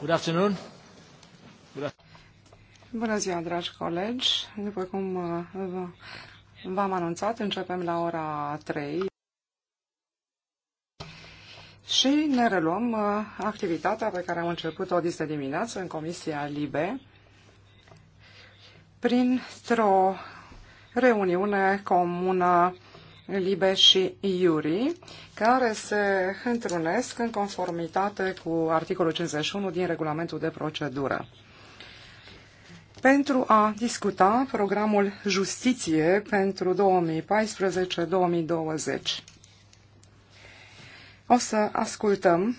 Good afternoon. Bună ziua, dragi colegi. După cum uh, v-am anunțat, începem la ora 3 și ne reluăm uh, activitatea pe care am început-o de dimineață în Comisia LIBE printr-o reuniune comună Libe și Iuri, care se întrunesc în conformitate cu articolul 51 din regulamentul de procedură pentru a discuta programul Justiție pentru 2014-2020. O să ascultăm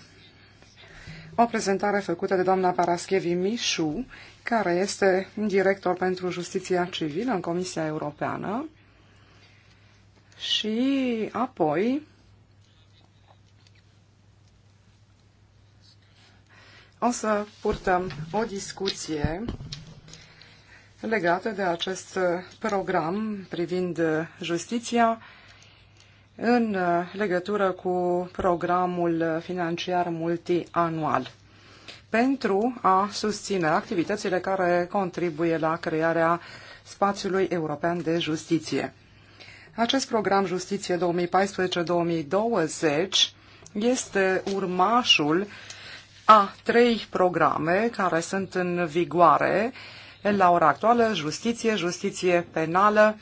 o prezentare făcută de doamna Paraschevi Mișu, care este director pentru Justiția Civilă în Comisia Europeană, și apoi o să purtăm o discuție legată de acest program privind justiția în legătură cu programul financiar multianual pentru a susține activitățile care contribuie la crearea spațiului european de justiție. Acest program Justiție 2014-2020 este urmașul a trei programe care sunt în vigoare la ora actuală, justiție, justiție penală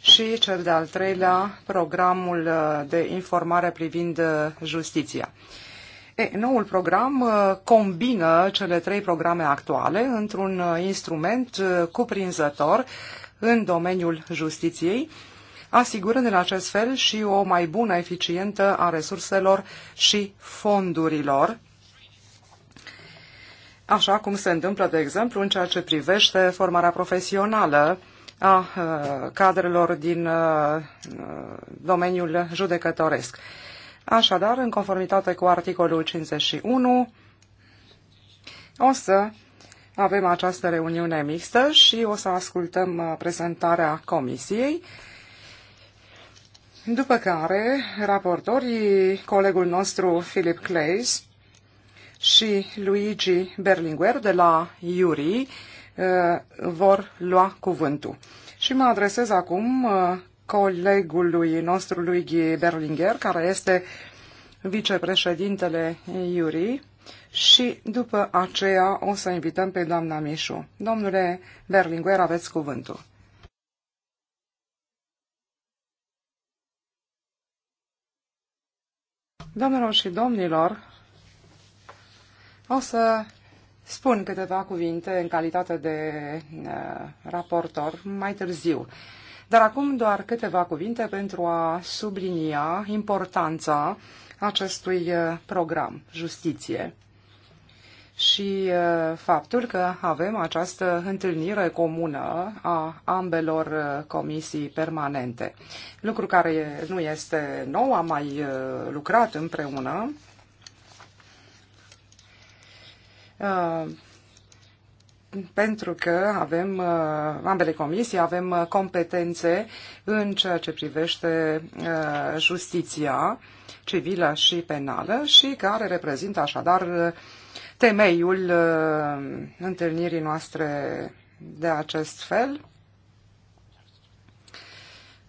și cel de-al treilea, programul uh, de informare privind uh, justiția. E, noul program uh, combină cele trei programe actuale într-un instrument cuprinzător în domeniul justiției, asigurând în acest fel și o mai bună eficientă a resurselor și fondurilor, așa cum se întâmplă, de exemplu, în ceea ce privește formarea profesională a uh, cadrelor din uh, uh, domeniul judecătoresc. Așadar, în conformitate cu articolul 51, o să avem această reuniune mixtă și o să ascultăm prezentarea comisiei după care, raportorii, colegul nostru Philip Clays și Luigi Berlinguer de la Iuri uh, vor lua cuvântul. Și mă adresez acum uh, colegului nostru Luigi Berlinguer, care este vicepreședintele Iuri, și după aceea o să invităm pe doamna Mișu. Domnule Berlinguer, aveți cuvântul. Domnilor și domnilor, o să spun câteva cuvinte în calitate de uh, raportor mai târziu. Dar acum doar câteva cuvinte pentru a sublinia importanța acestui uh, program, justiție și uh, faptul că avem această întâlnire comună a ambelor uh, comisii permanente. Lucru care nu este nou, am mai uh, lucrat împreună. Pentru că avem, ambele comisii avem competențe în ceea ce privește justiția civilă și penală și care reprezintă așadar temeiul uh, întâlnirii noastre de acest fel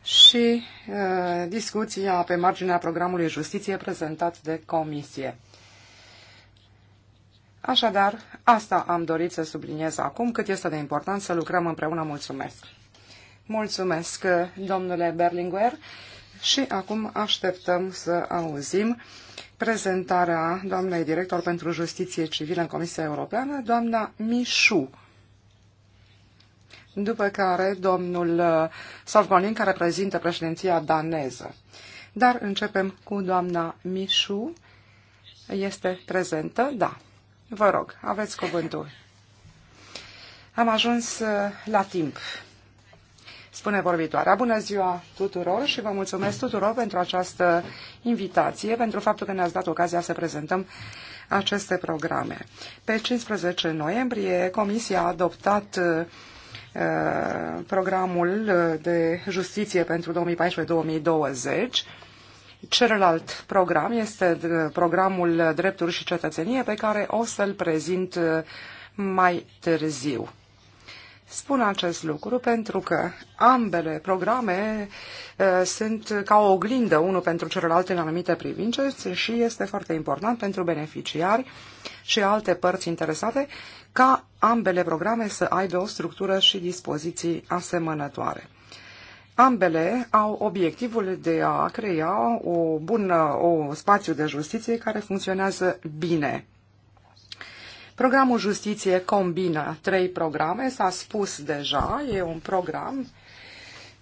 și uh, discuția pe marginea programului justiție prezentat de comisie. Așadar, asta am dorit să subliniez acum, cât este de important să lucrăm împreună. Mulțumesc! Mulțumesc, domnule Berlinguer, și acum așteptăm să auzim prezentarea doamnei director pentru justiție civilă în Comisia Europeană, doamna Mișu. După care domnul uh, Savgonin, care prezintă președinția daneză. Dar începem cu doamna Mișu. Este prezentă? Da. Vă rog, aveți cuvântul. Am ajuns uh, la timp spune vorbitoarea. Bună ziua tuturor și vă mulțumesc tuturor pentru această invitație, pentru faptul că ne-ați dat ocazia să prezentăm aceste programe. Pe 15 noiembrie, Comisia a adoptat uh, programul uh, de justiție pentru 2014-2020. Celălalt program este uh, programul Drepturi și Cetățenie, pe care o să-l prezint mai târziu. Spun acest lucru pentru că ambele programe eh, sunt ca o oglindă unul pentru celălalt în anumite privințe și este foarte important pentru beneficiari și alte părți interesate ca ambele programe să aibă o structură și dispoziții asemănătoare. Ambele au obiectivul de a crea o bună, o spațiu de justiție care funcționează bine Programul Justiție combină trei programe, s-a spus deja, e un program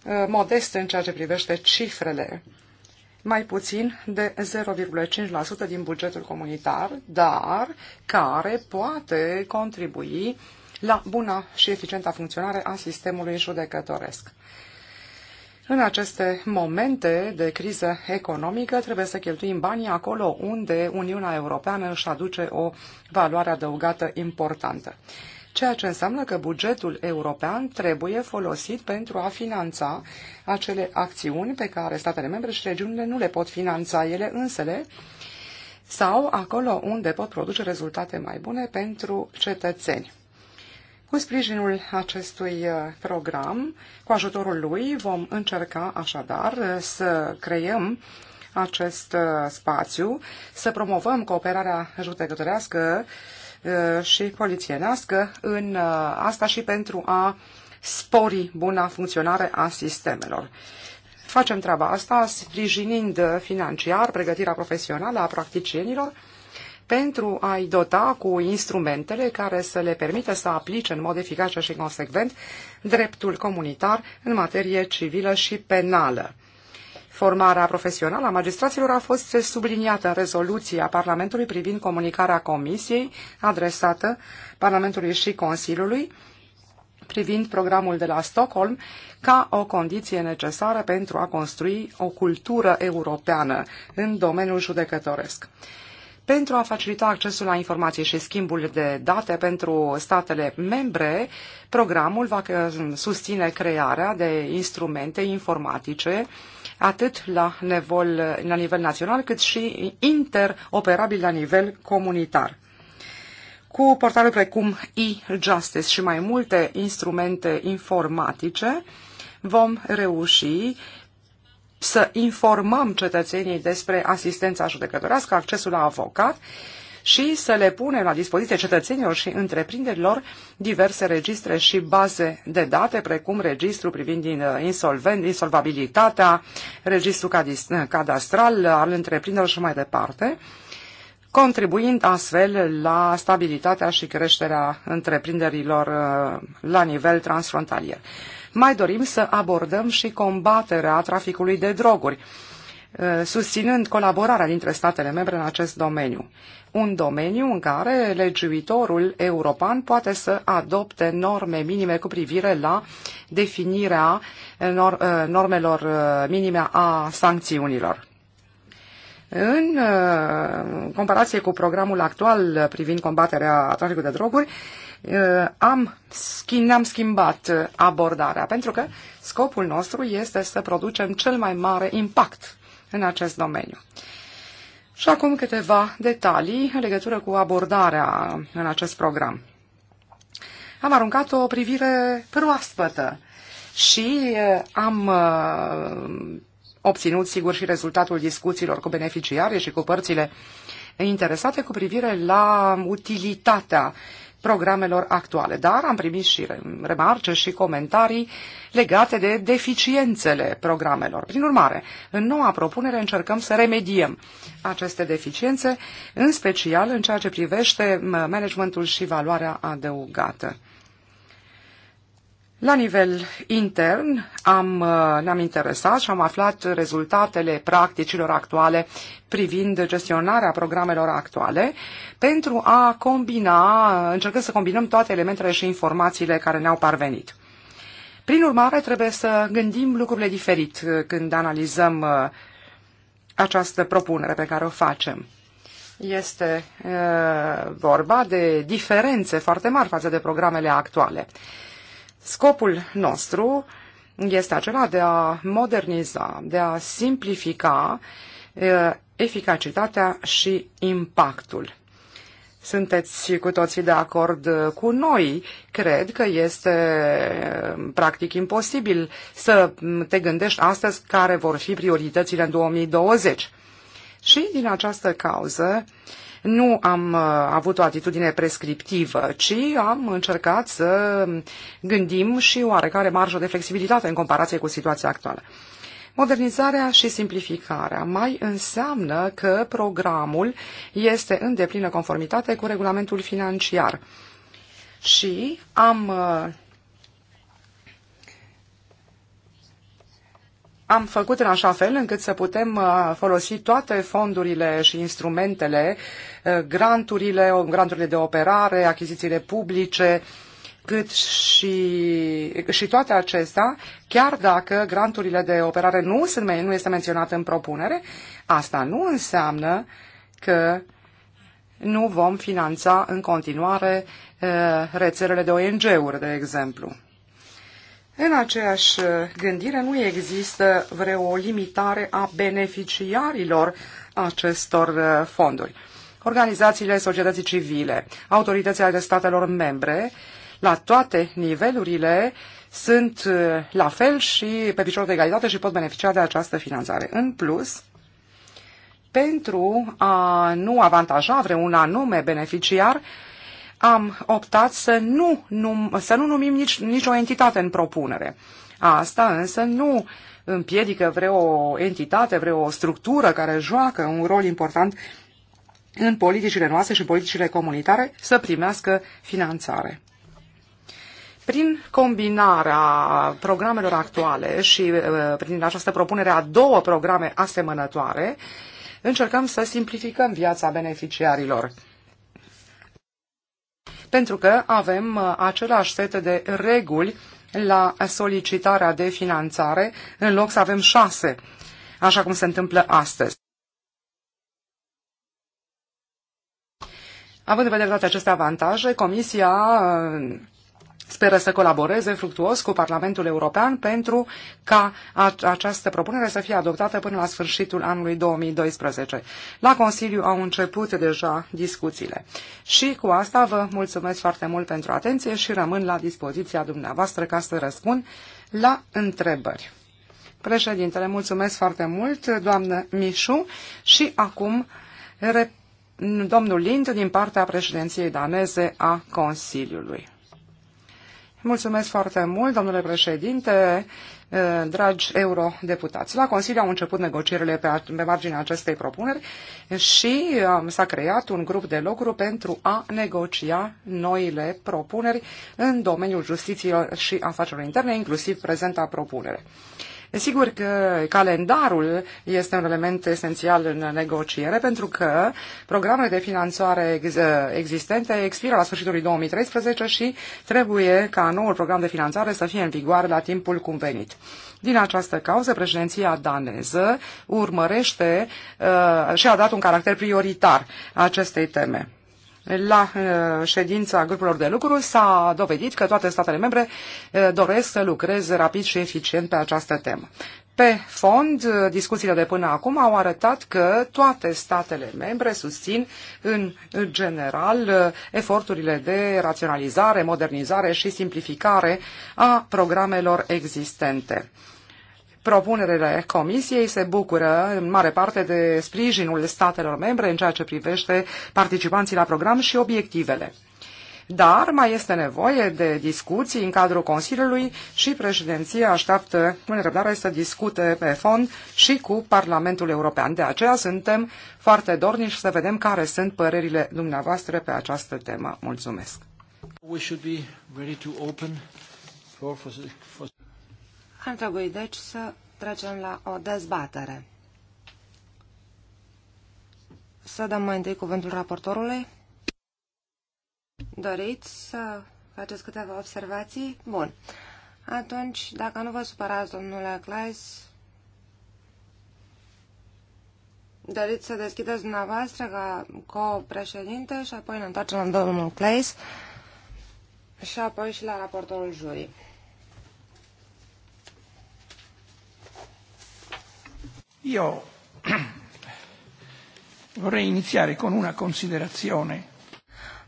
uh, modest în ceea ce privește cifrele, mai puțin de 0,5% din bugetul comunitar, dar care poate contribui la buna și eficienta funcționare a sistemului judecătoresc. În aceste momente de criză economică trebuie să cheltuim banii acolo unde Uniunea Europeană își aduce o valoare adăugată importantă. Ceea ce înseamnă că bugetul european trebuie folosit pentru a finanța acele acțiuni pe care statele membre și regiunile nu le pot finanța ele însele sau acolo unde pot produce rezultate mai bune pentru cetățeni. Cu sprijinul acestui uh, program, cu ajutorul lui, vom încerca așadar uh, să creăm acest uh, spațiu, să promovăm cooperarea judecătorească și polițienească în asta și pentru a spori buna funcționare a sistemelor. Facem treaba asta sprijinind financiar pregătirea profesională a practicienilor pentru a-i dota cu instrumentele care să le permită să aplice în mod eficace și consecvent dreptul comunitar în materie civilă și penală. Formarea profesională a magistraților a fost subliniată în rezoluția Parlamentului privind comunicarea Comisiei adresată Parlamentului și Consiliului privind programul de la Stockholm ca o condiție necesară pentru a construi o cultură europeană în domeniul judecătoresc pentru a facilita accesul la informații și schimbul de date pentru statele membre, programul va susține crearea de instrumente informatice atât la nivel, la nivel național cât și interoperabil la nivel comunitar. Cu portalul precum e-justice și mai multe instrumente informatice, vom reuși să informăm cetățenii despre asistența judecătorească, accesul la avocat și să le punem la dispoziție cetățenilor și întreprinderilor diverse registre și baze de date, precum registru privind uh, insolvent, insolvabilitatea, registru uh, cadastral al întreprinderilor și mai departe, contribuind astfel la stabilitatea și creșterea întreprinderilor uh, la nivel transfrontalier mai dorim să abordăm și combaterea traficului de droguri, uh, susținând colaborarea dintre statele membre în acest domeniu. Un domeniu în care legiuitorul european poate să adopte norme minime cu privire la definirea uh, normelor uh, minime a sancțiunilor. În comparație cu programul actual privind combaterea traficului de droguri, Uh, am, ne-am schimbat uh, abordarea, pentru că scopul nostru este să producem cel mai mare impact în acest domeniu. Și acum câteva detalii în legătură cu abordarea în acest program. Am aruncat o privire proaspătă și uh, am obținut, sigur, și rezultatul discuțiilor cu beneficiarii și cu părțile interesate cu privire la utilitatea programelor actuale. Dar am primit și remarce și comentarii legate de deficiențele programelor. Prin urmare, în noua propunere încercăm să remediem aceste deficiențe, în special în ceea ce privește managementul și valoarea adăugată. La nivel intern am, uh, ne-am interesat și am aflat rezultatele practicilor actuale privind gestionarea programelor actuale pentru a combina, încercând să combinăm toate elementele și informațiile care ne-au parvenit. Prin urmare, trebuie să gândim lucrurile diferit uh, când analizăm uh, această propunere pe care o facem. Este e, vorba de diferențe foarte mari față de programele actuale. Scopul nostru este acela de a moderniza, de a simplifica eficacitatea și impactul. Sunteți cu toții de acord cu noi. Cred că este practic imposibil să te gândești astăzi care vor fi prioritățile în 2020. Și din această cauză, uh, nu am uh, avut o atitudine prescriptivă, ci am încercat să gândim și oarecare marjă de flexibilitate în comparație cu situația actuală. Modernizarea și simplificarea mai înseamnă că programul este în deplină conformitate cu regulamentul financiar și am uh, am făcut în așa fel încât să putem uh, folosi toate fondurile și instrumentele, uh, granturile, granturile de operare, achizițiile publice, cât și, și toate acestea, chiar dacă granturile de operare nu, sunt, nu este menționat în propunere, asta nu înseamnă că nu vom finanța în continuare uh, rețelele de ONG-uri, de exemplu. În aceeași uh, gândire nu există vreo limitare a beneficiarilor acestor uh, fonduri. Organizațiile societății civile, autoritățile ale statelor membre, la toate nivelurile, sunt uh, la fel și pe picior de egalitate și pot beneficia de această finanțare. În plus, pentru a nu avantaja vreun anume beneficiar, am optat să nu, num, să nu numim nici, nicio entitate în propunere. Asta însă nu împiedică vreo entitate, vreo structură care joacă un rol important în politicile noastre și în politicile comunitare să primească finanțare. Prin combinarea programelor actuale și uh, prin această propunere a două programe asemănătoare, încercăm să simplificăm viața beneficiarilor pentru că avem uh, același set de reguli la solicitarea de finanțare, în loc să avem șase, așa cum se întâmplă astăzi. Având în vedere toate aceste avantaje, Comisia uh, Speră să colaboreze fructuos cu Parlamentul European pentru ca această propunere să fie adoptată până la sfârșitul anului 2012. La Consiliu au început deja discuțiile. Și cu asta vă mulțumesc foarte mult pentru atenție și rămân la dispoziția dumneavoastră ca să răspund la întrebări. Președintele, mulțumesc foarte mult, doamnă Mișu, și acum domnul Lind din partea președinției daneze a Consiliului. Mulțumesc foarte mult, domnule președinte, eh, dragi eurodeputați. La Consiliu au început negocierile pe, pe marginea acestei propuneri și eh, s-a creat un grup de lucru pentru a negocia noile propuneri în domeniul justiției și afacerilor interne, inclusiv prezenta propunere. Sigur că calendarul este un element esențial în negociere pentru că programele de finanțare existente expiră la sfârșitul 2013 și trebuie ca noul program de finanțare să fie în vigoare la timpul convenit. Din această cauză, președinția daneză urmărește uh, și a dat un caracter prioritar acestei teme la uh, ședința grupurilor de lucru s-a dovedit că toate statele membre uh, doresc să lucreze rapid și eficient pe această temă. Pe fond, uh, discuțiile de până acum au arătat că toate statele membre susțin în general eforturile de raționalizare, modernizare și simplificare a programelor existente propunerile Comisiei se bucură în mare parte de sprijinul statelor membre în ceea ce privește participanții la program și obiectivele. Dar mai este nevoie de discuții în cadrul Consiliului și președinția așteaptă cu nerăbdare să discute pe fond și cu Parlamentul European. De aceea suntem foarte dornici să vedem care sunt părerile dumneavoastră pe această temă. Mulțumesc! Ar trebui, deci, să trecem la o dezbatere. Să dăm mai întâi cuvântul raportorului. Doriți să faceți câteva observații? Bun. Atunci, dacă nu vă supărați, domnule Claes, doriți să deschideți dumneavoastră ca co-președinte și apoi ne întoarcem la domnul Claes și apoi și la raportorul jurii. Io vorrei iniziare con una considerazione.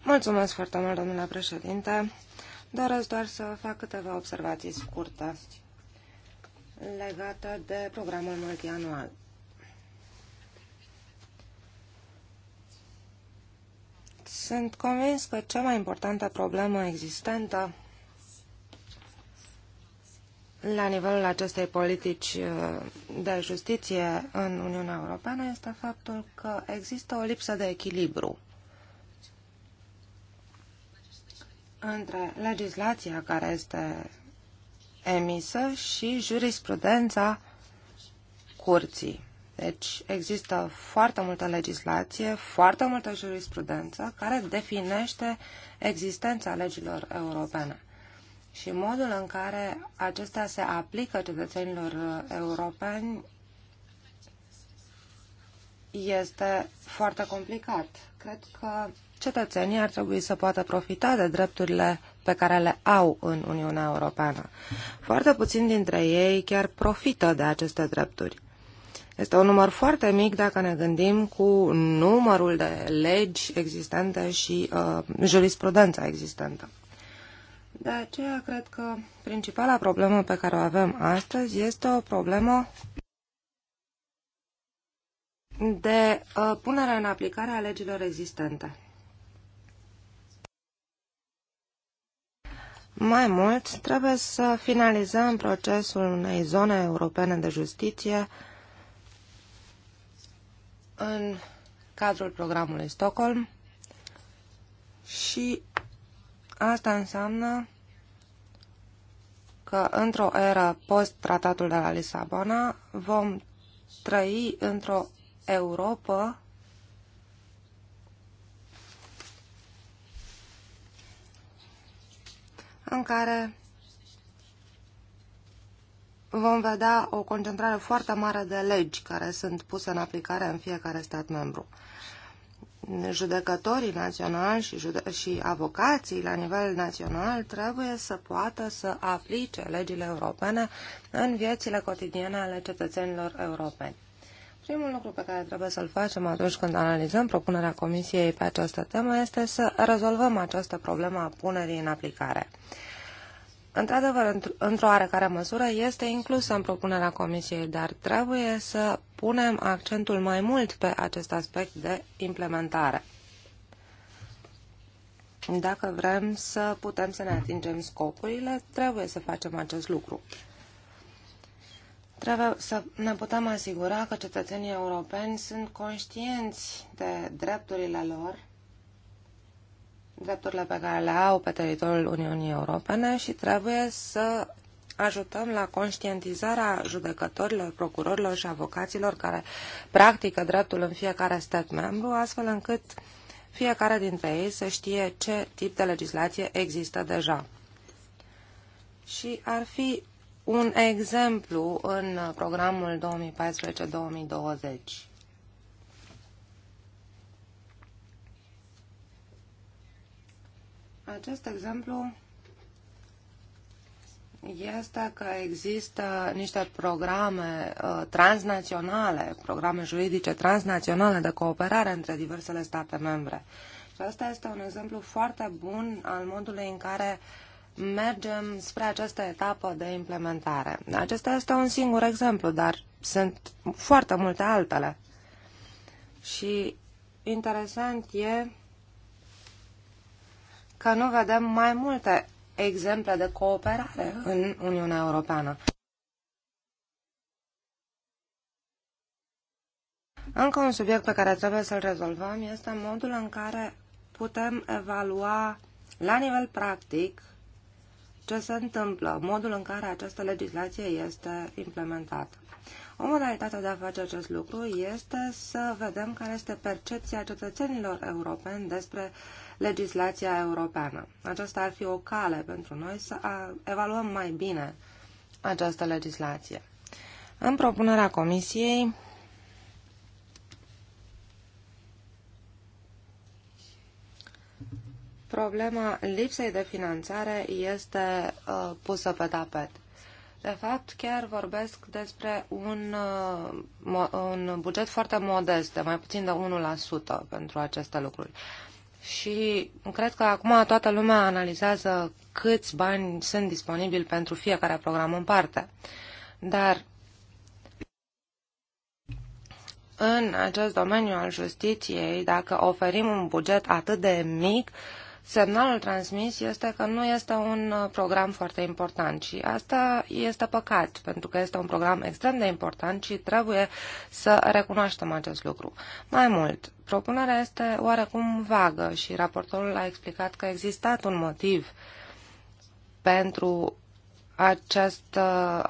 Mulțumesc foarte mult, domnule președinte. Doresc doar să fac câteva observații scurte legate de programul multianual. Sunt convins că cea mai importantă problemă existentă la nivelul acestei politici uh, de justiție în Uniunea Europeană este faptul că există o lipsă de echilibru între legislația care este emisă și jurisprudența curții. Deci există foarte multă legislație, foarte multă jurisprudență care definește existența legilor europene și modul în care acestea se aplică cetățenilor uh, europeni este foarte complicat. Cred că cetățenii ar trebui să poată profita de drepturile pe care le au în Uniunea Europeană. Foarte puțin dintre ei chiar profită de aceste drepturi. Este un număr foarte mic dacă ne gândim cu numărul de legi existente și uh, jurisprudența existentă. De aceea cred că principala problemă pe care o avem astăzi este o problemă de uh, punere în aplicare a legilor existente. Mai mult, trebuie să finalizăm procesul unei zone europene de justiție în cadrul programului Stockholm și asta înseamnă că într-o eră post-tratatul de la Lisabona vom trăi într-o Europa în care vom vedea o concentrare foarte mare de legi care sunt puse în aplicare în fiecare stat membru judecătorii naționali și, jude- și avocații la nivel național trebuie să poată să aplice legile europene în viețile cotidiene ale cetățenilor europeni. Primul lucru pe care trebuie să-l facem atunci când analizăm propunerea Comisiei pe această temă este să rezolvăm această problemă a punerii în aplicare într-adevăr, într-o oarecare măsură, este inclusă în propunerea Comisiei, dar trebuie să punem accentul mai mult pe acest aspect de implementare. Dacă vrem să putem să ne atingem scopurile, trebuie să facem acest lucru. Trebuie să ne putem asigura că cetățenii europeni sunt conștienți de drepturile lor drepturile pe care le au pe teritoriul Uniunii Europene și trebuie să ajutăm la conștientizarea judecătorilor, procurorilor și avocaților care practică dreptul în fiecare stat membru, astfel încât fiecare dintre ei să știe ce tip de legislație există deja. Și ar fi un exemplu în programul 2014-2020. Acest exemplu este că există niște programe uh, transnaționale, programe juridice transnaționale de cooperare între diversele state membre. Și asta este un exemplu foarte bun al modului în care mergem spre această etapă de implementare. Acesta este un singur exemplu, dar sunt foarte multe altele. Și interesant e că nu vedem mai multe exemple de cooperare în Uniunea Europeană. Încă un subiect pe care trebuie să-l rezolvăm este modul în care putem evalua la nivel practic ce se întâmplă, modul în care această legislație este implementată. O modalitate de a face acest lucru este să vedem care este percepția cetățenilor europeni despre legislația europeană. Aceasta ar fi o cale pentru noi să evaluăm mai bine această legislație. În propunerea Comisiei, problema lipsei de finanțare este uh, pusă pe tapet. De fapt, chiar vorbesc despre un, uh, un buget foarte modest, de mai puțin de 1% pentru aceste lucruri. Și cred că acum toată lumea analizează câți bani sunt disponibili pentru fiecare program în parte. Dar în acest domeniu al justiției, dacă oferim un buget atât de mic, uh, semnalul transmis este că nu este un uh, program foarte important și asta este păcat, pentru că este un program extrem de important și trebuie să recunoaștem acest lucru. Mai mult, propunerea este oarecum vagă și raportorul a explicat că a existat un motiv pentru această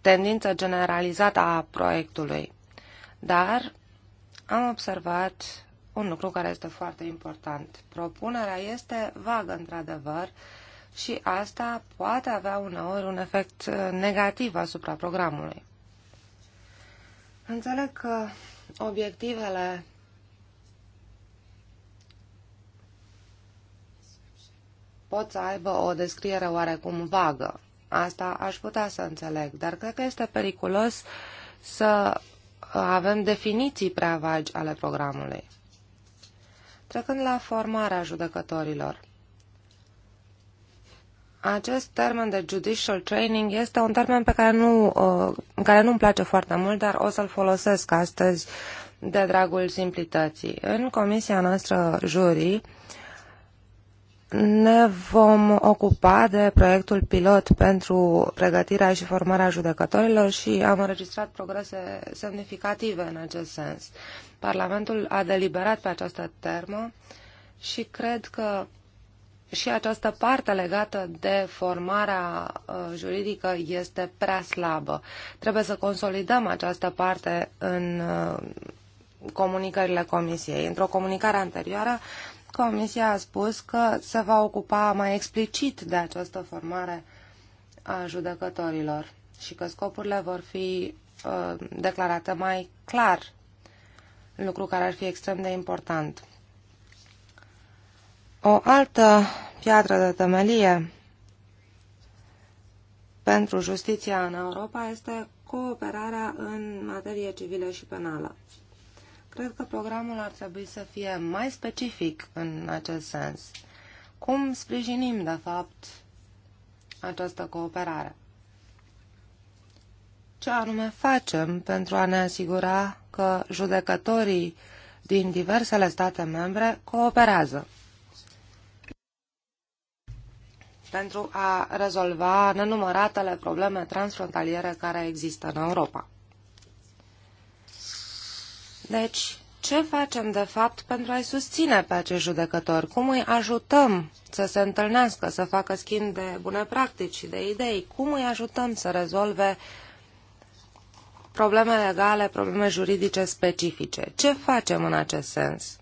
tendință generalizată a proiectului. Dar am observat un lucru care este foarte important. Propunerea este vagă, într-adevăr, și asta poate avea uneori un efect uh, negativ asupra programului. Înțeleg că obiectivele pot să aibă o descriere oarecum vagă. Asta aș putea să înțeleg, dar cred că este periculos să avem definiții prea vagi ale programului. Trecând la formarea judecătorilor. Acest termen de judicial training este un termen pe care nu, uh, care nu-mi place foarte mult, dar o să-l folosesc astăzi de dragul simplității. În comisia noastră jurii ne vom ocupa de proiectul pilot pentru pregătirea și formarea judecătorilor și am înregistrat progrese semnificative în acest sens. Parlamentul a deliberat pe această termă și cred că și această parte legată de formarea uh, juridică este prea slabă. Trebuie să consolidăm această parte în uh, comunicările Comisiei. Într-o comunicare anterioară, Comisia a spus că se va ocupa mai explicit de această formare a judecătorilor și că scopurile vor fi uh, declarate mai clar lucru care ar fi extrem de important. O altă piatră de temelie pentru justiția în Europa este cooperarea în materie civilă și penală. Cred că programul ar trebui să fie mai specific în acest sens. Cum sprijinim, de fapt, această cooperare? Ce anume facem pentru a ne asigura că judecătorii din diversele state membre cooperează pentru a rezolva nenumăratele probleme transfrontaliere care există în Europa. Deci, ce facem de fapt pentru a-i susține pe acești judecători? Cum îi ajutăm să se întâlnească, să facă schimb de bune practici și de idei? Cum îi ajutăm să rezolve uh, probleme legale, probleme juridice specifice. Ce facem în acest sens?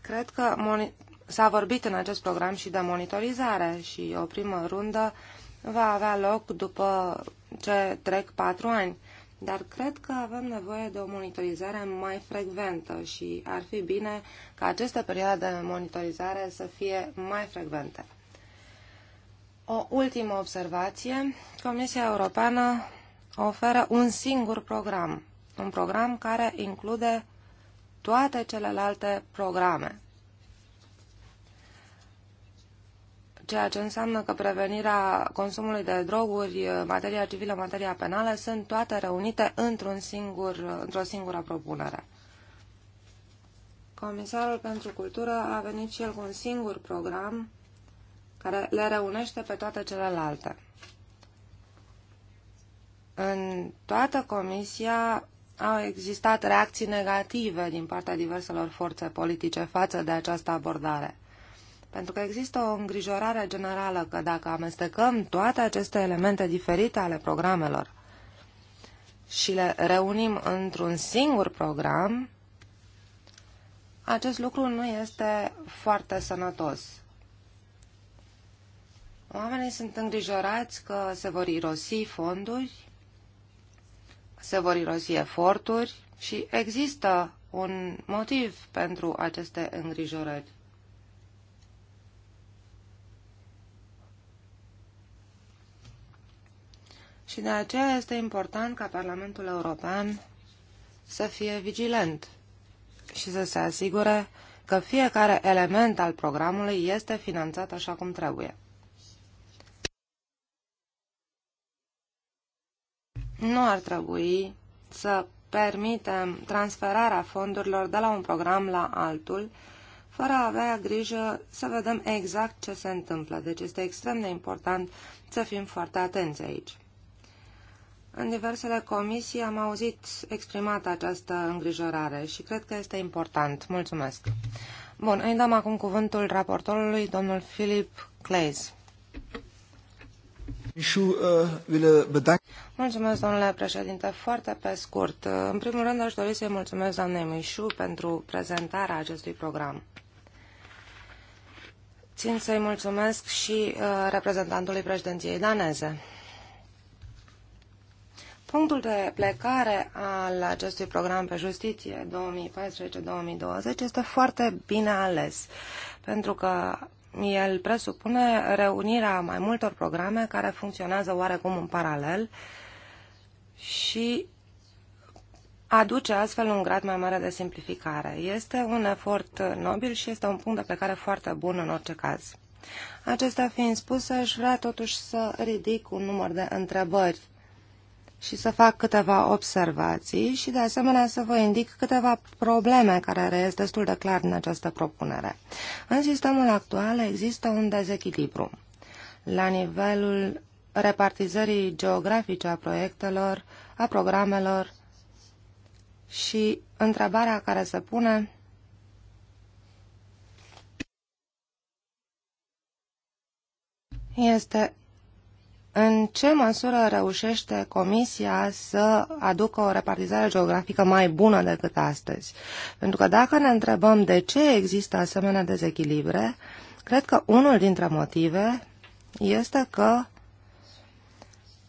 Cred că s-a vorbit în acest program și de monitorizare și o primă rundă va avea loc după ce trec patru ani. Dar cred că avem nevoie de o monitorizare mai frecventă și ar fi bine ca aceste perioade de monitorizare să fie mai frecvente. O ultimă observație. Comisia Europeană oferă un singur program, un program care include toate celelalte programe. Ceea ce înseamnă că prevenirea consumului de droguri, materia civilă, materia penală sunt toate reunite într-un singur, într-o singură propunere. Comisarul pentru Cultură a venit și el cu un singur program care le reunește pe toate celelalte. În toată comisia au existat reacții negative din partea diverselor forțe politice față de această abordare. Pentru că există o îngrijorare generală că dacă amestecăm toate aceste elemente diferite ale programelor și le reunim într-un singur program, acest lucru nu este foarte sănătos Oamenii sunt îngrijorați că se vor irosi fonduri, se vor irosi eforturi și există un motiv pentru aceste îngrijorări. Și de aceea este important ca Parlamentul European să fie vigilent și să se asigure că fiecare element al programului este finanțat așa cum trebuie. nu ar trebui să permitem transferarea fondurilor de la un program la altul, fără a avea grijă să vedem exact ce se întâmplă. Deci este extrem de important să fim foarte atenți aici. În diversele comisii am auzit exprimată această îngrijorare și cred că este important. Mulțumesc. Bun, îi dăm acum cuvântul raportorului, domnul Philip Claes. Uh, mulțumesc, domnule președinte. Foarte pe scurt. În primul rând, aș dori să-i mulțumesc doamnei Mișu pentru prezentarea acestui program. Țin să-i mulțumesc și uh, reprezentantului președinției daneze. Punctul de plecare al acestui program pe justiție 2014-2020 este foarte bine ales, pentru că el presupune reunirea mai multor programe care funcționează oarecum în paralel și aduce astfel un grad mai mare de simplificare. Este un efort nobil și este un punct de plecare foarte bun în orice caz. Acestea fiind spuse, aș vrea totuși să ridic un număr de întrebări și să fac câteva observații și de asemenea să vă indic câteva probleme care reiesc destul de clar în această propunere. În sistemul actual există un dezechilibru la nivelul repartizării geografice a proiectelor, a programelor și întrebarea care se pune este în ce măsură reușește Comisia să aducă o repartizare geografică mai bună decât astăzi? Pentru că dacă ne întrebăm de ce există asemenea dezechilibre, cred că unul dintre motive este că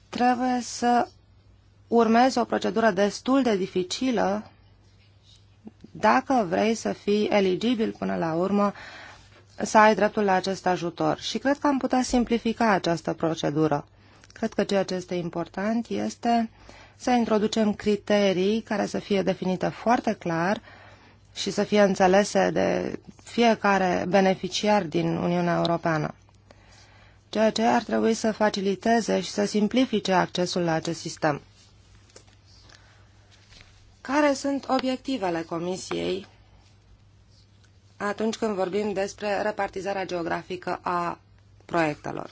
trebuie să urmezi o procedură destul de dificilă dacă vrei să fii eligibil până la urmă să ai dreptul la acest ajutor. Și cred că am putea simplifica această procedură. Cred că ceea ce este important este să introducem criterii care să fie definite foarte clar și să fie înțelese de fiecare beneficiar din Uniunea Europeană, ceea ce ar trebui să faciliteze și să simplifice accesul la acest sistem. Care sunt obiectivele Comisiei atunci când vorbim despre repartizarea geografică a proiectelor?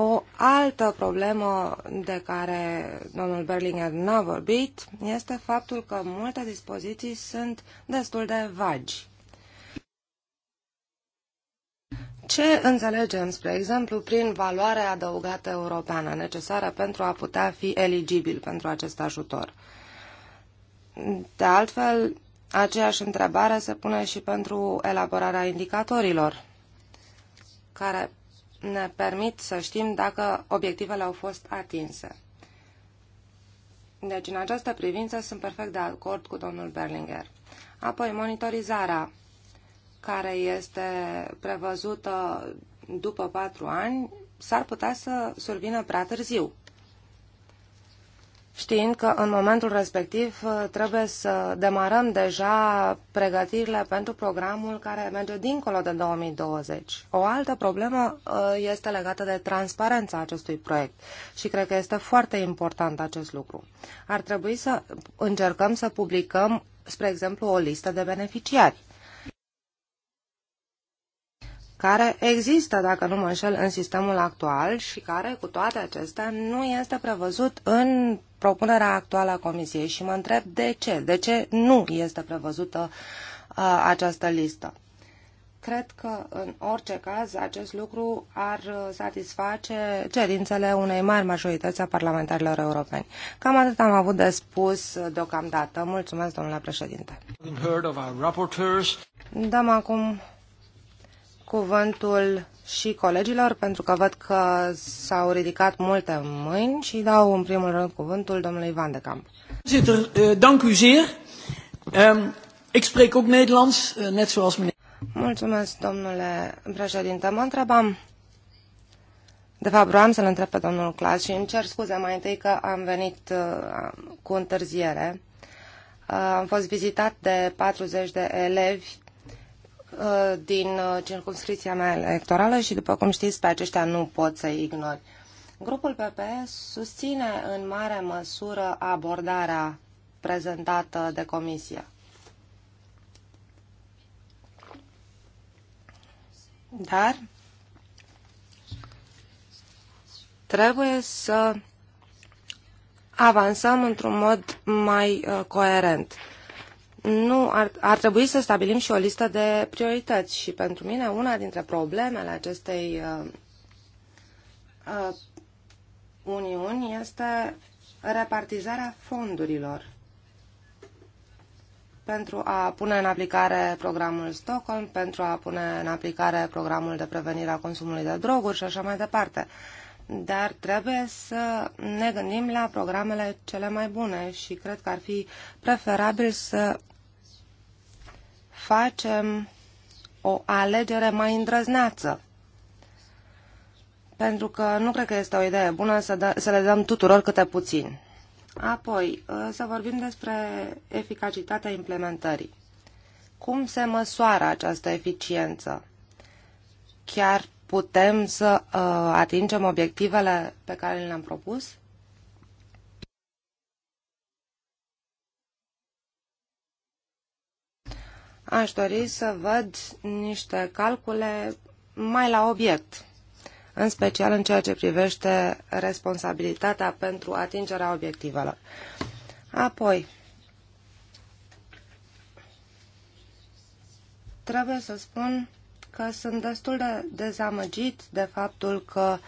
O altă problemă de care domnul Berlinger n-a vorbit este faptul că multe dispoziții sunt destul de vagi. Ce înțelegem, spre exemplu, prin valoare adăugată europeană necesară pentru a putea fi eligibil pentru acest ajutor? De altfel, aceeași întrebare se pune și pentru elaborarea indicatorilor, care ne permit să știm dacă obiectivele au fost atinse. Deci, în această privință, sunt perfect de acord cu domnul Berlinger. Apoi, monitorizarea, care este prevăzută după patru ani, s-ar putea să survină prea târziu știind că în momentul respectiv uh, trebuie să demarăm deja pregătirile pentru programul care merge dincolo de 2020. O altă problemă uh, este legată de transparența acestui proiect și cred că este foarte important acest lucru. Ar trebui să încercăm să publicăm, spre exemplu, o listă de beneficiari care există, dacă nu mă înșel, în sistemul actual și care, cu toate acestea, nu este prevăzut în propunerea actuală a Comisiei și mă întreb de ce, de ce nu este prevăzută uh, această listă. Cred că, în orice caz, acest lucru ar uh, satisface cerințele unei mari majorități a parlamentarilor europeni. Cam atât am avut de spus uh, deocamdată. Mulțumesc, domnule președinte. Dăm acum cuvântul și colegilor, pentru că văd că s-au ridicat multe mâini și dau în primul rând cuvântul domnului Van de Camp. Eh, ehm, ook eh, net zoals Mulțumesc, domnule președinte. Mă întrebam, de fapt, vreau să-l întreb pe domnul Clas și îmi cer scuze mai întâi că am venit eh, cu întârziere. Am fost vizitat de 40 de elevi Uh, din uh, circumscripția mea electorală și, după cum știți, pe aceștia nu pot să ignori. Grupul PP susține în mare măsură abordarea prezentată de comisie. Dar trebuie să avansăm într-un mod mai uh, coerent nu ar, ar trebui să stabilim și o listă de priorități și pentru mine una dintre problemele acestei uh, uh, uniuni este repartizarea fondurilor pentru a pune în aplicare programul Stockholm, pentru a pune în aplicare programul de prevenire a consumului de droguri și așa mai departe. Uh, dar trebuie să ne gândim la programele cele mai bune și cred că ar fi preferabil să facem o alegere mai îndrăzneață. Pentru că nu cred că este o idee bună să, dă, să le dăm tuturor câte puțin. Apoi, uh, să vorbim despre eficacitatea implementării. Cum se măsoară această eficiență? Chiar putem să uh, atingem obiectivele pe care le-am propus? Aș dori să văd niște calcule mai la obiect, în special în ceea ce privește responsabilitatea pentru atingerea obiectivelor. Apoi, trebuie să spun că sunt destul de dezamăgit de faptul că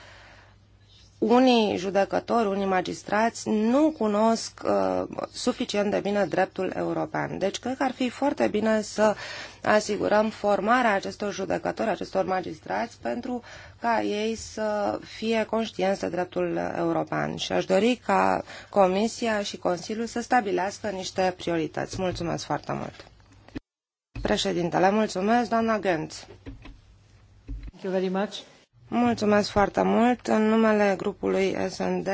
unii judecători, unii magistrați nu cunosc uh, suficient de bine dreptul european. Deci cred că ar fi foarte bine să asigurăm formarea acestor judecători, acestor magistrați, pentru ca ei să fie conștienți de dreptul european. Și aș dori ca Comisia și Consiliul să stabilească niște priorități. Mulțumesc foarte mult! Președintele, mulțumesc, doamna Gentz you very much. Mulțumesc foarte mult. În numele grupului SND,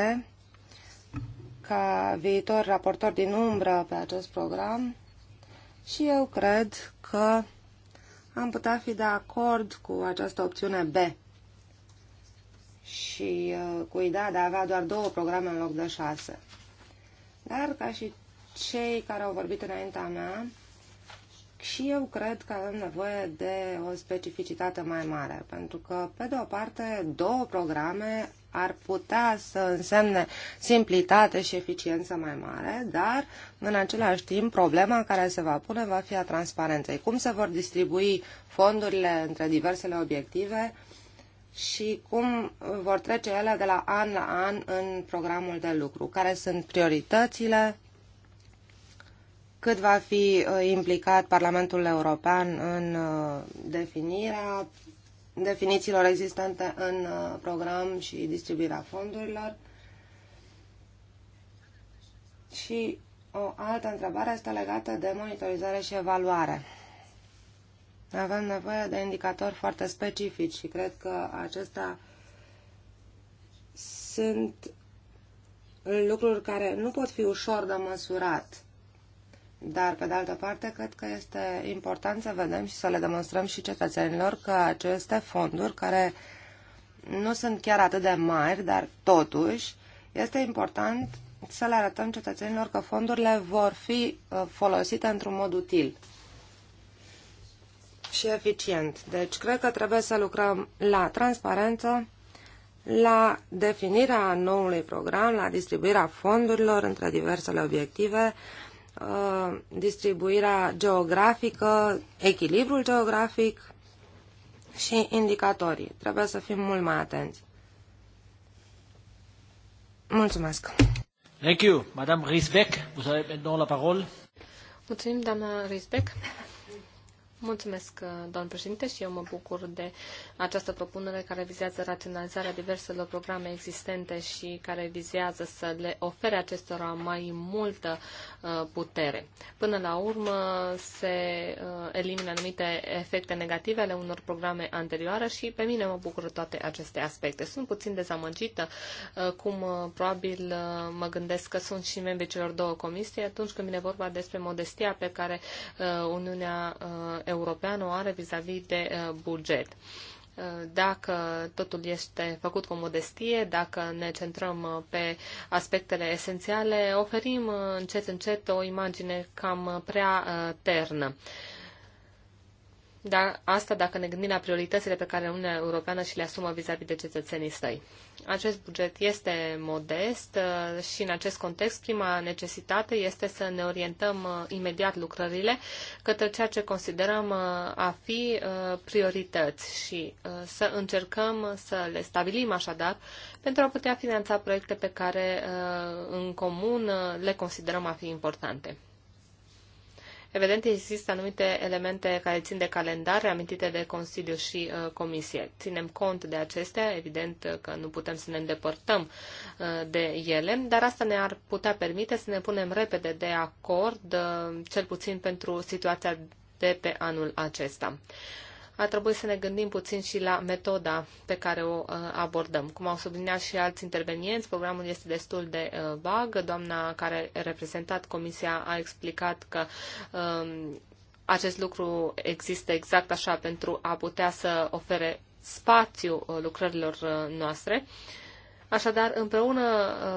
ca viitor raportor din umbră pe acest program, și eu cred că am putea fi de acord cu această opțiune B și uh, cu ideea de a avea doar două programe în loc de șase. Dar ca și cei care au vorbit înaintea mea, și eu cred că avem nevoie de o specificitate mai mare, pentru că, pe de o parte, două programe ar putea să însemne simplitate și eficiență mai mare, dar, în același timp, problema care se va pune va fi a transparenței. Cum se vor distribui fondurile între diversele obiective și cum vor trece ele de la an la an în programul de lucru, care sunt prioritățile cât va fi uh, implicat Parlamentul European în uh, definirea definițiilor existente în uh, program și distribuirea fondurilor. Și o altă întrebare este legată de monitorizare și evaluare. Avem nevoie de indicatori foarte specifici și cred că acestea sunt lucruri care nu pot fi ușor de măsurat dar, pe de altă parte, cred că este important să vedem și să le demonstrăm și cetățenilor că aceste fonduri, care nu sunt chiar atât de mari, dar totuși, este important să le arătăm cetățenilor că fondurile vor fi uh, folosite într-un mod util și eficient. Deci, cred că trebuie să lucrăm la transparență, la definirea noului program, la distribuirea fondurilor între diversele obiective, Uh, distribuirea geografică, echilibrul geografic și indicatorii. Trebuie să fim mult mai atenți. Mulțumesc. Thank you. Madame Riesbeck, vous avez maintenant la parole. Mulțumim, doamna risbeck Mulțumesc, uh, președinte, și eu mă bucur de această propunere care vizează raționalizarea diverselor programe existente și care vizează să le ofere acestora mai multă uh, putere. Până la urmă se uh, elimină anumite efecte negative ale unor programe anterioare și pe mine mă bucură toate aceste aspecte. Sunt puțin dezamăgită, cum probabil mă gândesc că sunt și membrii celor două comisii atunci când vine vorba despre modestia pe care Uniunea European o are vis-a-vis -vis de uh, buget. Uh, dacă totul este făcut cu modestie, dacă ne centrăm uh, pe aspectele esențiale, oferim încet încet o imagine cam prea ternă dar asta dacă ne gândim la prioritățile pe care Uniunea Europeană și le asumă vis-a-vis -vis de cetățenii săi. Acest buget este modest uh, și în acest context prima necesitate este să ne orientăm uh, imediat lucrările către ceea ce considerăm uh, a fi priorități și să încercăm să le stabilim așadar pentru a putea finanța proiecte pe care în comun le considerăm a fi importante. Evident, există anumite elemente care țin de calendar, amintite de Consiliu și uh, Comisie. Ținem cont de acestea, evident că nu putem să ne îndepărtăm uh, de ele, dar asta ne-ar putea permite să ne punem repede de acord, uh, cel puțin pentru situația de pe anul acesta. Uh, a trebui să ne gândim puțin și la metoda pe care o uh, abordăm. Cum au subliniat și alți intervenienți, programul este destul de uh, vag. Doamna care a reprezentat comisia a explicat că um, acest lucru există exact așa pentru a putea să ofere spațiu uh, lucrărilor noastre. Așadar, împreună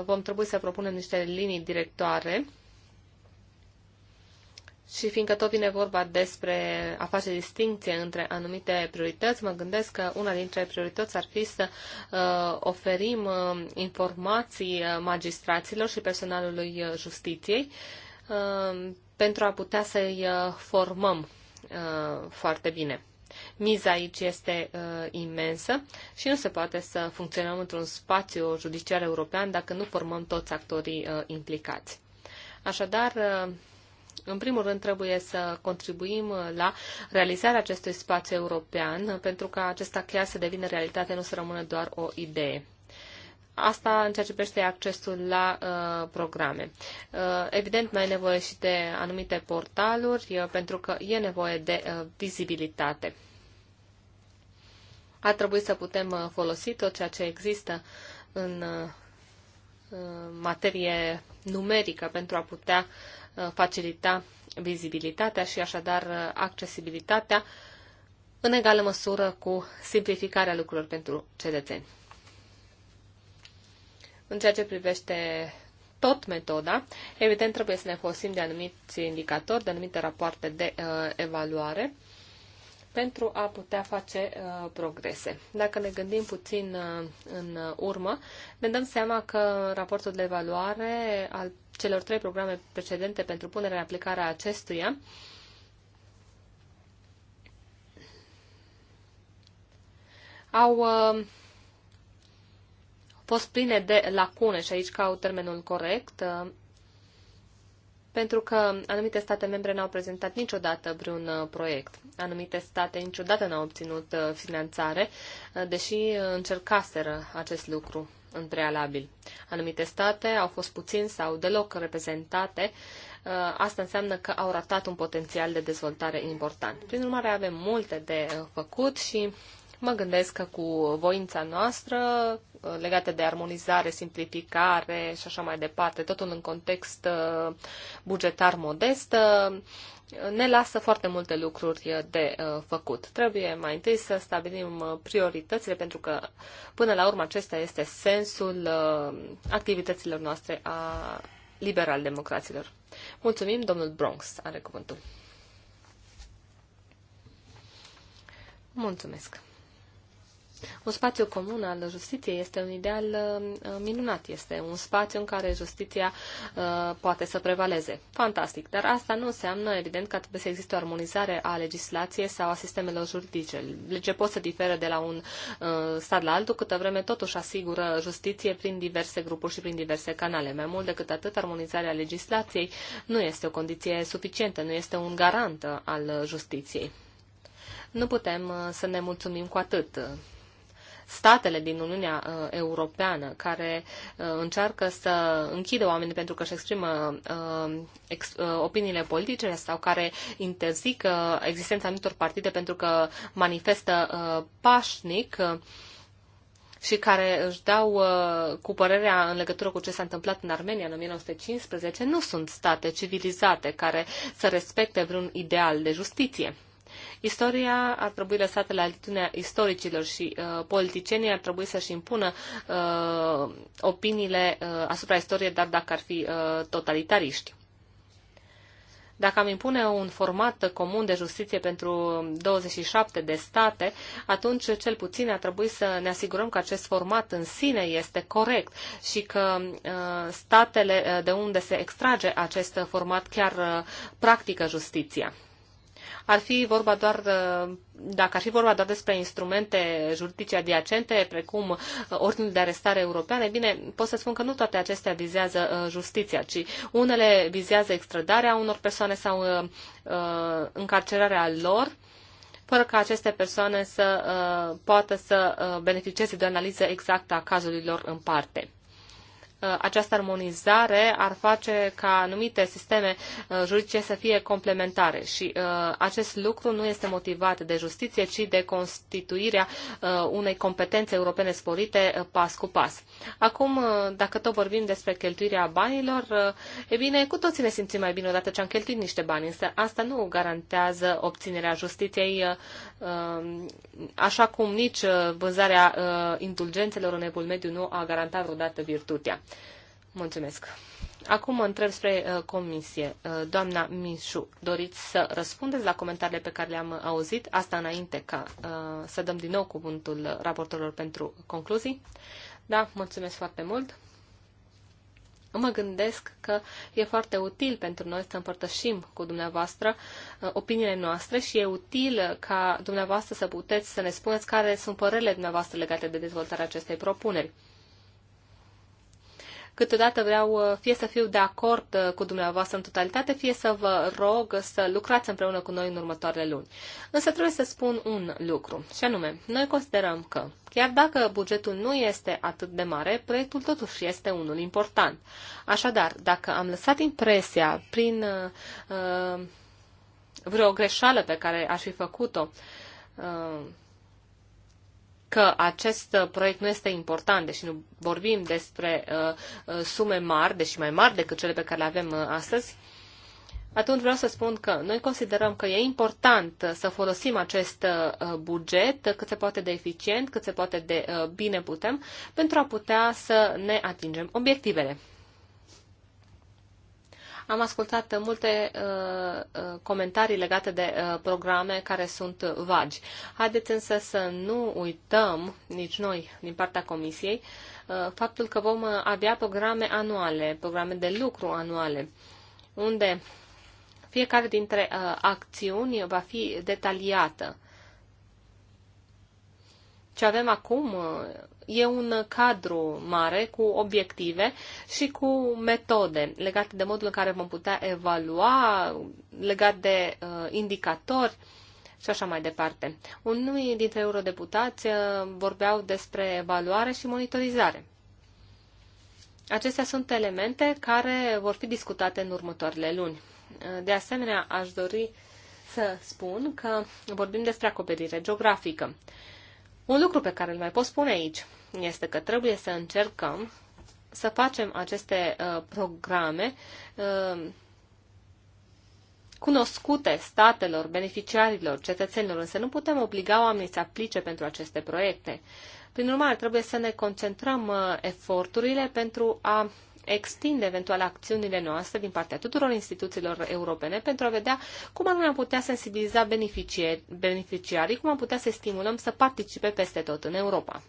vom trebui să propunem niște linii directoare și fiindcă tot vine vorba despre a face distinție între anumite priorități, mă gândesc că una dintre priorități ar fi să uh, oferim uh, informații uh, magistraților și personalului uh, justiției uh, pentru a putea să-i uh, formăm uh, foarte bine. Miza aici este uh, imensă și nu se poate să funcționăm într-un spațiu judiciar european dacă nu formăm toți actorii uh, implicați. Așadar, uh, în primul rând, trebuie să contribuim la realizarea acestui spațiu european, pentru ca acesta chiar să devină realitate, nu să rămână doar o idee. Asta în ceea ce privește accesul la uh, programe. Uh, evident, mai e nevoie și de anumite portaluri, uh, pentru că e nevoie de uh, vizibilitate. Ar trebui să putem uh, folosi tot ceea ce există în uh, uh materie numerică pentru a putea uh, Uh, facilita vizibilitatea și așadar uh, accesibilitatea în egală măsură cu simplificarea lucrurilor pentru cetățeni. În ceea ce privește tot metoda, evident trebuie să ne folosim de anumiți indicatori, de anumite rapoarte de uh, evaluare pentru a putea face uh, progrese. Dacă ne gândim puțin uh, în urmă, ne dăm seama că raportul de evaluare al celor trei programe precedente pentru punerea în aplicare a acestuia, au uh, fost pline de lacune, și aici caut termenul corect, uh, pentru că anumite state membre n-au prezentat niciodată vreun uh, proiect. Anumite state niciodată n-au obținut uh, finanțare, uh, deși încercaseră acest lucru în prealabil. Anumite state au fost puțin sau deloc reprezentate, uh, asta înseamnă că au ratat un potențial de dezvoltare important. Prin urmare, avem multe de uh, făcut și mă gândesc că cu voința noastră uh, legate de armonizare, simplificare și așa mai departe, totul în context bugetar modest, ne lasă foarte multe lucruri de uh, făcut. Trebuie mai întâi să stabilim uh, prioritățile, pentru că până la urmă acesta este sensul uh, activităților noastre a liberal-democraților. Mulțumim, domnul Bronx are cuvântul. Mulțumesc. Un spațiu comun al justiției este un ideal uh, minunat, este un spațiu în care justiția uh, poate să prevaleze. Fantastic, dar asta nu înseamnă, evident, că trebuie să existe o armonizare a legislației sau a sistemelor juridice. Legea pot să diferă de la un uh, stat la altul, câtă vreme totuși asigură justiție prin diverse grupuri și prin diverse canale. Mai mult decât atât, armonizarea legislației nu este o condiție suficientă, nu este un garant al justiției. Nu putem să ne mulțumim cu atât statele din Uniunea uh, Europeană care uh, încearcă să închidă oamenii pentru că își exprimă uh, opiniile politice sau care interzică existența anumitor partide pentru că manifestă pașnic și care își dau cu părerea în legătură cu ce s-a întâmplat în Armenia în 1915, nu sunt state civilizate care să respecte vreun ideal de justiție. Istoria ar trebui lăsată la altitudinea istoricilor și uh, politicienii ar trebui să-și impună uh, opiniile uh, asupra istoriei, dar dacă ar fi uh, totalitariști. Dacă am impune un format comun de justiție pentru 27 de state, atunci cel puțin ar trebui să ne asigurăm că acest format în sine este corect și că uh, statele uh, de unde se extrage acest format chiar uh, practică justiția ar fi vorba doar, uh, dacă ar fi vorba doar despre instrumente juridice adiacente, precum uh, ordinul de arestare europeane, bine, pot să spun că nu toate acestea vizează uh, justiția, ci unele vizează extradarea unor persoane sau încarcerarea lor, fără ca aceste persoane să uh, poată să uh, beneficieze de o analiză exactă a cazului lor în parte. Uh, această armonizare ar face ca anumite sisteme uh, juridice să fie complementare și uh, acest lucru nu este motivat de justiție, ci de constituirea unei competențe europene sporite pas cu pas. Acum, dacă tot vorbim despre cheltuirea banilor, e bine, cu toții ne simțim mai bine odată ce am cheltuit niște bani, însă asta nu garantează obținerea justiției așa cum nici vânzarea indulgențelor în evul mediu nu a garantat vreodată virtutea. Mulțumesc. Acum mă întreb spre uh, comisie. Uh, doamna Mișu, doriți să răspundeți la comentariile pe care le-am auzit? Asta înainte ca uh, să dăm din nou cuvântul raportorilor pentru concluzii. Da, mulțumesc foarte mult. Mă gândesc că e foarte util pentru noi să împărtășim cu dumneavoastră uh, opiniile noastre și e util ca dumneavoastră să puteți să ne spuneți care sunt părerile dumneavoastră legate de dezvoltarea acestei propuneri. Câteodată vreau uh, fie să fiu de acord uh, cu dumneavoastră în totalitate, fie să vă rog să lucrați împreună cu noi în următoarele luni. Însă trebuie să spun un lucru, și anume, noi considerăm că, chiar dacă bugetul nu este atât de mare, proiectul totuși este unul important. Așadar, dacă am lăsat impresia prin uh, uh vreo greșeală pe care aș fi făcut-o, uh, că acest uh, proiect nu este important, deși nu vorbim despre uh, uh, sume mari, deși mai mari decât cele pe care le avem astăzi, atunci vreau să spun că noi considerăm că e important să folosim acest buget cât se poate de eficient, cât se poate de bine putem, pentru a putea să ne atingem obiectivele. Am ascultat multe uh, uh, comentarii legate de uh, programe care sunt vagi. Haideți însă să nu uităm, nici noi, din partea Comisiei, faptul că vom avea programe anuale, programe de lucru anuale, unde fiecare dintre acțiuni va fi detaliată ce avem acum uh, e un cadru mare cu obiective și cu metode legate de modul în care vom putea evalua, legat de uh, indicatori și așa mai departe. Unii dintre eurodeputați uh, vorbeau despre evaluare și monitorizare. Acestea sunt elemente care vor fi discutate în următoarele luni. Uh, de asemenea, aș dori să spun că vorbim despre acoperire geografică. Uh, un lucru pe care îl mai pot spune aici este că trebuie să încercăm să facem aceste uh, programe uh, cunoscute statelor, beneficiarilor, cetățenilor, însă nu putem obliga oamenii să aplice pentru aceste proiecte. Prin urmare, trebuie să ne concentrăm uh, eforturile pentru a extinde eventual acțiunile noastre din partea tuturor instituțiilor europene pentru a vedea cum anume am putea sensibiliza beneficiarii, cum am putea să stimulăm să participe peste tot în Europa.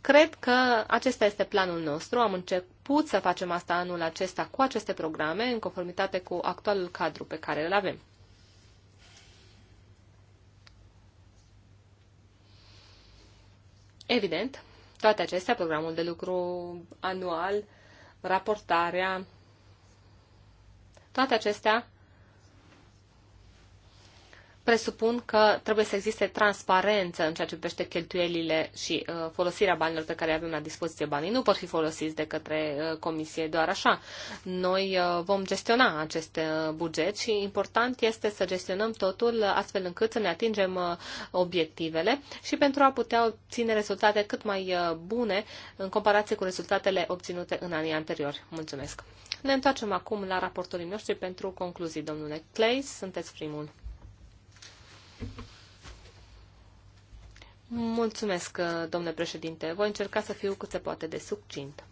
Cred că acesta este planul nostru. Am început să facem asta anul acesta cu aceste programe, în conformitate cu actualul cadru pe care îl avem. Evident, toate acestea, programul de lucru anual, raportarea, toate acestea presupun că trebuie să existe transparență în ceea ce privește cheltuielile și uh, folosirea banilor pe care avem la dispoziție. Banii nu pot fi folosiți de către uh, comisie doar așa. Noi uh, vom gestiona acest uh, buget și important este să gestionăm totul uh, astfel încât să ne atingem uh, obiectivele și pentru a putea obține rezultate cât mai uh, bune în comparație cu rezultatele obținute în anii anteriori. Mulțumesc! Ne întoarcem acum la raportorii noștri pentru concluzii. Domnule Clay, sunteți primul. Mulțumesc, uh, domnule președinte. Voi încerca să fiu cât se poate de succint.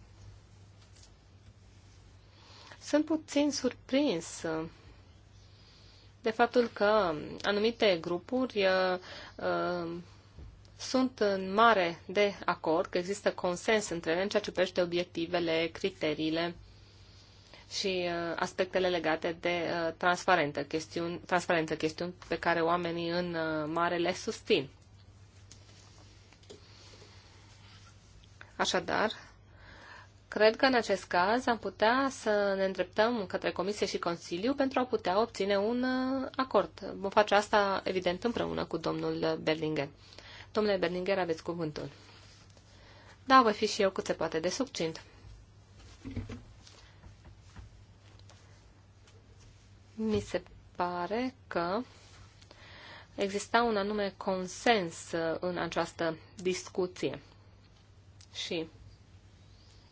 Sunt puțin surprins uh, de faptul că anumite grupuri uh, uh, sunt în mare de acord, că există consens între ele în ceea ce privește obiectivele, criteriile și uh, aspectele legate de uh, transparentă chestiuni, transparentă chestiuni pe care oamenii în uh, mare le susțin. Așadar, cred că în acest caz am putea să ne îndreptăm către Comisie și Consiliu pentru a putea obține un acord. Vom face asta, evident, împreună cu domnul Berlinger. Domnule Berlinger, aveți cuvântul. Da, voi fi și eu cât se poate de succint. Mi se pare că exista un anume consens în această discuție. Și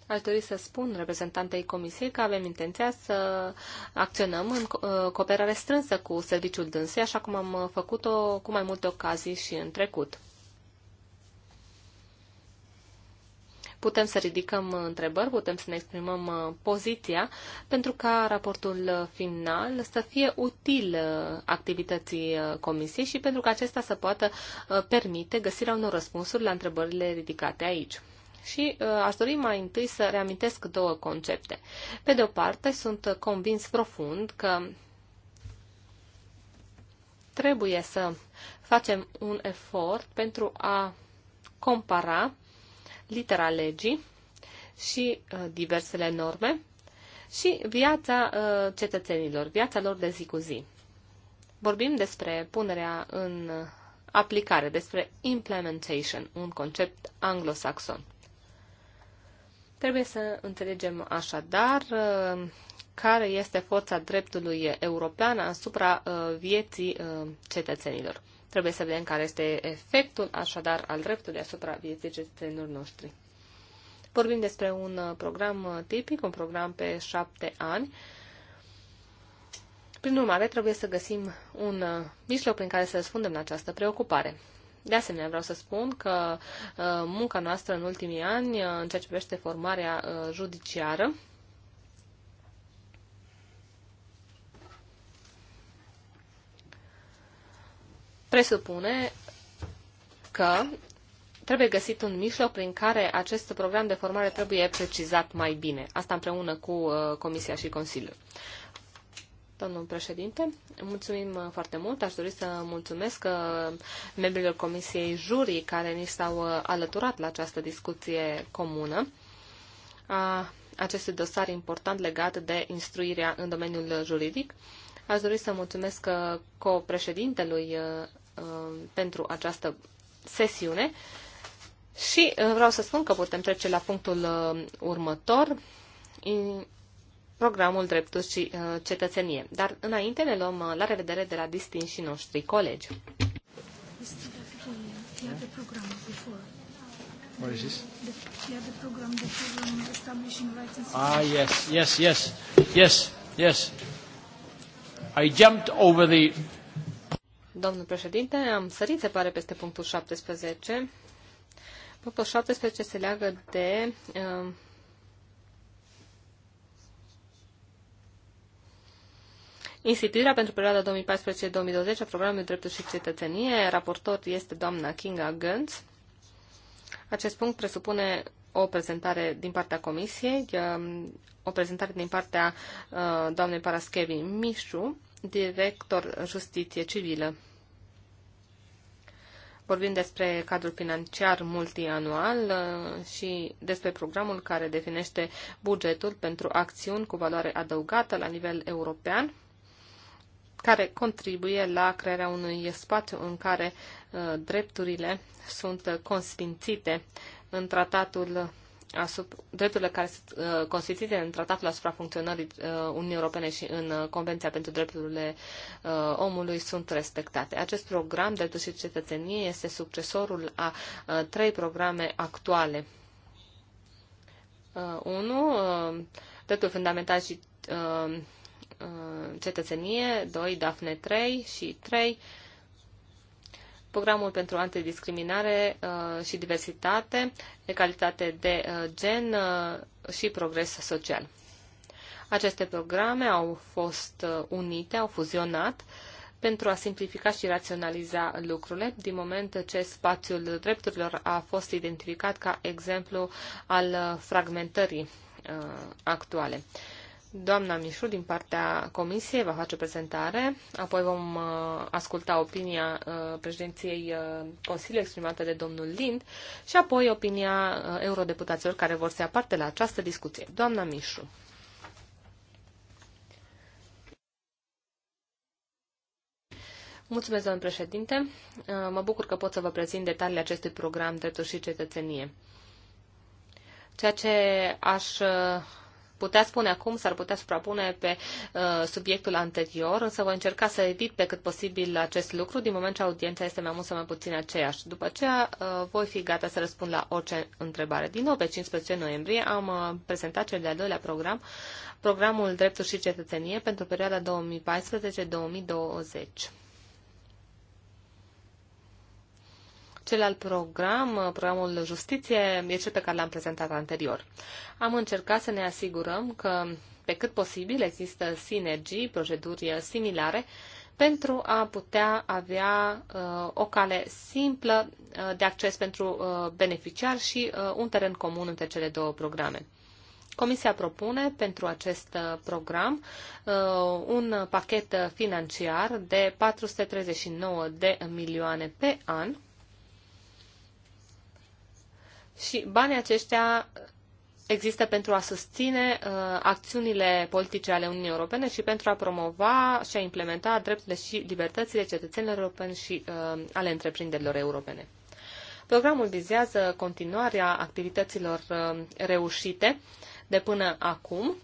aș dori să spun reprezentantei Comisiei că avem intenția să acționăm în uh, cooperare strânsă cu serviciul dânsei, așa cum am făcut-o cu mai multe ocazii și în trecut. Putem să ridicăm uh, întrebări, putem să ne exprimăm uh, poziția, pentru ca raportul uh, final să fie util activității comisiei și pentru ca acesta să poată permite găsirea unor răspunsuri la întrebările ridicate aici și aș dori mai întâi să reamintesc două concepte. Pe de o parte, sunt convins profund că trebuie să facem un efort pentru a compara litera legii și uh, diversele norme și viața uh, cetățenilor, viața lor de zi cu zi. Vorbim despre punerea în aplicare, despre implementation, un concept anglosaxon. Trebuie să înțelegem așadar uh, care este forța dreptului european asupra vieții cetățenilor. Trebuie să vedem care este efectul, așadar, al dreptului asupra vieții cetățenilor noștri. Vorbim despre un uh, program uh, tipic, un program pe șapte ani. Prin urmare, trebuie să găsim un uh, mijloc prin care să răspundem la această preocupare. De asemenea, vreau să spun că munca noastră în ultimii ani, în ceea ce privește formarea judiciară, presupune că trebuie găsit un mijloc prin care acest program de formare trebuie precizat mai bine. Asta împreună cu uh, Comisia și Consiliul. Domnul președinte, mulțumim uh, foarte mult. Aș dori să mulțumesc uh, membrilor Comisiei Jurii care ni s-au alăturat la această discuție comună a acestui dosar important legat de instruirea în domeniul juridic. Aș dori să mulțumesc uh, co-președintelui uh, uh, pentru această sesiune și vreau să spun că putem trece la punctul următor, programul Drepturi și Cetățenie. Dar înainte ne luăm la revedere de la distinșii noștri colegi. What is this? The, the program, the program establishing rights and Ah, yes, yes, yes, yes, yes. Domnule Domnul președinte, am sărit, se pare, peste punctul 17. Punctul 17 se leagă de uh, instituirea pentru perioada 2014-2020 a programului Dreptul și Cetățenie. Raportor este doamna Kinga Gönz. Acest punct presupune o prezentare din partea comisiei, um, o prezentare din partea uh, doamnei Paraschevi Mișu director justiție civilă. Vorbim despre cadrul financiar multianual uh, și despre programul care definește bugetul pentru acțiuni cu valoare adăugată la nivel european, care contribuie la crearea unui spațiu în care uh, drepturile sunt uh, consfințite în tratatul asupra, drepturile care sunt uh, constituite în tratatul asupra funcționării uh, Uniunii Europene și în uh, Convenția pentru Drepturile uh, Omului sunt respectate. Acest program, Dreptul și Cetățenie, este succesorul a uh, trei programe actuale. 1. Uh, uh, dreptul fundamental și uh, uh, cetățenie, 2. Dafne 3 și 3. Uh, programul pentru antidiscriminare uh, și diversitate, egalitate de uh, gen uh, și progres social. Aceste programe au fost unite, au fuzionat pentru a simplifica și raționaliza lucrurile, din moment ce spațiul drepturilor a fost identificat ca exemplu al fragmentării actuale. Doamna Mișu, din partea Comisiei, va face prezentare, apoi vom uh, asculta opinia uh, președinției uh, Consiliului exprimată de domnul Lind și apoi opinia eurodeputaților care vor să ia parte la această discuție. Doamna Mișu. Mulțumesc, domnul președinte. Mă bucur că pot să vă prezint detaliile acestui program Drepturi și Cetățenie. Ceea ce aș putea spune acum, s-ar putea suprapune pe uh, subiectul anterior, însă voi încerca să evit pe cât posibil acest lucru, din moment ce audiența este mai mult sau mai puțin aceeași. După aceea uh, voi fi gata să răspund la orice întrebare. Din nou, pe 15 noiembrie am uh, prezentat cel de-al doilea program, programul Drepturi și Cetățenie pentru perioada 2014-2020. Celălalt program, uh, programul Justiție, e cel pe care l-am prezentat anterior. Am încercat să ne asigurăm că, pe cât posibil, există sinergii, proceduri uh, similare, pentru a putea avea uh, o cale simplă uh, de acces pentru uh, beneficiari și uh, un teren comun între cele două programe. Comisia propune pentru acest uh, program un pachet financiar de 439 de milioane pe an și banii aceștia există pentru a susține uh, acțiunile politice ale Uniunii Europene și pentru a promova și a implementa drepturile și libertățile cetățenilor europeni și uh, ale întreprinderilor europene. Programul vizează continuarea activităților uh, reușite de până acum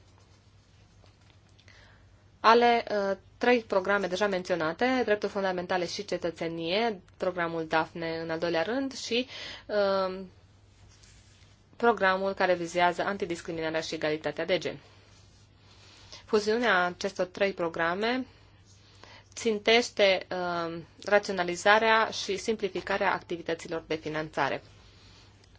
ale uh, trei programe deja menționate, Drepturi Fundamentale și Cetățenie, programul DAFNE în al doilea rând și uh, programul care vizează antidiscriminarea și egalitatea de gen. Fuziunea acestor trei programe țintește uh, raționalizarea și simplificarea activităților de finanțare.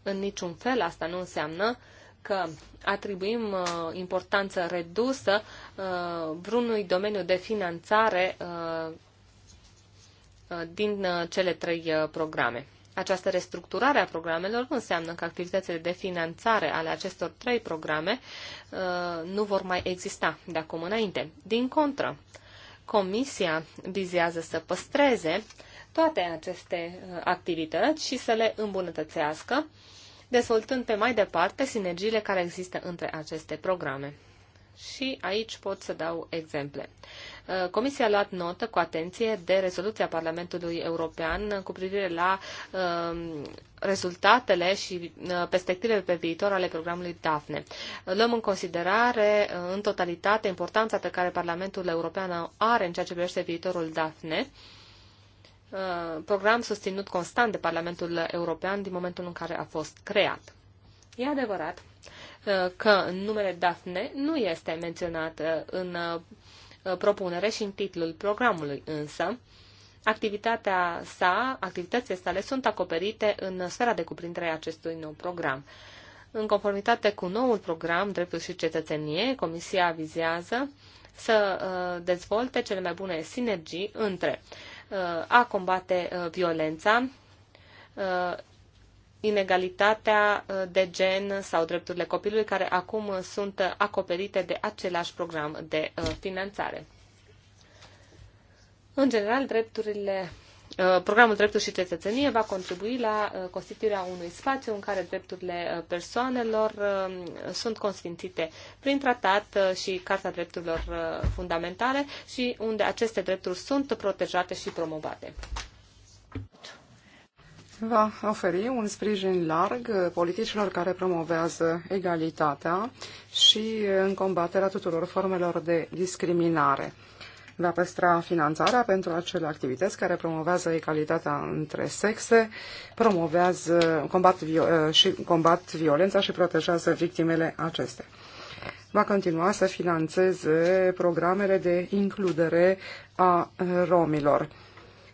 În niciun fel asta nu înseamnă că atribuim uh, importanță redusă uh, vreunui domeniu de finanțare uh, uh din uh, cele trei uh, programe. Această restructurare a programelor nu înseamnă că activitățile de finanțare ale acestor trei programe uh, nu vor mai exista de acum înainte. Din contră, Comisia vizează să păstreze toate aceste uh, activități și să le îmbunătățească, dezvoltând pe mai departe sinergiile care există între aceste programe. Și aici pot să dau exemple. Uh, Comisia a luat notă cu atenție de rezoluția Parlamentului European cu privire la um, rezultatele și uh, perspectivele pe viitor ale programului DAFNE. Uh, luăm în considerare în totalitate importanța pe care Parlamentul European are în ceea ce privește viitorul DAFNE program susținut constant de Parlamentul European din momentul în care a fost creat. E adevărat că numele Daphne nu este menționat în Uh, propunere și în titlul programului, însă activitatea sa, activitățile sale sunt acoperite în sfera de cuprindere a acestui nou program. În conformitate cu noul program Dreptul și Cetățenie, Comisia vizează să uh, dezvolte cele mai bune sinergii între uh, a combate violența, inegalitatea uh, de gen sau drepturile copilului, care acum uh, sunt uh, acoperite de același program de finanțare. În general, drepturile Programul Drepturi și Cetățenie va contribui la constituirea unui spațiu în care drepturile persoanelor sunt consfințite prin tratat și Carta Drepturilor Fundamentale și unde aceste drepturi sunt protejate și promovate va oferi un sprijin larg politicilor care promovează egalitatea și în combaterea tuturor formelor de discriminare. Va păstra finanțarea pentru acele activități care promovează egalitatea între sexe, promovează, combat, uh, și combat violența și protejează victimele acestea va continua să financeze programele de includere a romilor.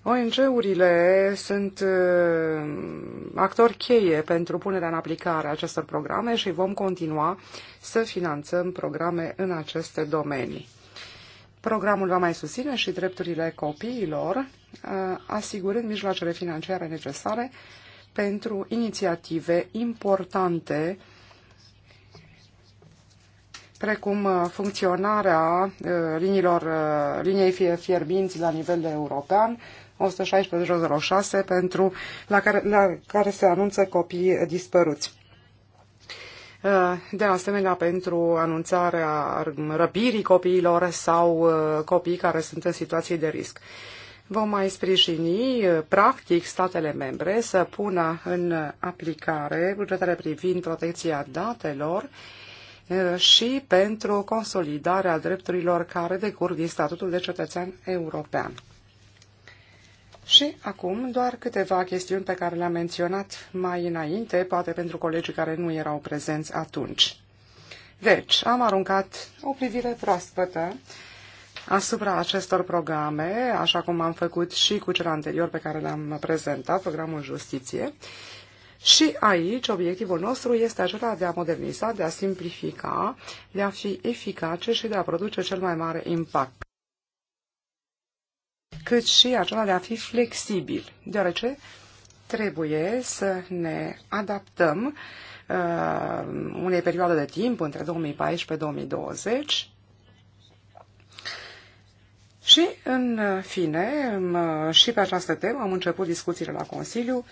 ONG-urile sunt uh, actori cheie pentru punerea în aplicare a acestor programe și vom continua să finanțăm programe în aceste domenii. Programul va mai susține și drepturile copiilor, uh, asigurând mijloacele financiare necesare pentru inițiative importante precum uh, funcționarea uh, liniilor, uh, liniei fierbinți la nivel european, 116.06 pentru, la, care, la care se anunță copii dispăruți. Uh, de asemenea, pentru anunțarea răpirii copiilor sau uh, copiii care sunt în situații de risc. Vom mai sprijini, uh, practic, statele membre să pună în aplicare bugetele privind protecția datelor și pentru consolidarea drepturilor care decurg din statutul de cetățean european. Și acum doar câteva chestiuni pe care le-am menționat mai înainte, poate pentru colegii care nu erau prezenți atunci. Deci, am aruncat o privire proaspătă asupra acestor programe, așa cum am făcut și cu cel anterior pe care l-am prezentat, programul Justiție. Și aici obiectivul nostru este acela de a moderniza, de a simplifica, de a fi eficace și de a produce cel mai mare impact cât și acela de a fi flexibil, deoarece trebuie să ne adaptăm uh, unei perioade de timp între 2014-2020 și, în fine, și pe această temă am început discuțiile la Consiliu.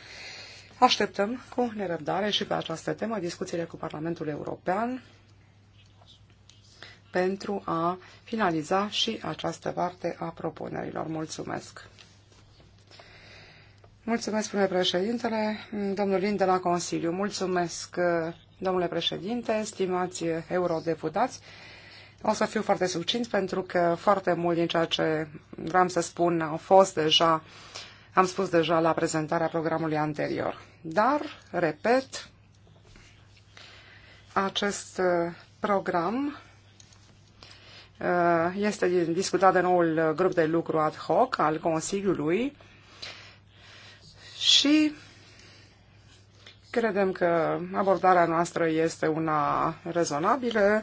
Așteptăm cu nerăbdare și pe această temă discuțiile cu Parlamentul European pentru a finaliza și această parte a propunerilor. Mulțumesc! Mulțumesc, domnule președintele, domnul Lind de la Consiliu. Mulțumesc, domnule președinte, stimați eurodeputați. O să fiu foarte succint pentru că foarte mult din ceea ce vreau să spun au fost deja, am spus deja la prezentarea programului anterior. Dar, repet, acest program Uh, este discutat de noul grup de lucru ad hoc al Consiliului și credem că abordarea noastră este una rezonabilă,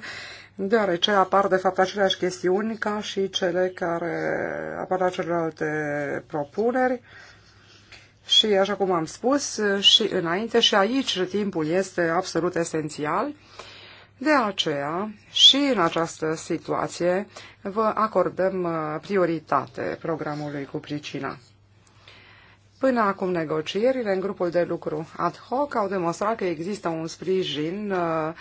deoarece apar de fapt aceleași chestiuni ca și cele care apar la celelalte propuneri și, așa cum am spus și înainte, și aici timpul este absolut esențial de aceea, și în această situație, vă acordăm uh, prioritate programului cu pricina. Până acum, negocierile în grupul de lucru ad hoc au demonstrat că există un sprijin uh,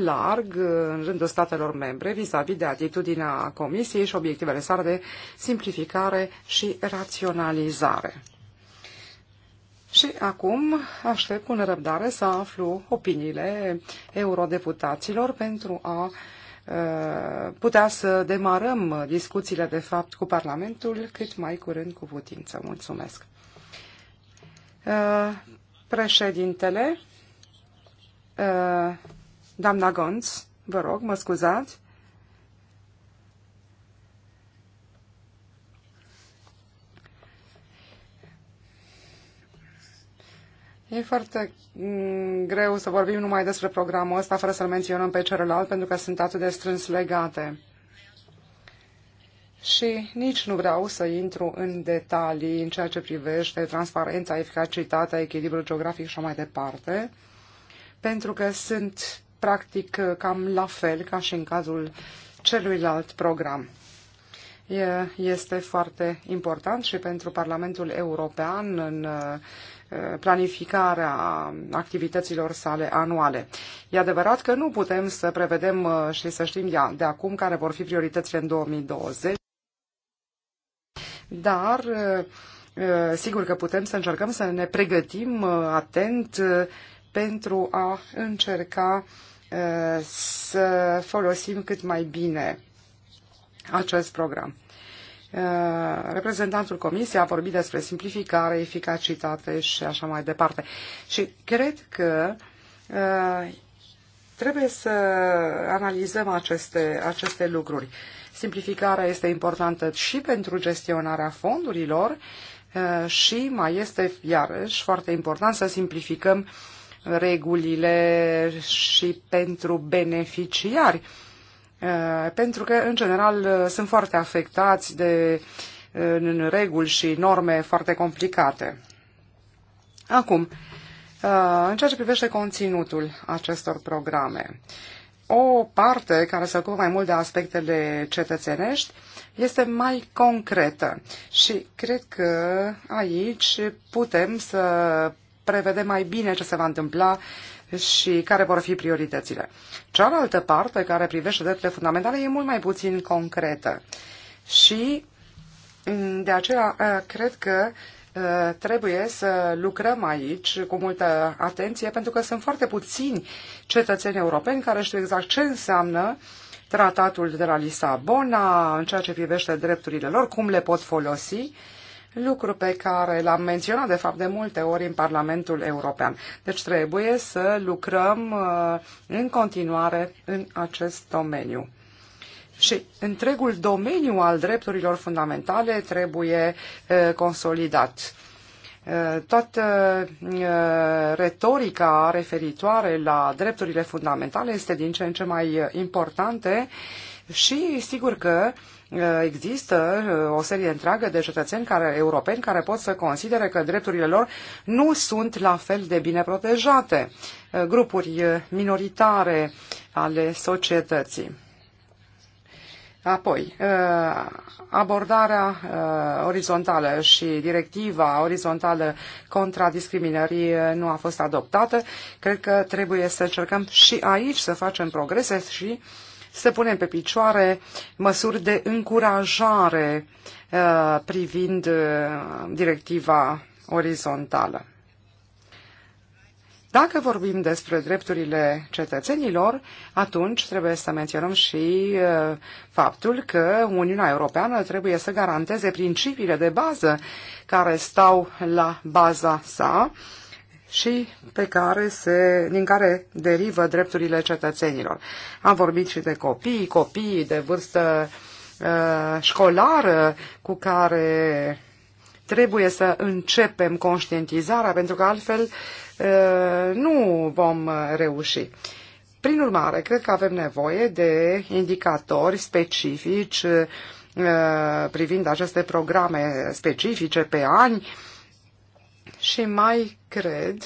larg uh, în rândul statelor membre vis-a-vis -vis de atitudinea Comisiei și obiectivele sale de simplificare și raționalizare. Și acum aștept cu nerăbdare să aflu opiniile eurodeputaților pentru a putea să demarăm discuțiile de fapt cu Parlamentul cât mai curând cu putință. Mulțumesc. Președintele, doamna Gonț, vă rog, mă scuzați. E foarte mm, greu să vorbim numai despre programul ăsta fără să-l menționăm pe celălalt, pentru că sunt atât de strâns legate. Și nici nu vreau să intru în detalii în ceea ce privește transparența, eficacitatea, echilibrul geografic și mai departe, pentru că sunt practic cam la fel ca și în cazul celuilalt program. Este foarte important și pentru Parlamentul European în planificarea activităților sale anuale. E adevărat că nu putem să prevedem uh, și să știm de acum care vor fi prioritățile în 2020, dar uh, uh, sigur că putem să încercăm să ne pregătim atent pentru a încerca să folosim cât mai bine acest program. Uh, reprezentantul Comisiei a vorbit despre simplificare, eficacitate și așa mai departe. Și cred că uh, trebuie să analizăm aceste, aceste lucruri. Simplificarea este importantă și pentru gestionarea fondurilor uh, și mai este, iarăși, foarte important să simplificăm regulile și pentru beneficiari Eh, pentru că, în general, eh, sunt foarte afectați de eh, în reguli și norme foarte complicate. Acum, în ceea ce privește conținutul acestor programe, o parte care se ocupă mai mult de aspectele cetățenești este mai concretă și cred că aici putem să prevedem mai bine ce se va întâmpla și care vor fi prioritățile. Cealaltă parte care privește drepturile fundamentale e mult mai puțin concretă și mm, de aceea cred că trebuie să lucrăm aici cu multă atenție pentru că sunt foarte puțini cetățeni europeni care știu exact ce înseamnă tratatul de la Lisabona în ceea ce privește drepturile lor, cum le pot folosi lucru pe care l-am menționat de fapt de multe ori în Parlamentul European. Deci trebuie să lucrăm uh, în continuare în acest domeniu. Și întregul domeniu al drepturilor fundamentale trebuie uh, consolidat uh, toată retorica referitoare la drepturile fundamentale este din ce în ce mai importante și sigur că Uh, există uh, o serie întreagă de cetățeni care, europeni care pot să considere că drepturile lor nu sunt la fel de bine protejate, uh, grupuri minoritare ale societății. Apoi, abordarea orizontală și directiva orizontală contra discriminării nu a fost adoptată. Cred că trebuie să încercăm și aici să facem progrese și uh, să punem pe picioare măsuri de încurajare uh, privind uh, directiva orizontală. Dacă vorbim despre drepturile cetățenilor, atunci trebuie să menționăm și uh, faptul că Uniunea Europeană trebuie să garanteze principiile de bază care stau la baza sa, și pe care se, din care derivă drepturile cetățenilor. Am vorbit și de copii, copii de vârstă uh, școlară cu care trebuie să începem conștientizarea, pentru că altfel uh, nu vom reuși. Prin urmare, cred că avem nevoie de indicatori specifici uh, privind aceste programe specifice pe ani, și mai cred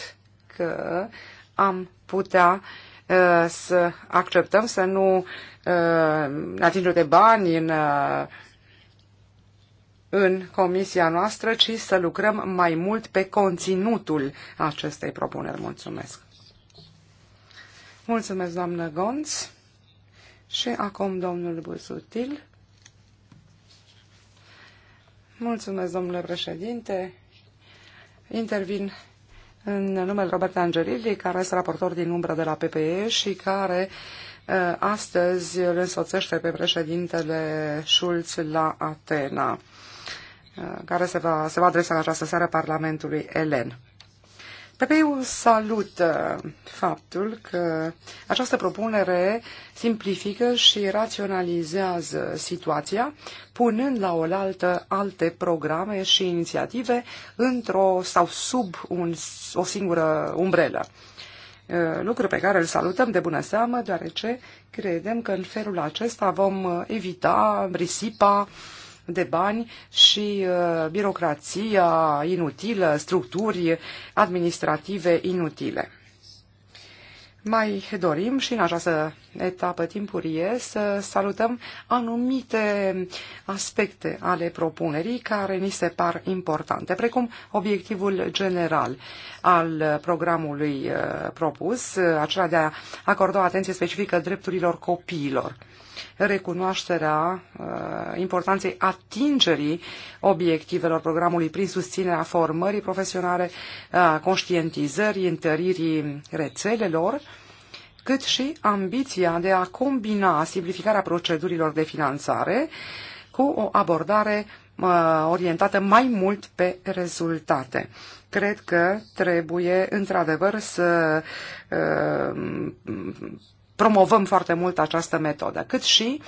că am putea uh, să acceptăm să nu uh, atingem de bani în, uh, în comisia noastră, ci să lucrăm mai mult pe conținutul acestei propuneri. Mulțumesc! Mulțumesc, doamnă Gonț! Și acum domnul Busutil. Mulțumesc, domnule președinte! Intervin în numele Robert Angelilli, care este raportor din umbră de la PPE și care uh, astăzi îl însoțește pe președintele Schulz la Atena, uh, care se va, se va adresa în această seară Parlamentului Elen. Pepe, eu salută uh, faptul că această propunere simplifică și raționalizează situația, punând la oaltă alte programe și inițiative într-o sau sub un, o singură umbrelă. Uh, lucru pe care îl salutăm de bună seamă, deoarece credem că în felul acesta vom uh, evita risipa, de bani și uh, birocrația inutilă, structuri administrative inutile. Mai dorim și în această etapă timpurie să salutăm anumite aspecte ale propunerii care ni se par importante, precum obiectivul general al programului uh, propus, uh, acela de a acorda o atenție specifică drepturilor copiilor recunoașterea uh, importanței atingerii obiectivelor programului prin susținerea formării profesionale, conștientizării, întăririi rețelelor, cât și ambiția de a combina simplificarea procedurilor de finanțare cu o abordare uh, orientată mai mult pe rezultate. Cred că trebuie, într-adevăr, să uh, promovăm foarte mult această metodă, cât și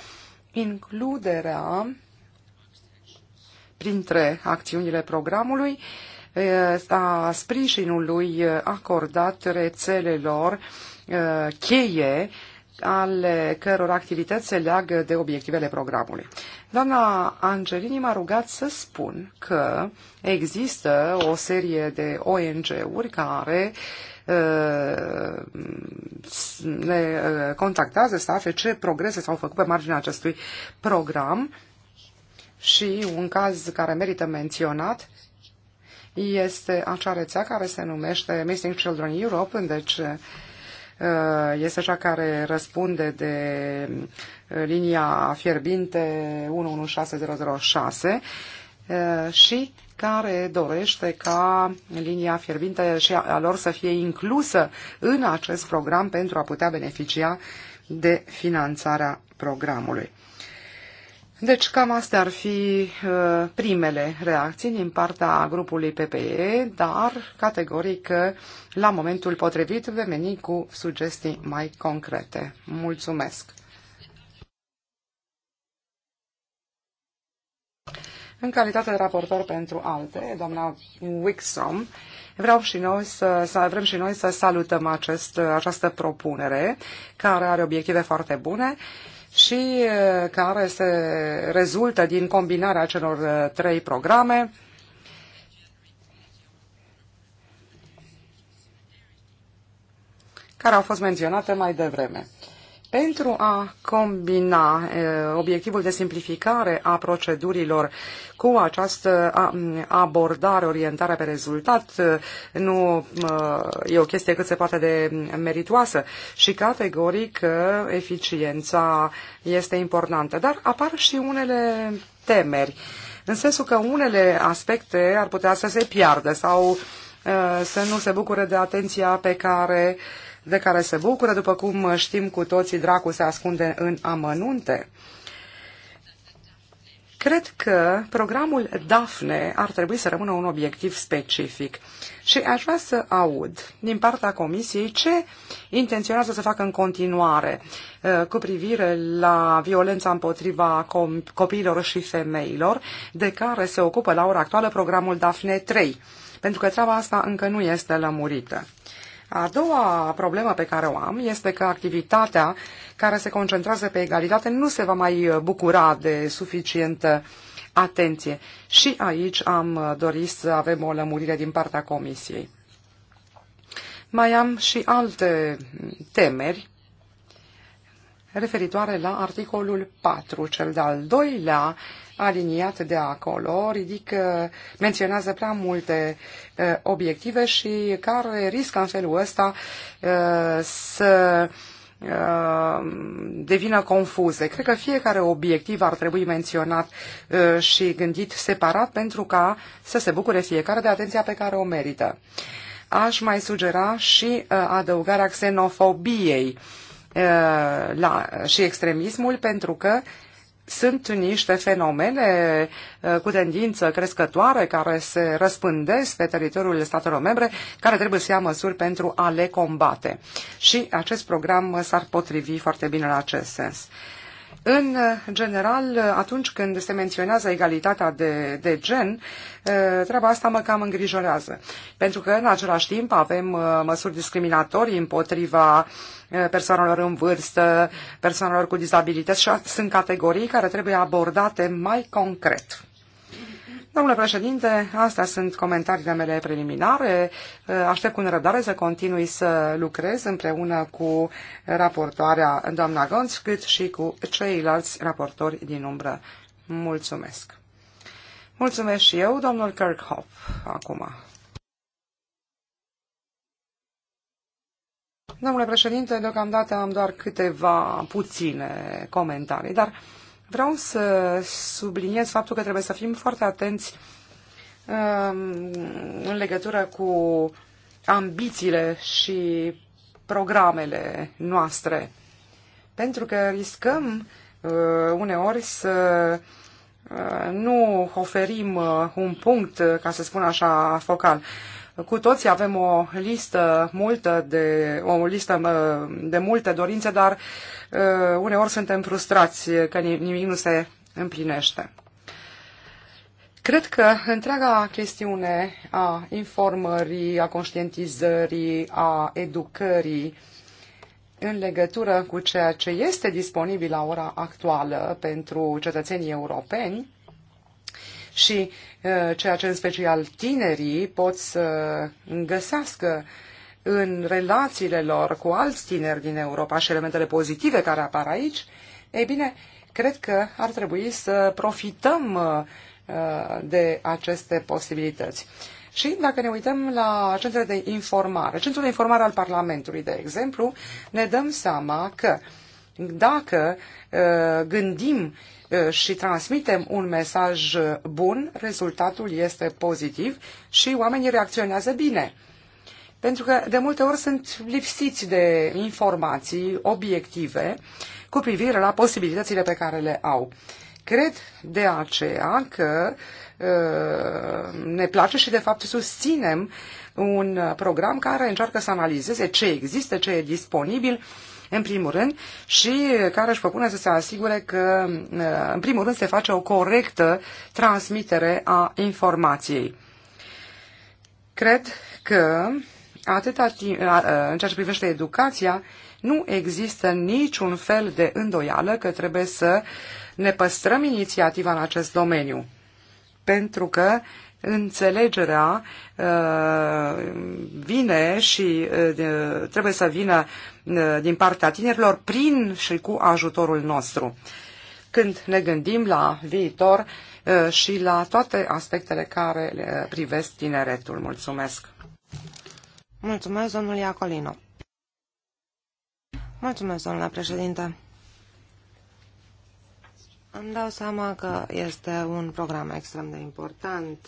includerea printre acțiunile programului a sprijinului acordat rețelelor cheie ale căror activități se leagă de obiectivele programului. Doamna Angelini m-a rugat să spun că există o serie de ONG-uri care uh, ne uh, uh, contactează să afle ce progrese s-au făcut pe marginea acestui program. Și un caz care merită menționat este acea rețea care se numește Missing Children Europe, deci uh, este cea care răspunde de linia fierbinte 116006 și care dorește ca linia fierbinte și a lor să fie inclusă în acest program pentru a putea beneficia de finanțarea programului. Deci cam astea ar fi uh, primele reacții din partea grupului PPE, dar categoric uh, la momentul potrivit veni cu sugestii mai concrete. Mulțumesc! În calitate de raportor pentru alte, doamna Wixom, vreau și noi să, să, vrem și noi să salutăm acest, această propunere, care are obiective foarte bune și care se rezultă din combinarea celor trei programe, care au fost menționate mai devreme. Pentru a combina obiectivul de simplificare a procedurilor cu această abordare, orientare pe rezultat, nu e o chestie cât se poate de meritoasă și categoric eficiența este importantă. Dar apar și unele temeri, în sensul că unele aspecte ar putea să se piardă sau să nu se bucure de atenția pe care uh, de care se bucură. După cum știm cu toții, dracu se ascunde în amănunte. Cred că programul DAFNE ar trebui să rămână un obiectiv specific și aș vrea să aud din partea Comisiei ce intenționează să facă în continuare uh, cu privire la violența împotriva copiilor și femeilor de care se ocupă la ora actuală programul DAFNE 3, pentru că treaba asta încă nu este lămurită. A doua problemă pe care o am este că activitatea care se concentrează pe egalitate nu se va mai bucura de suficientă atenție. Și aici am dorit să avem o lămurire din partea Comisiei. Mai am și alte temeri referitoare la articolul 4, cel de-al doilea aliniat de acolo ridică, uh, menționează prea multe uh, obiective și care riscă în felul ăsta uh, să uh, devină confuze. Cred că fiecare obiectiv ar trebui menționat uh, și gândit separat pentru ca să se bucure fiecare de atenția pe care o merită. Aș mai sugera și adăugarea xenofobiei la, și extremismul pentru că sunt niște fenomene uh, cu tendință crescătoare care se răspândesc pe teritoriul statelor membre, care trebuie să ia măsuri pentru a le combate. Și acest program s-ar potrivi foarte bine în acest sens. În general, atunci când se menționează egalitatea de, de gen, eh, treaba asta mă cam îngrijorează. Pentru că, în același timp, avem eh, măsuri discriminatorii împotriva eh, persoanelor în vârstă, persoanelor cu dizabilități și sunt categorii care trebuie abordate mai concret. Domnule președinte, astea sunt comentariile mele preliminare. Eh, aștept cu nerăbdare să continui să lucrez împreună cu raportoarea doamna Gonț, cât și cu ceilalți raportori din umbră. Mulțumesc! Mulțumesc și eu, domnul Kirkhoff, acum. Domnule președinte, deocamdată am doar câteva puține comentarii, dar Vreau să subliniez faptul că trebuie să fim foarte atenți um, în legătură cu ambițiile și programele noastre. Pentru că riscăm uh, uneori să uh, nu oferim uh, un punct, ca să spun așa, focal. Cu toții avem o listă multă de, o listă de multe dorințe, dar uh, uneori suntem frustrați că nimic nu se împlinește. Cred că întreaga chestiune a informării, a conștientizării, a educării în legătură cu ceea ce este disponibil la ora actuală pentru cetățenii europeni și Eh, ceea ce în special tinerii pot să găsească în relațiile lor cu alți tineri din Europa și elementele pozitive care apar aici, ei bine, cred că ar trebui să profităm eh, de aceste posibilități. Și dacă ne uităm la centrele de informare, centrul de informare al Parlamentului, de exemplu, ne dăm seama că dacă eh, gândim uh, și transmitem un mesaj bun, rezultatul este pozitiv și oamenii reacționează bine. Pentru că de multe ori sunt lipsiți de informații obiective cu privire la posibilitățile pe care le au. Cred de aceea că ne place și de fapt susținem un program care încearcă să analizeze ce există, ce e disponibil în primul rând, și care își propune să se asigure că, uh, în primul rând, se face o corectă transmitere a informației. Cred că, atâta timp, uh, în ceea ce privește educația, nu există niciun fel de îndoială că trebuie să ne păstrăm inițiativa în acest domeniu. Pentru că înțelegerea uh, vine și uh, trebuie să vină Uh, din partea tinerilor prin și cu ajutorul nostru. Când ne gândim la viitor uh, și la toate aspectele care privesc tineretul. Mulțumesc! Mulțumesc, domnul Iacolino. Mulțumesc, domnule președinte. Îmi dau seama că este un program extrem de important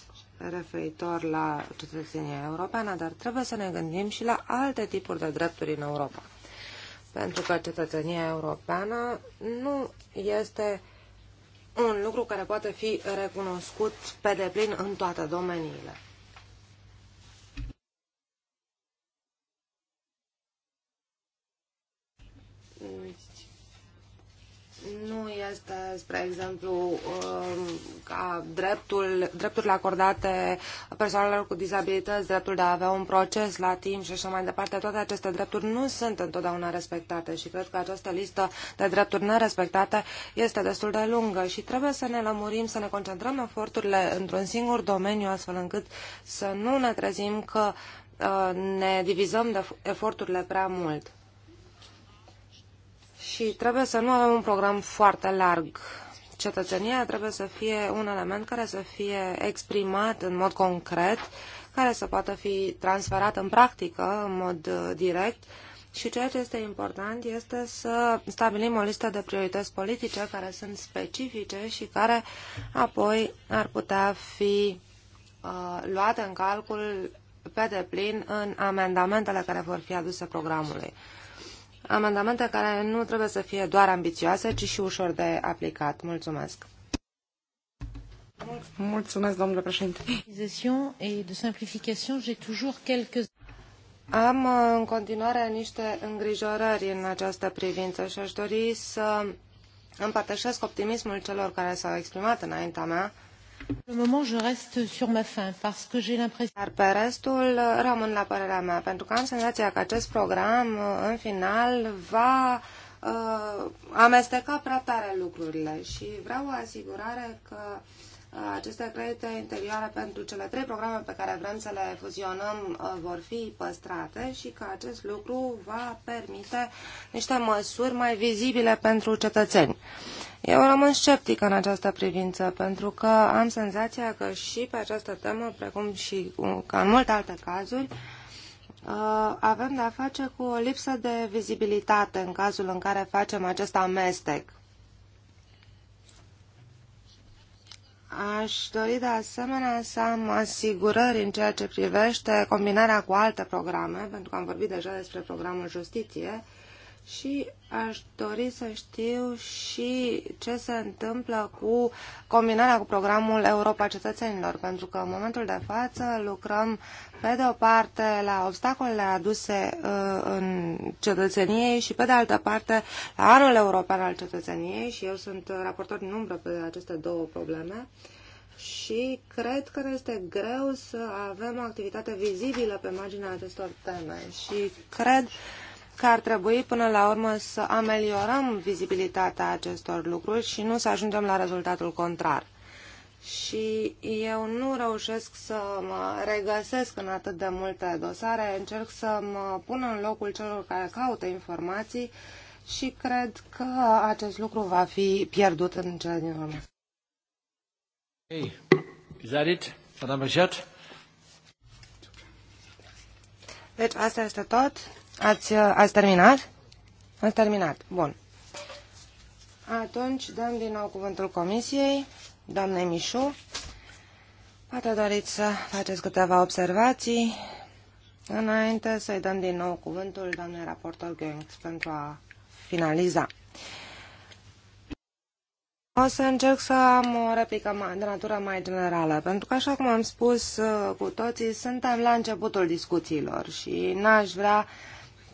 referitor la cetățenia europeană, dar trebuie să ne gândim și la alte tipuri de drepturi în Europa pentru că cetățenia europeană nu este un lucru care poate fi recunoscut pe deplin în toate domeniile. nu este, spre exemplu, um, ca dreptul, drepturile acordate persoanelor cu dizabilități, dreptul de a avea un proces la timp și așa mai departe, toate aceste drepturi nu sunt întotdeauna respectate și cred că această listă de drepturi nerespectate este destul de lungă și trebuie să ne lămurim, să ne concentrăm eforturile într-un singur domeniu, astfel încât să nu ne trezim că uh, ne divizăm de eforturile prea mult. Și trebuie să nu avem un program foarte larg. Cetățenia trebuie să fie un element care să fie exprimat în mod concret, care să poată fi transferat în practică, în mod uh, direct, și ceea ce este important este să stabilim o listă de priorități politice care sunt specifice și care apoi ar putea fi uh, luate în calcul pe deplin în amendamentele care vor fi aduse programului amendamente care nu trebuie să fie doar ambițioase, ci și ușor de aplicat. Mulțumesc! Mulțumesc, domnule președinte. de Am uh, în continuare niște îngrijorări în această privință și aș dori să împărtășesc optimismul celor care s-au exprimat înaintea mea dar pe restul rămân la părerea mea, pentru că am senzația că acest program, în final, va uh, amesteca prea tare lucrurile și vreau o asigurare că uh, aceste credite interioare pentru cele trei programe pe care vrem să le fuzionăm uh, vor fi păstrate și că acest lucru va permite niște măsuri mai vizibile pentru cetățeni. Eu rămân sceptic în această privință, pentru că am senzația că și pe această temă, precum și ca în multe alte cazuri, uh, avem de-a face cu o lipsă de vizibilitate în cazul în care facem acest amestec. Aș dori de asemenea să am asigurări în ceea ce privește combinarea cu alte programe, pentru că am vorbit deja despre programul Justiție, și aș dori să știu și ce se întâmplă cu combinarea cu programul Europa Cetățenilor, pentru că în momentul de față lucrăm pe de o parte la obstacolele aduse uh, în cetățeniei și pe de altă parte la anul european al cetățeniei și eu sunt raportor din umbră pe aceste două probleme și cred că este greu să avem o activitate vizibilă pe marginea acestor teme și cred că ar trebui până la urmă să ameliorăm vizibilitatea acestor lucruri și nu să ajungem la rezultatul contrar. Și eu nu reușesc să mă regăsesc în atât de multe dosare, încerc să mă pun în locul celor care caută informații și cred că acest lucru va fi pierdut în cele din urmă. Hey, is that it? Deci asta este tot. Ați, uh, ați terminat? Ați terminat. Bun. Atunci dăm din nou cuvântul comisiei, doamnei Mișu. Poate doriți să faceți câteva observații înainte să-i dăm din nou cuvântul doamnei raportor Gheonx pentru a finaliza. O să încerc să am o replică de natură mai generală, pentru că, așa cum am spus uh, cu toții, suntem la începutul discuțiilor și n-aș vrea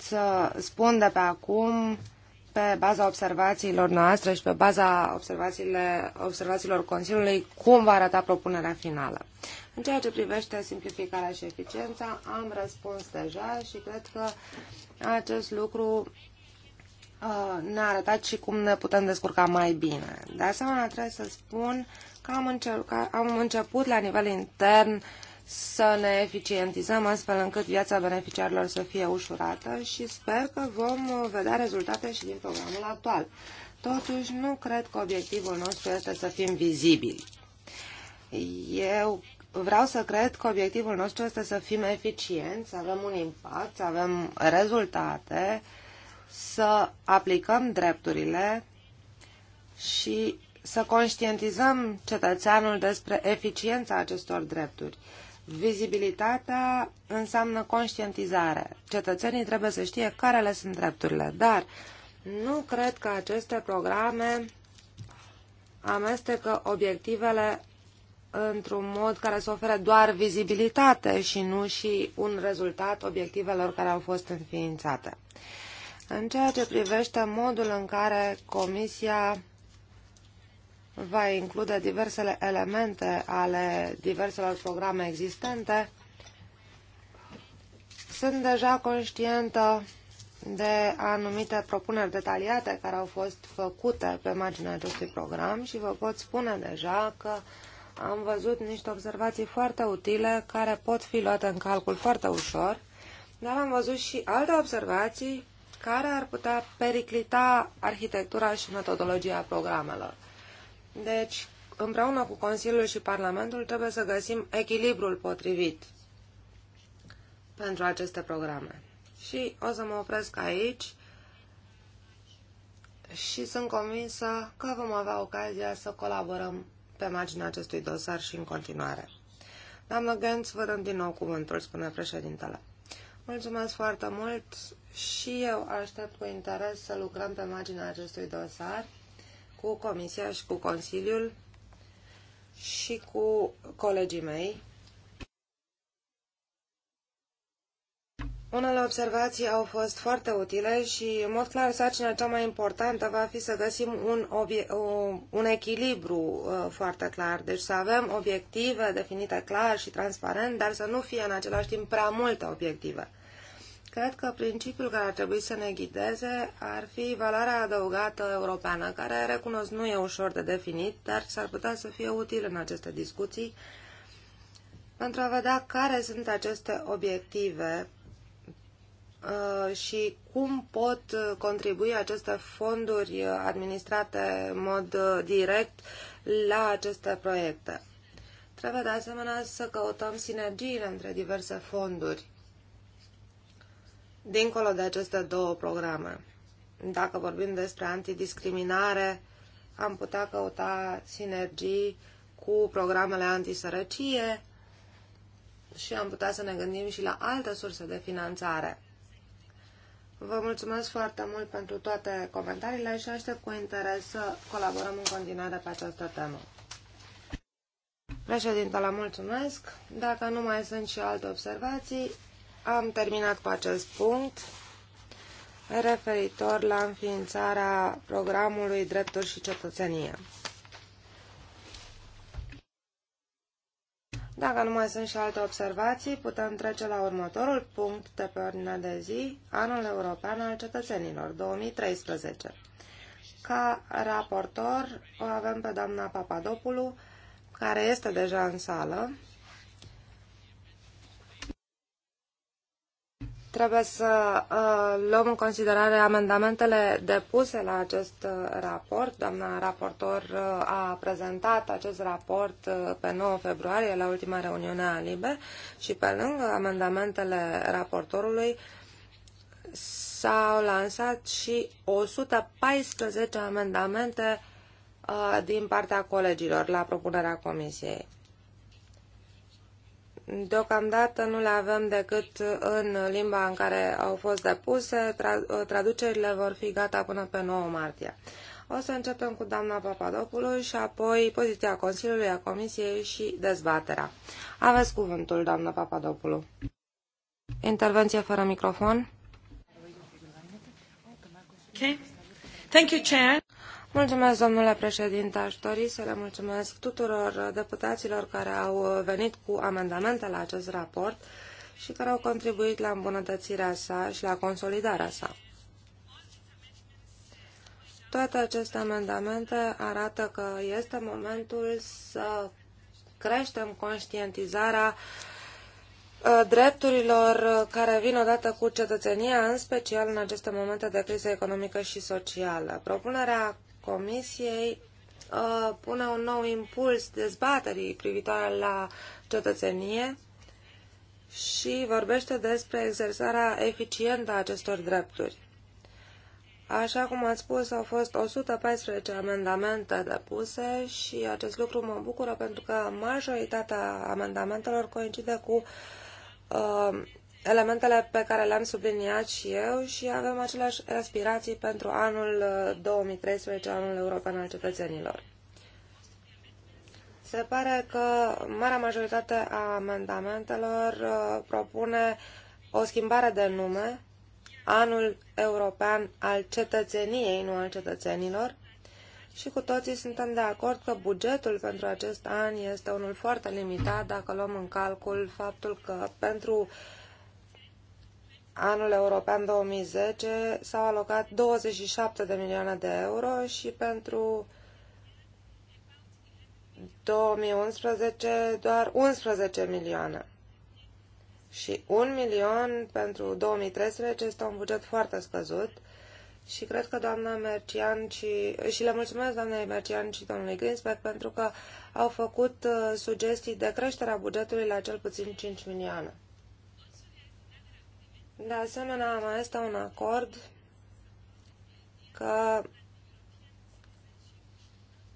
să spun de pe acum, pe baza observațiilor noastre și pe baza observațiilor Consiliului, cum va arăta propunerea finală. În ceea ce privește simplificarea și eficiența, am răspuns deja și cred că acest lucru uh, ne-a arătat și cum ne putem descurca mai bine. De asemenea, trebuie să spun că am, încercat, am început la nivel intern uh, să ne eficientizăm astfel încât viața beneficiarilor să fie ușurată și sper că vom vedea rezultate și din programul actual. Totuși, nu cred că obiectivul nostru este să fim vizibili. Eu vreau să cred că obiectivul nostru este să fim eficienți, să avem un impact, să avem rezultate, să aplicăm drepturile și să conștientizăm cetățeanul despre eficiența acestor drepturi Vizibilitatea înseamnă conștientizare. Cetățenii trebuie să știe care le sunt drepturile, dar nu cred că aceste programe amestecă obiectivele într-un mod care să ofere doar vizibilitate și nu și un rezultat obiectivelor care au fost înființate. În ceea ce privește modul în care Comisia va include diversele elemente ale diverselor programe existente. Sunt deja conștientă de anumite propuneri detaliate care au fost făcute pe marginea acestui program și vă pot spune deja că am văzut niște observații foarte utile care pot fi luate în calcul foarte ușor, dar am văzut și alte observații care ar putea periclita arhitectura și metodologia programelor. Deci, împreună cu Consiliul și Parlamentul, trebuie să găsim echilibrul potrivit pentru aceste programe. Și o să mă opresc aici și sunt convinsă că vom avea ocazia să colaborăm pe marginea acestui dosar și în continuare. Doamnă Gens, vă dăm din nou cuvântul, spune președintele. Mulțumesc foarte mult și eu aștept cu interes să lucrăm pe marginea acestui dosar cu Comisia și cu Consiliul și cu colegii mei. Unele observații au fost foarte utile și, în mod clar, sarcina cea mai importantă va fi să găsim un, un echilibru uh, foarte clar. Deci să avem obiective definite clar și transparent, dar să nu fie în același timp prea multe obiective. Cred că principiul care ar trebui să ne ghideze ar fi valoarea adăugată europeană, care, recunosc, nu e ușor de definit, dar s-ar putea să fie util în aceste discuții pentru a vedea care sunt aceste obiective uh, și cum pot contribui aceste fonduri administrate în mod uh, direct la aceste proiecte. Trebuie de asemenea să căutăm sinergiile între diverse fonduri dincolo de aceste două programe. Dacă vorbim despre antidiscriminare, am putea căuta sinergii cu programele antisărăcie și am putea să ne gândim și la alte surse de finanțare. Vă mulțumesc foarte mult pentru toate comentariile și aștept cu interes să colaborăm în continuare pe această temă. Președintele, mulțumesc. Dacă nu mai sunt și alte observații, am terminat cu acest punct referitor la înființarea programului Drepturi și Cetățenie. Dacă nu mai sunt și alte observații, putem trece la următorul punct de pe ordinea de zi, Anul European al Cetățenilor 2013. Ca raportor o avem pe doamna Papadopoulou, care este deja în sală. Trebuie să uh, luăm în considerare amendamentele depuse la acest uh, raport. Doamna raportor uh, a prezentat acest raport uh, pe 9 februarie la ultima reuniune a LIBE și pe lângă amendamentele raportorului s-au lansat și 114 amendamente uh, din partea colegilor la propunerea comisiei. Deocamdată nu le avem decât în limba în care au fost depuse. Traducerile vor fi gata până pe 9 martie. O să începem cu doamna Papadopoulou și apoi poziția Consiliului, a Comisiei și dezbaterea. Aveți cuvântul, doamna Papadopoulou. Intervenție fără microfon. Okay. Thank you, Chair. Mulțumesc, domnule președinte. Aș dori să le mulțumesc tuturor deputaților care au venit cu amendamente la acest raport și care au contribuit la îmbunătățirea sa și la consolidarea sa. Toate aceste amendamente arată că este momentul să creștem conștientizarea uh, drepturilor care vin odată cu cetățenia, în special în aceste momente de criză economică și socială. Propunerea Comisiei uh, pune un nou impuls dezbaterii privitoare la cetățenie și vorbește despre exersarea eficientă a acestor drepturi. Așa cum ați spus, au fost 114 amendamente depuse și acest lucru mă bucură pentru că majoritatea amendamentelor coincide cu uh, elementele pe care le-am subliniat și eu și avem aceleași aspirații pentru anul 2013, uh, anul european al cetățenilor. Se pare că marea majoritate a amendamentelor uh, propune o schimbare de nume, anul european al cetățeniei, nu al cetățenilor, și cu toții suntem de acord că bugetul pentru acest an este unul foarte limitat dacă luăm în calcul faptul că pentru uh, anul european 2010 s-au alocat 27 de milioane de euro și pentru 2011 doar 11 milioane. Și un milion pentru 2013 este un buget foarte scăzut și cred că doamna Mercian și, și le mulțumesc doamnei Mercian și domnului Grinsberg pentru că au făcut uh, sugestii de creștere a bugetului la cel puțin 5 milioane. De asemenea, mai este un acord că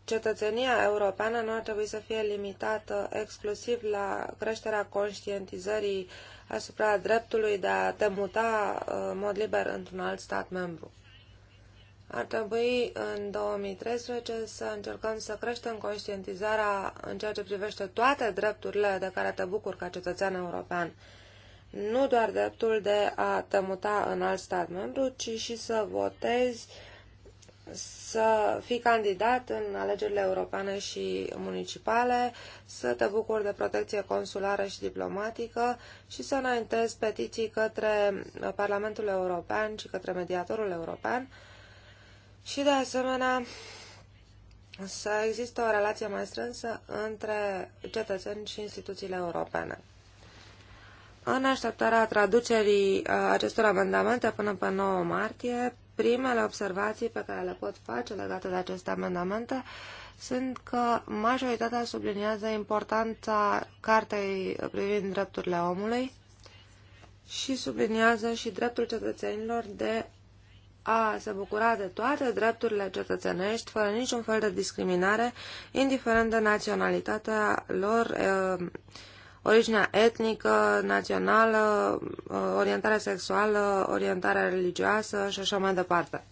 cetățenia europeană nu ar trebui să fie limitată exclusiv la creșterea conștientizării asupra dreptului de a te muta uh, în mod liber într-un alt stat membru. Ar trebui în 2013 să încercăm să creștem conștientizarea în ceea ce privește toate drepturile de care te bucuri ca cetățean european nu doar dreptul de a te muta în alt stat membru, ci și să votezi, să fii candidat în alegerile europene și municipale, să te bucuri de protecție consulară și diplomatică și să înaintezi petiții către Parlamentul European și către mediatorul european și, de asemenea, să există o relație mai strânsă între cetățeni și instituțiile europene. În așteptarea traducerii uh, acestor amendamente până pe 9 martie, primele observații pe care le pot face legate de aceste amendamente sunt că majoritatea subliniază importanța cartei privind drepturile omului și subliniază și dreptul cetățenilor de a se bucura de toate drepturile cetățenești, fără niciun fel de discriminare, indiferent de naționalitatea lor, uh, originea etnică, națională, uh, orientarea sexuală, orientarea religioasă și așa mai departe.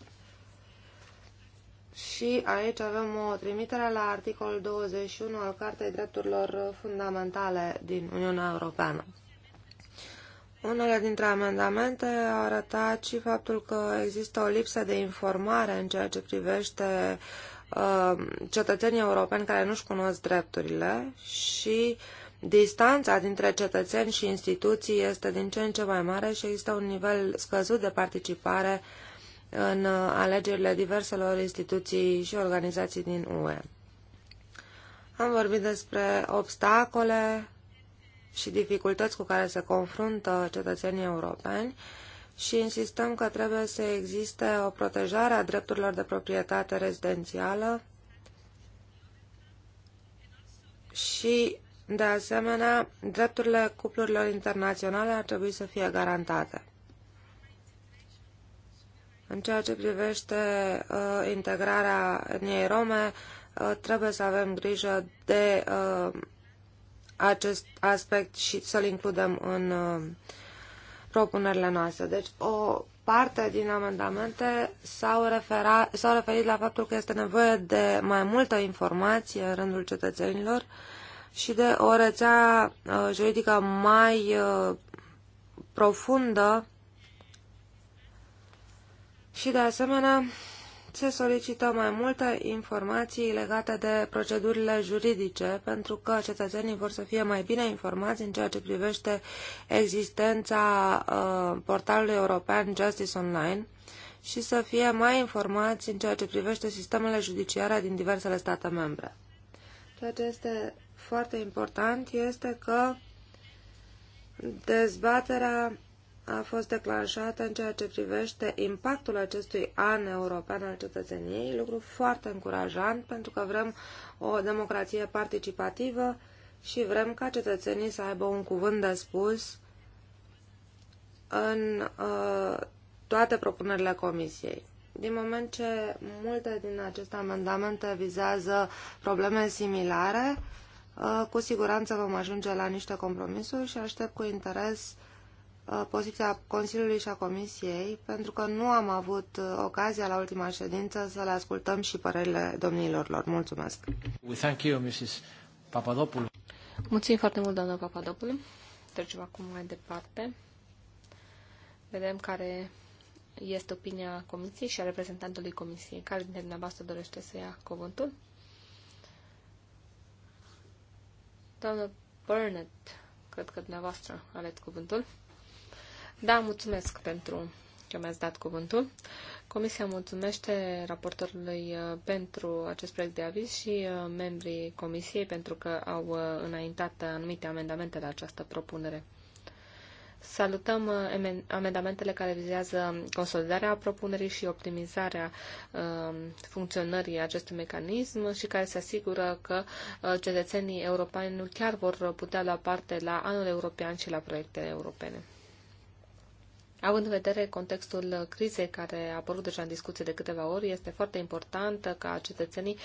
Și aici avem o trimitere la articolul 21 al Cartei Drepturilor Fundamentale din Uniunea Europeană. Unele dintre amendamente au arătat și faptul că există o lipsă de informare în ceea ce privește uh, cetățenii europeni care nu-și cunosc drepturile și uh, Distanța dintre cetățeni și instituții este din ce în ce mai mare și există un nivel scăzut de participare în uh, alegerile diverselor instituții și organizații din UE. Am vorbit despre obstacole și dificultăți cu care se confruntă cetățenii europeni și insistăm că trebuie să existe o protejare a drepturilor de proprietate rezidențială și de asemenea, drepturile cuplurilor internaționale ar trebui să fie garantate. În ceea ce privește uh, integrarea etniei rome, uh, trebuie să avem grijă de uh, acest aspect și să-l includem în uh, propunerile noastre. Deci, o parte din amendamente s-au, referit la faptul că este nevoie de mai multă informație în rândul cetățenilor uh, și de o rețea uh, juridică mai uh, profundă și, de asemenea, se solicită mai multe informații legate de procedurile juridice, pentru că cetățenii vor să fie mai bine informați în ceea ce privește existența uh, portalului european Justice Online și să fie mai informați în ceea ce privește sistemele judiciare din diversele state membre. Ceea ce este foarte important este că dezbaterea a fost declanșată în ceea ce privește impactul acestui an european al cetățeniei, lucru foarte încurajant pentru că vrem o democrație participativă și vrem ca cetățenii să aibă un cuvânt de spus în uh, toate propunerile Comisiei. Din moment ce multe din aceste amendamente vizează probleme similare, uh, Uh, cu siguranță vom ajunge la niște compromisuri și aștept cu interes uh, poziția Consiliului și a Comisiei, pentru că nu am avut uh, ocazia la ultima ședință să le ascultăm și părerile domnilor lor. Mulțumesc! Thank you, Mrs. Papadopoulou. Mulțumim foarte mult, doamna Papadopoulou. Trecem acum mai departe. Vedem care este opinia Comisiei și a reprezentantului Comisiei. Care dintre dumneavoastră dorește să ia cuvântul? Doamnă Burnett, cred că dumneavoastră aveți cuvântul. Da, mulțumesc pentru că mi-ați dat cuvântul. Comisia mulțumește raportorului uh, pentru acest proiect de aviz și uh, membrii comisiei pentru că au uh, înaintat anumite amendamente la această propunere. Salutăm uh, amendamentele care vizează consolidarea propunerii și optimizarea uh, funcționării acestui mecanism și care se asigură că uh, cetățenii europeni chiar vor putea lua parte la anul european și la proiectele europene. Având în vedere contextul crizei care a apărut deja în discuție de câteva ori, este foarte important ca cetățenii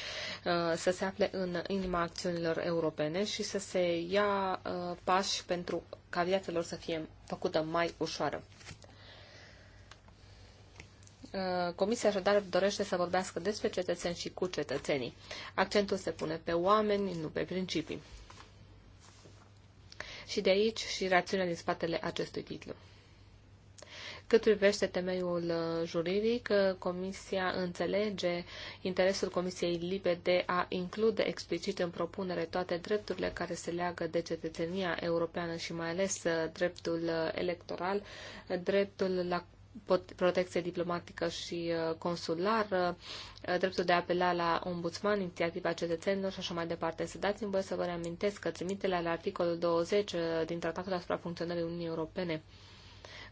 uh, să se afle în inima acțiunilor europene și să se ia uh, pași pentru ca viața lor să fie făcută mai ușoară. Uh, Comisia așadar dorește să vorbească despre cetățeni și cu cetățenii. Accentul se pune pe oameni, nu pe principii. Și de aici și rațiunea din spatele acestui titlu. Cât privește temeiul uh, juridic, uh, Comisia înțelege interesul Comisiei Libe de a include explicit în propunere toate drepturile care se leagă de cetățenia europeană și mai ales uh, dreptul electoral, dreptul la protecție diplomatică și consulară, dreptul de a apela la ombudsman, inițiativa cetățenilor și așa mai departe. Să dați-mi voi să vă reamintesc că trimiterea la articolul 20 din Tratatul asupra funcționării Uniunii Europene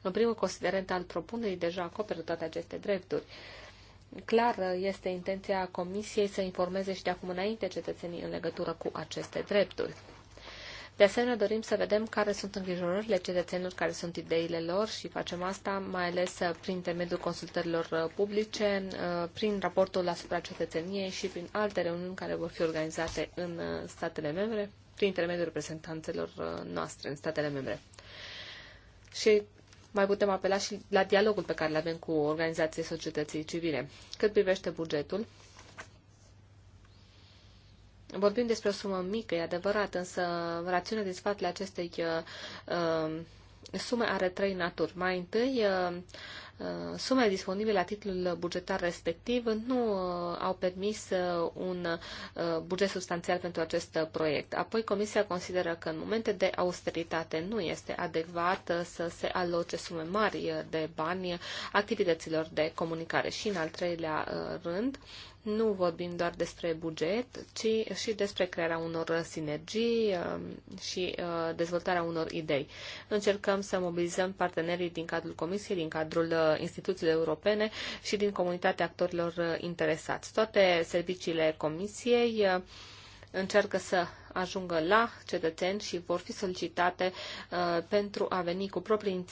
în primul considerent al propunerii deja acoperă toate aceste drepturi. Clar este intenția Comisiei să informeze și de acum înainte cetățenii în legătură cu aceste drepturi. De asemenea, dorim să vedem care sunt îngrijorările cetățenilor, care sunt ideile lor și facem asta mai ales prin intermediul consultărilor uh, publice, uh, prin raportul asupra cetățeniei și prin alte reuniuni care vor fi organizate în uh, statele membre, prin intermediul reprezentanțelor noastre în statele membre. Și mai putem apela și la dialogul pe care îl avem cu organizații societății civile. Cât privește bugetul, vorbim despre o sumă mică, e adevărat, însă rațiunea din spatele acestei uh, uh sume are trei naturi. Mai întâi, uh, Uh, sumele disponibile la titlul bugetar respectiv nu uh, au permis uh, un buget substanțial pentru acest proiect. Apoi Comisia consideră că în momente de austeritate nu este adecvat să se aloce sume mari de bani activităților de comunicare. Și în al treilea rând, nu vorbim doar despre buget, ci și despre crearea unor sinergii um, și uh, dezvoltarea unor idei. Încercăm să mobilizăm partenerii din cadrul Comisiei, din cadrul uh, instituțiilor europene și din comunitatea actorilor uh, interesați. Toate serviciile Comisiei încearcă să ajungă la cetățeni și vor fi solicitate uh, pentru a veni cu proprii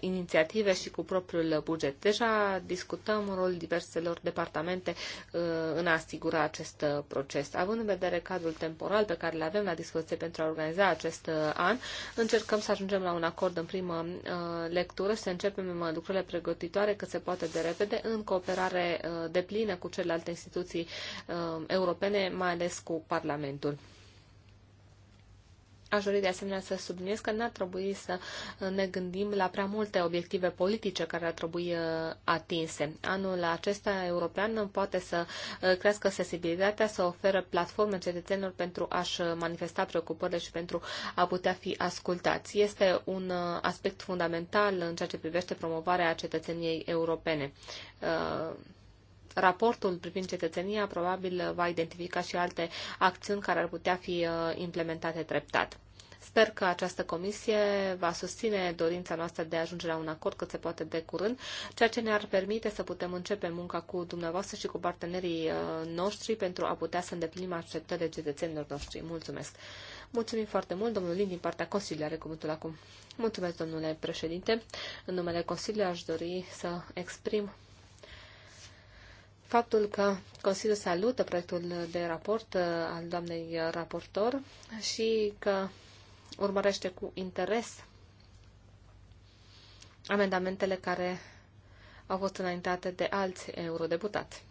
inițiative și cu propriul buget. Deja discutăm rolul diverselor departamente uh, în a asigura acest uh, proces. Având în vedere cadrul temporal pe care îl avem la dispoziție pentru a organiza acest an, încercăm să ajungem la un acord în primă lectură și să începem lucrurile pregătitoare cât se poate de repede în cooperare deplină cu celelalte instituții europene, mai ales cu Parlamentul. Aș dori de asemenea să subliniez că n-ar trebui să ne gândim la prea multe obiective politice care ar trebui uh, atinse. Anul acesta european poate să uh, crească sensibilitatea, să oferă platforme cetățenilor pentru a-și uh, manifesta preocupările și pentru a putea fi ascultați. Este un aspect fundamental în ceea ce privește promovarea cetățeniei europene raportul privind cetățenia probabil va identifica și alte acțiuni care ar putea fi uh, implementate treptat. Sper că această comisie va susține dorința noastră de a ajunge la un acord cât se poate de curând, ceea ce ne-ar permite să putem începe munca cu dumneavoastră și cu partenerii uh, noștri pentru a putea să îndeplinim așteptările cetățenilor noștri. Mulțumesc! Mulțumim foarte mult, domnul Lin, din partea Consiliului, are cuvântul acum. Mulțumesc, domnule președinte. În numele Consiliului aș dori să exprim faptul că Consiliul salută proiectul de raport uh, al doamnei raportor și că urmărește cu interes amendamentele care au fost înaintate de alți eurodeputați.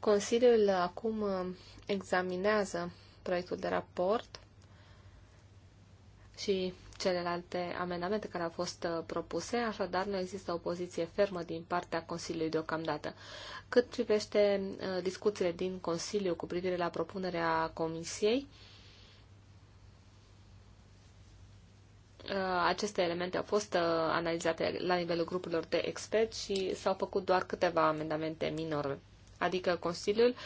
Consiliul acum uh, examinează proiectul de raport și celelalte amendamente care au fost uh, propuse, așadar nu există o poziție fermă din partea Consiliului deocamdată. Cât privește uh, discuțiile din Consiliu cu privire la propunerea Comisiei, uh, aceste elemente au fost analizate la nivelul grupurilor de experți și s-au făcut doar câteva amendamente minore. Adică Consiliul uh,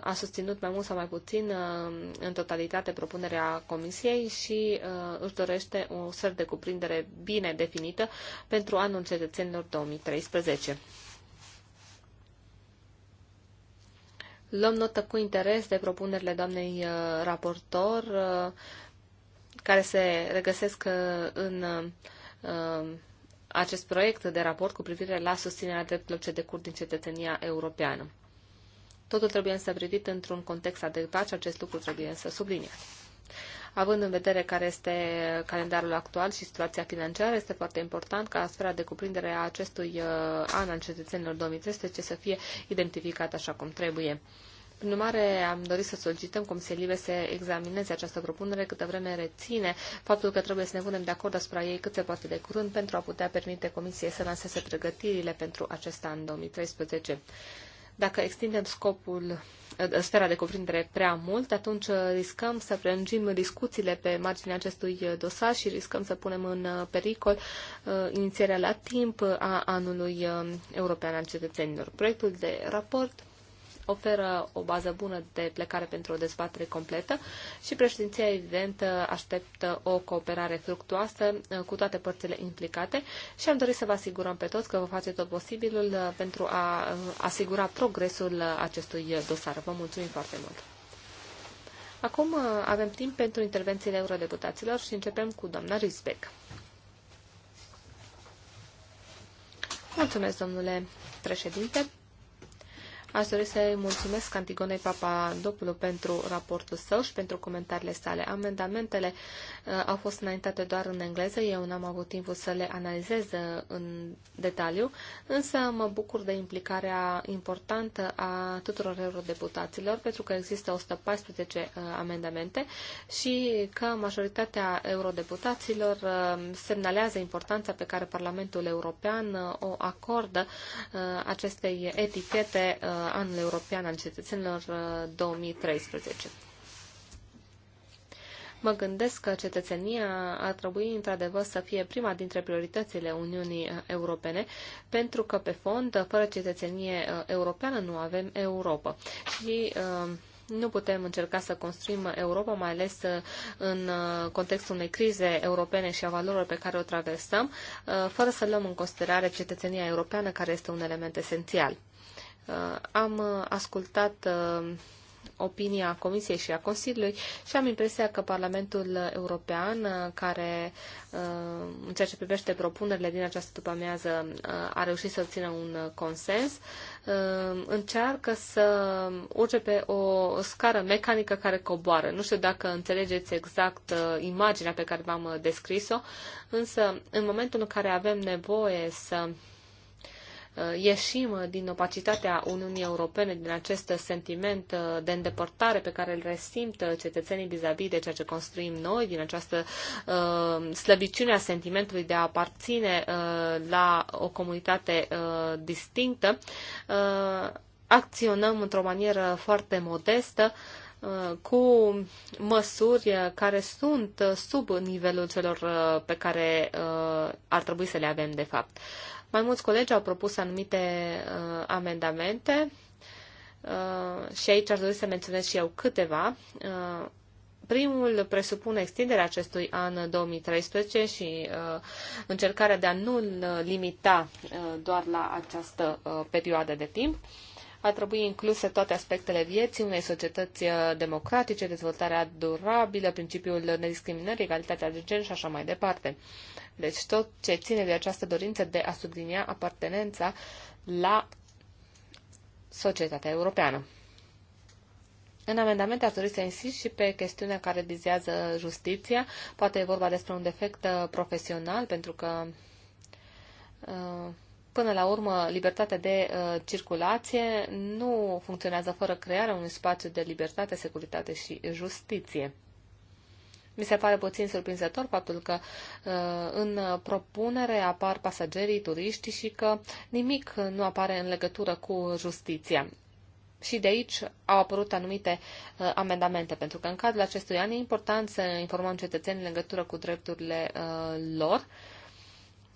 a susținut mai mult sau mai puțin uh, în totalitate propunerea Comisiei și uh, își dorește o sfert de cuprindere bine definită pentru anul cetățenilor 2013. Luăm notă cu interes de propunerile doamnei uh, raportor care se regăsesc în acest proiect de raport cu privire la susținerea drepturilor ce decurg din cetățenia europeană. Totul trebuie însă privit într-un context adecvat și acest lucru trebuie însă subliniat. Având în vedere care este calendarul actual și situația financiară, este foarte important ca sfera de cuprindere a acestui uh, an al cetățenilor 2013 să fie identificată așa cum trebuie. Prin urmare, am dorit să solicităm Comisiei Libe să examineze această propunere câtă vreme reține faptul că trebuie să ne punem de acord asupra ei cât se poate de curând pentru a putea permite Comisiei să lanseze pregătirile pentru acest an 2013. Dacă extindem scopul eh, sfera de cuprindere prea mult, atunci eh, riscăm să prelungim discuțiile pe marginea acestui eh, dosar și riscăm să punem în pericol inițierea la timp a anului european al cetățenilor. Proiectul de raport oferă o bază bună de plecare pentru o dezbatere completă și președinția, evident, așteptă o cooperare fructuoasă uh, cu toate părțile implicate și am dorit să vă asigurăm pe toți că vă face tot posibilul uh, pentru a uh, asigura progresul acestui dosar. Vă mulțumim foarte mult! Acum avem timp pentru intervențiile eurodeputaților și începem cu doamna Rizbeck. Mulțumesc, domnule președinte. Aș dori să-i mulțumesc Antigonei Papadopoulou pentru raportul său și pentru comentariile sale. Amendamentele uh, au fost înaintate doar în engleză, eu n-am avut timpul să le analizez uh, în detaliu, însă mă bucur de implicarea importantă a tuturor eurodeputaților, pentru că există 114 uh, amendamente și că majoritatea eurodeputaților uh, semnalează importanța pe care Parlamentul European uh, o acordă uh, acestei etichete uh, Anul European al Cetățenilor 2013. Uh, mă gândesc că cetățenia ar trebui într-adevăr să fie prima dintre prioritățile Uniunii uh, Europene, pentru că pe fond, uh, fără cetățenie europeană, nu avem Europa. Și uh, nu putem încerca să construim Europa, mai ales în contextul unei crize europene și a valorilor pe care o traversăm, fără să luăm în considerare cetățenia europeană, care este un element esențial. Uh, am uh, ascultat uh, opinia Comisiei și a Consiliului și am impresia că Parlamentul European, care în ceea ce privește propunerile din această după-amiază a reușit să obțină un consens, încearcă să urce pe o scară mecanică care coboară. Nu știu dacă înțelegeți exact imaginea pe care v-am descris-o, însă în momentul în care avem nevoie să Uh, ieșim din opacitatea Uniunii Europene, din acest sentiment uh, de îndepărtare pe care îl resimt uh, cetățenii vis-a-vis de ceea ce construim noi, din această slăbiciune a sentimentului de a aparține la o comunitate distinctă, acționăm într-o manieră foarte modestă, cu măsuri care sunt sub nivelul celor pe care ar trebui să le avem de fapt. Mai mulți colegi au propus anumite uh, amendamente uh, și aici aș dori să menționez și eu câteva. Uh, Primul presupune extinderea acestui an 2013 și uh, încercarea de a nu limita uh, doar la această uh, perioadă de timp. Uh, ar trebui incluse toate aspectele vieții unei societăți uh, democratice, dezvoltarea durabilă, principiul nediscriminării, egalitatea de gen și așa mai departe. Deci tot ce ține de această dorință de a sublinia apartenența la societatea europeană. În amendament ați dori să insist și pe chestiunea care vizează justiția. Poate e vorba despre un defect uh, profesional, pentru că uh, Până la urmă, libertatea de uh, circulație nu funcționează fără crearea unui spațiu de libertate, securitate și justiție. Mi se pare puțin surprinzător faptul că uh, în propunere apar pasagerii, turiștii și că nimic nu apare în legătură cu justiția. Și de aici au apărut anumite uh, amendamente, pentru că în cadrul acestui an e important să informăm cetățenii în legătură cu drepturile uh, lor uh,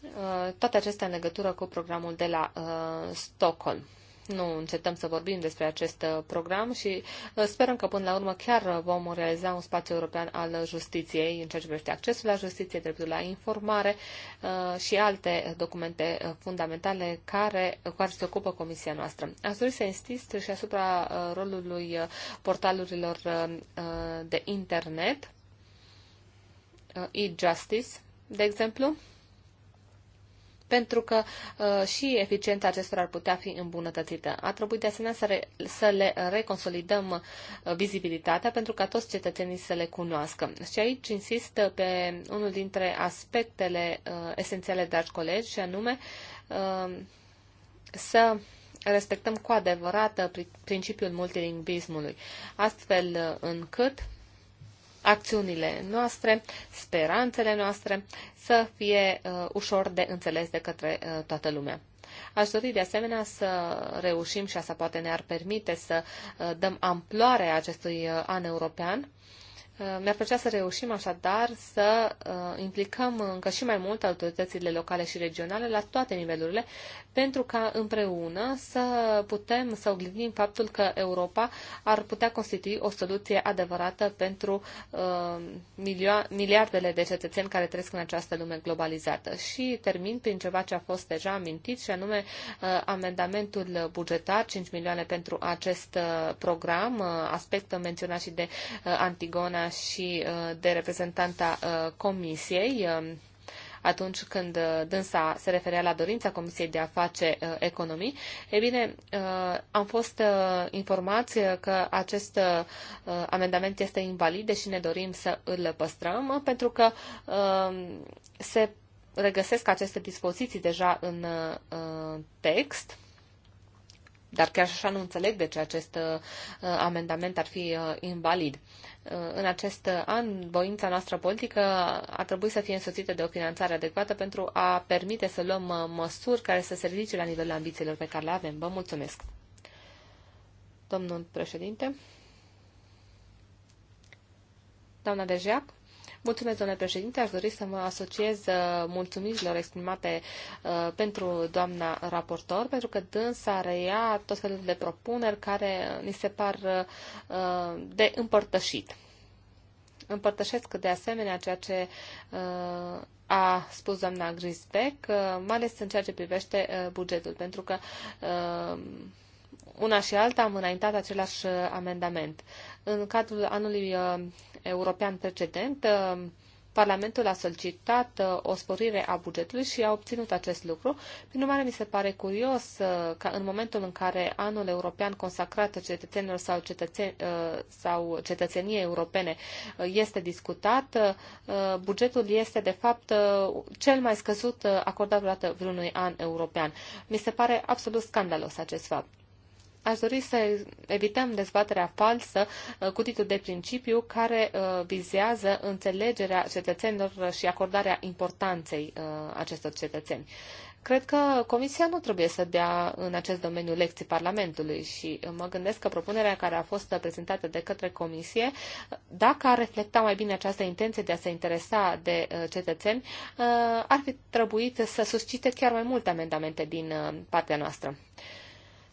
Uh, toate acestea în legătură cu programul de la uh, Stockholm. Nu încetăm să vorbim despre acest uh, program și uh, sperăm că până la urmă chiar vom realiza un spațiu european al justiției în ceea ce privește accesul la justiție, dreptul la informare și alte documente fundamentale care, cu care se ocupă comisia noastră. Aș dori să insist și asupra rolului portalurilor de internet, e-justice, de exemplu, pentru că uh, și eficiența acestora ar putea fi îmbunătățită. A trebuit de asemenea să, re, să le reconsolidăm uh, vizibilitatea pentru ca toți cetățenii să le cunoască. Și aici insist pe unul dintre aspectele uh, esențiale, dragi colegi, și anume uh, să respectăm cu adevărat uh, principiul multilingvismului, astfel uh, încât acțiunile noastre, speranțele noastre să fie uh, ușor de înțeles de către uh, toată lumea. Aș dori de asemenea să reușim și asta poate ne-ar permite să uh, dăm amploare acestui uh, an european Uh, mi-ar plăcea să reușim așadar să uh, implicăm încă și mai mult autoritățile locale și regionale la toate nivelurile, pentru ca împreună să putem să oglindim faptul că Europa ar putea constitui o soluție adevărată pentru uh, milio- miliardele de cetățeni care trăiesc în această lume globalizată. Și termin prin ceva ce a fost deja amintit, și anume amendamentul bugetar, 5 milioane pentru acest program, aspect menționat și de Antigona și uh, de reprezentanta uh, Comisiei um, atunci când uh, dânsa se referea la dorința Comisiei de a face economii. E bine, am fost informați că acest amendament este invalid, deși ne dorim să îl păstrăm, pentru că um, se regăsesc aceste dispoziții deja în text dar chiar și așa nu înțeleg de ce acest amendament ar fi invalid în acest an, voința noastră politică a trebuit să fie însoțită de o finanțare adecvată pentru a permite să luăm uh, măsuri care să se ridice la nivelul ambițiilor pe care le avem. Vă mulțumesc! Domnul președinte, doamna Dejeac, Mulțumesc, domnule președinte. Aș dori să mă asociez uh, mulțumirilor exprimate uh, pentru doamna raportor, pentru că dânsa reia tot felul de propuneri care ni se par uh, de împărtășit. Împărtășesc de asemenea ceea ce a spus doamna Grisbeck, mai ales în ceea ce privește bugetul, pentru că una și alta am înaintat același uh, amendament. În cadrul anului uh, european precedent, uh, Parlamentul a solicitat o sporire a bugetului și a obținut acest lucru. Prin urmare, mi se pare curios că în momentul în care anul european consacrat cetățenilor sau, cetățen, sau cetățeniei europene este discutat, bugetul este, de fapt, cel mai scăzut acordat vreodată vreunui an european. Mi se pare absolut scandalos acest fapt aș dori să evităm dezbaterea falsă uh, cu titlul de principiu care uh, vizează înțelegerea cetățenilor și acordarea importanței uh, acestor cetățeni. Cred că Comisia nu trebuie să dea în acest domeniu lecții Parlamentului și mă gândesc că propunerea care a fost prezentată de către Comisie, dacă ar reflecta mai bine această intenție de a se interesa de cetățeni, ar fi trebuit să suscite chiar mai multe amendamente din partea noastră.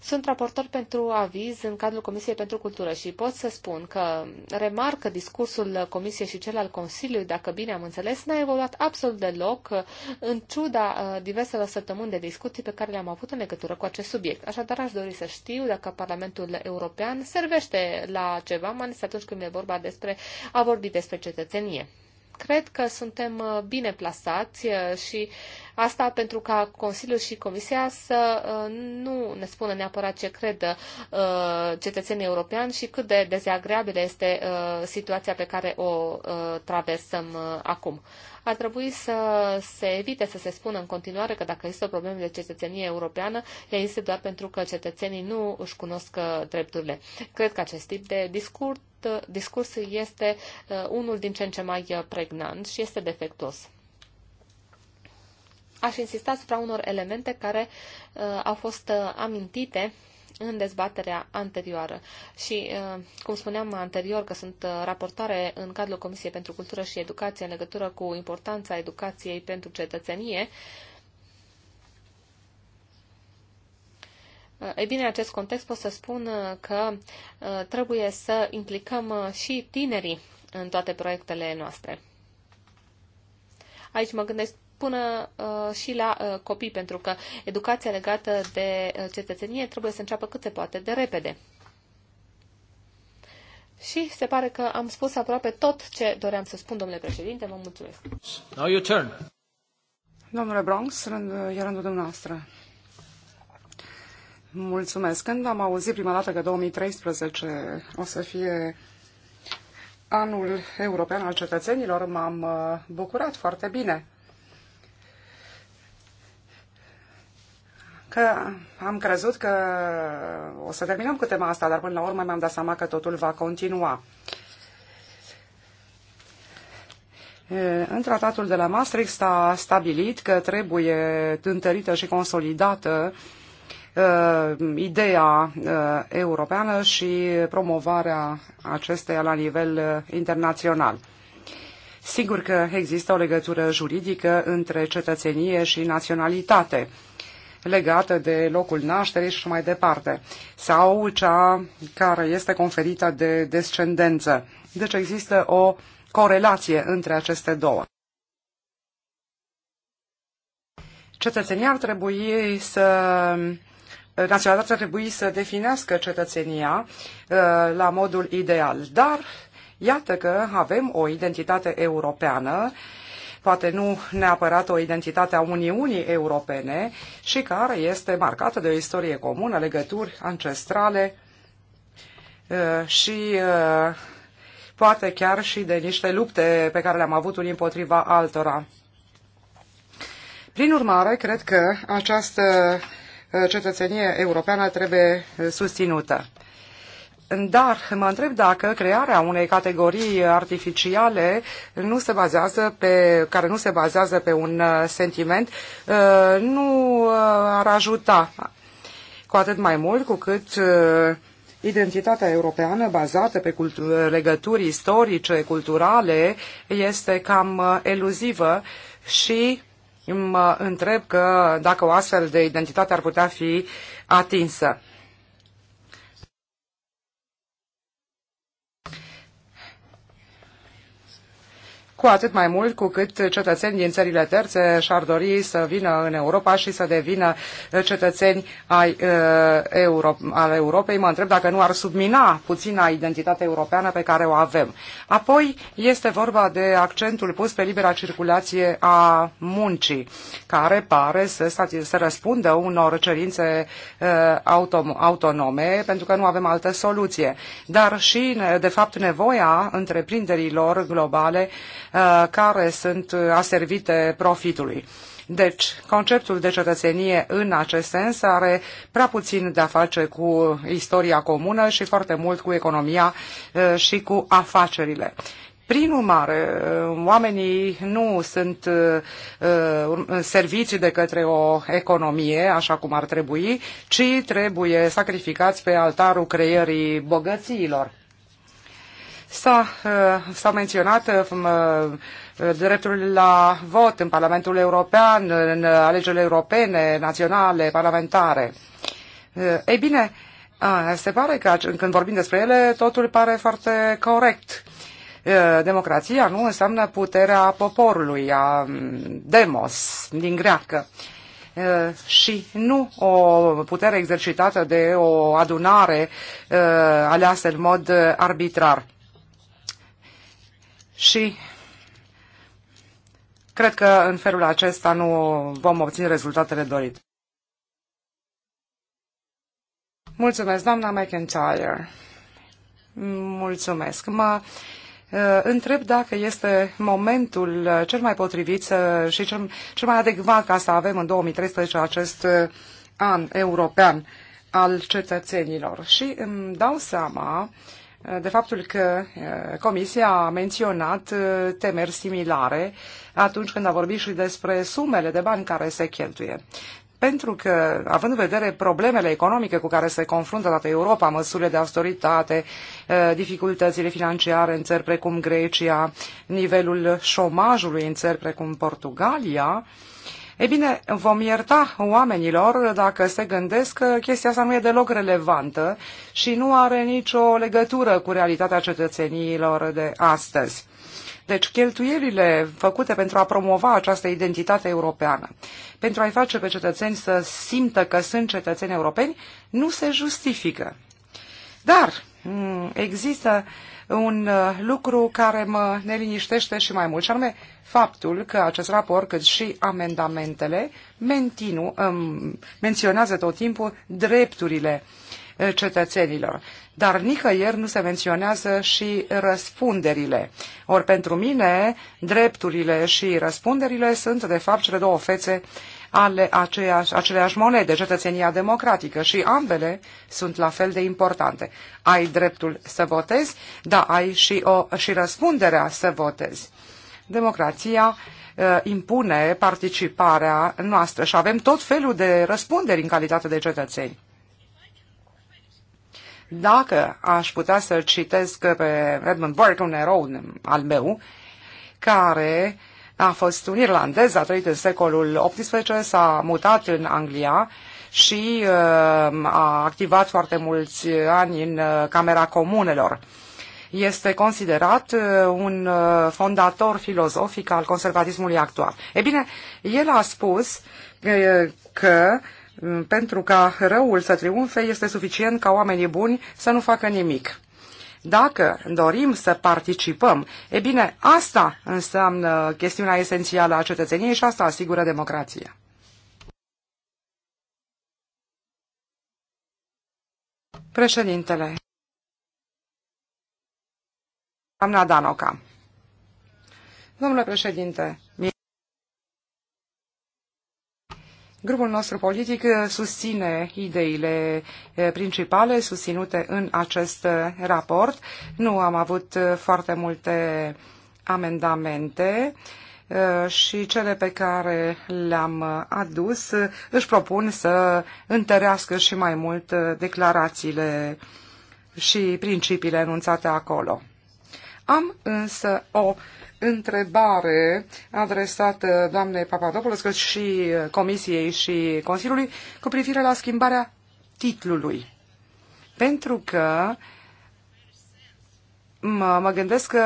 Sunt raportor pentru aviz în cadrul Comisiei pentru Cultură și pot să spun că remarc că discursul Comisiei și cel al Consiliului, dacă bine am înțeles, n-a evoluat absolut deloc uh, în ciuda uh, diverselor săptămâni de discuții pe care le-am avut în legătură cu acest subiect. Așadar, aș dori să știu dacă Parlamentul European servește la ceva, mai ales atunci când e vorba despre a vorbi despre cetățenie. Cred că suntem uh, bine plasați uh, și asta pentru ca Consiliul și Comisia să uh, nu ne spună neapărat ce cred cetățenii europeani și cât de dezagreabilă este situația pe care o traversăm acum ar trebui să se evite să se spună în continuare că dacă există probleme de cetățenie europeană, ea este doar pentru că cetățenii nu își cunosc uh, drepturile. Cred că acest tip de discurs, uh, discurs este uh, unul din ce în ce mai pregnant și este defectuos aș insista asupra unor elemente care uh, au fost uh, amintite în dezbaterea anterioară. Și, uh, cum spuneam anterior, că sunt uh, raportare în cadrul Comisiei pentru Cultură și Educație în legătură cu importanța educației pentru cetățenie, uh, Ei bine, în acest context pot să spun că trebuie să implicăm și tinerii în toate proiectele noastre. Aici mă gândesc până uh, și la uh, copii, pentru că educația legată de uh, cetățenie trebuie să înceapă cât se poate de repede. Și se pare că am spus aproape tot ce doream să spun, domnule președinte, vă mulțumesc. Now your turn. Domnule Bronx, rând, e rândul dumneavoastră. Mulțumesc. Când am auzit prima dată că 2013 o să fie anul european al cetățenilor, m-am uh, bucurat foarte bine. că am crezut că o să terminăm cu tema asta, dar până la urmă mi-am dat seama că totul va continua. În tratatul de la Maastricht s-a stabilit că trebuie întărită și consolidată uh, ideea uh, europeană și promovarea acesteia la nivel uh, internațional. Sigur că există o legătură juridică între cetățenie și naționalitate legată de locul nașterii și mai departe, sau cea care este conferită de descendență. Deci există o corelație între aceste două. Cetățenia ar trebui să naționalitatea ar trebui să definească cetățenia uh, la modul ideal, dar iată că avem o identitate europeană poate nu neapărat o identitate a Uniunii Europene și care este marcată de o istorie comună, legături ancestrale uh, și uh, poate chiar și de niște lupte pe care le-am avut unii împotriva altora. Prin urmare, cred că această uh, cetățenie europeană trebuie susținută. Dar mă întreb dacă crearea unei categorii artificiale nu se bazează pe, care nu se bazează pe un uh, sentiment uh, nu uh, ar ajuta cu atât mai mult cu cât identitatea europeană bazată pe cultu- legături istorice, culturale, este cam eluzivă și mă întreb că dacă o astfel de identitate ar putea fi atinsă. cu atât mai mult cu cât cetățeni din țările terțe și-ar dori să vină în Europa și să devină cetățeni ai, uh, Euro, al Europei. Mă întreb dacă nu ar submina puțina identitatea europeană pe care o avem. Apoi este vorba de accentul pus pe libera circulație a muncii, care pare să, să răspundă unor cerințe uh, auto autonome, pentru că nu avem altă soluție. Dar și, de fapt, nevoia întreprinderilor globale Uh, care sunt aservite profitului. Deci, conceptul de cetățenie în acest sens are prea puțin de a face cu istoria comună și foarte mult cu economia uh, și cu afacerile. Prin urmare, uh, oamenii nu sunt serviți de către o economie, așa cum ar trebui, ci trebuie sacrificați pe altarul creierii bogățiilor. S-a, uh, s-a menționat uh, uh, dreptul la vot în Parlamentul European, în alegerile europene, naționale, parlamentare. Ei bine, se pare că când vorbim despre ele, totul pare foarte corect. Democrația nu înseamnă puterea poporului, a mm, demos din greacă și nu o putere exercitată de o adunare aleasă în mod arbitrar și cred că în felul acesta nu vom obține rezultatele dorite. Mulțumesc, doamna McIntyre. Mulțumesc. Mă uh, întreb dacă este momentul cel mai potrivit și cel, cel mai adecvat ca să avem în 2013 acest uh, an european al cetățenilor. Și îmi dau seama uh, de faptul că uh, Comisia a menționat uh, temeri similare atunci când a vorbit și despre sumele de bani care se cheltuie. Pentru că, având în vedere problemele economice cu care se confruntă toată Europa, măsurile de austeritate, uh, dificultățile financiare în țări precum Grecia, nivelul șomajului în țări precum Portugalia, ei bine, vom ierta oamenilor dacă se gândesc că chestia asta nu e deloc relevantă și nu are nicio legătură cu realitatea cetățeniilor de astăzi. Deci cheltuielile făcute pentru a promova această identitate europeană, pentru a-i face pe cetățeni să simtă că sunt cetățeni europeni, nu se justifică. Dar mm, există un uh, lucru care mă neliniștește și mai mult, și anume faptul că acest raport, cât și amendamentele, mentinu, um, menționează tot timpul drepturile uh, cetățenilor. Dar nicăieri nu se menționează și răspunderile. Ori pentru mine, drepturile și răspunderile sunt, de fapt, cele două fețe uh, ale aceeași, aceleași monede, cetățenia democratică și ambele sunt la fel de importante. Ai dreptul să votezi, dar ai și, o, și răspunderea să votezi. Democrația uh, impune participarea noastră și avem tot felul de răspunderi în calitate de cetățeni. Dacă aș putea să citesc pe Edmund Burke, un erou al meu, care uh, a fost un irlandez, a trăit în secolul XVIII, s-a mutat în Anglia și uh, a activat foarte mulți ani în uh, Camera Comunelor. Este considerat uh, un uh, fondator filozofic al conservatismului actual. E bine, el a spus uh, că um, pentru ca răul să triumfe este suficient ca oamenii buni să nu facă nimic. Dacă dorim să participăm, e bine, asta înseamnă chestiunea esențială a cetățeniei și asta asigură democrația. Președintele Doamna Danoca Domnule președinte, Grupul nostru politic uh, susține ideile uh, principale susținute în acest uh, raport. Nu am avut foarte multe amendamente și cele pe care le-am adus își propun să întărească și mai mult declarațiile și principiile enunțate acolo. Am însă o întrebare adresată doamnei Papadopoulos cât și Comisiei și Consiliului cu privire la schimbarea titlului. Pentru că mă, mă gândesc că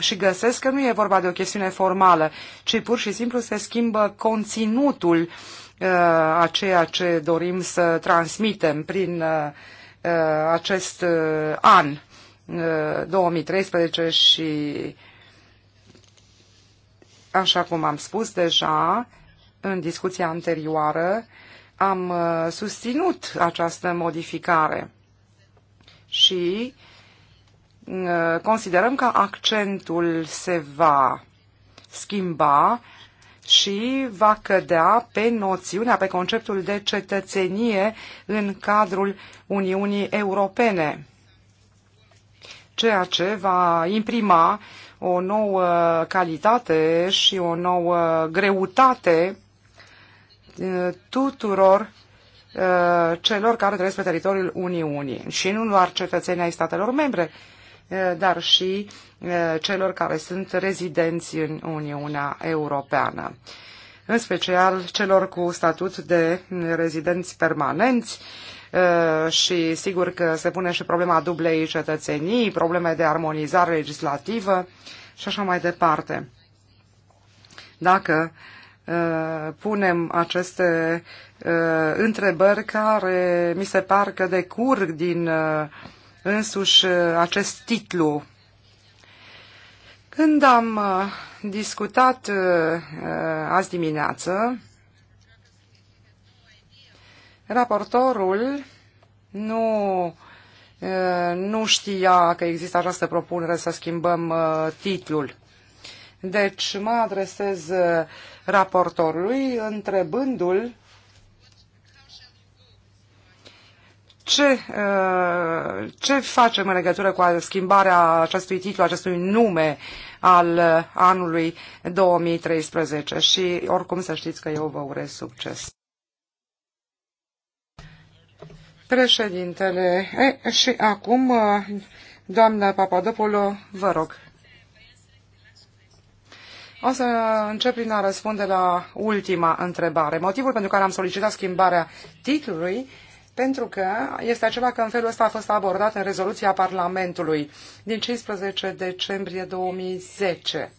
și găsesc că nu e vorba de o chestiune formală, ci pur și simplu se schimbă conținutul uh, a ceea ce dorim să transmitem prin uh, uh, acest an. 2013 și Așa cum am spus deja în discuția anterioară, am uh, susținut această modificare și uh, considerăm că accentul se va schimba și va cădea pe noțiunea, pe conceptul de cetățenie în cadrul Uniunii Europene, ceea ce va imprima o nouă calitate și o nouă greutate uh, tuturor uh, celor care trăiesc pe teritoriul Uniunii și nu doar cetățenii ai statelor membre, uh, dar și celor care sunt rezidenți în Uniunea Europeană, în special celor cu statut de rezidenți permanenți, Uh, și sigur că se pune și problema dublei cetățenii, probleme de armonizare legislativă și așa mai departe. Dacă uh, punem aceste uh, întrebări care mi se par că decurg din însuși acest titlu. Când am discutat azi dimineață Raportorul nu, nu știa că există această propunere să schimbăm titlul. Deci mă adresez raportorului întrebându-l ce, ce facem în legătură cu schimbarea acestui titlu, acestui nume al anului 2013 și oricum să știți că eu vă urez succes. Președintele, e, și acum, uh, doamna Papadopoulou, vă rog. O să încep prin a răspunde la ultima întrebare. Motivul pentru care am solicitat schimbarea titlului pentru că este acela că în felul ăsta a fost abordat în rezoluția Parlamentului din 15 decembrie 2010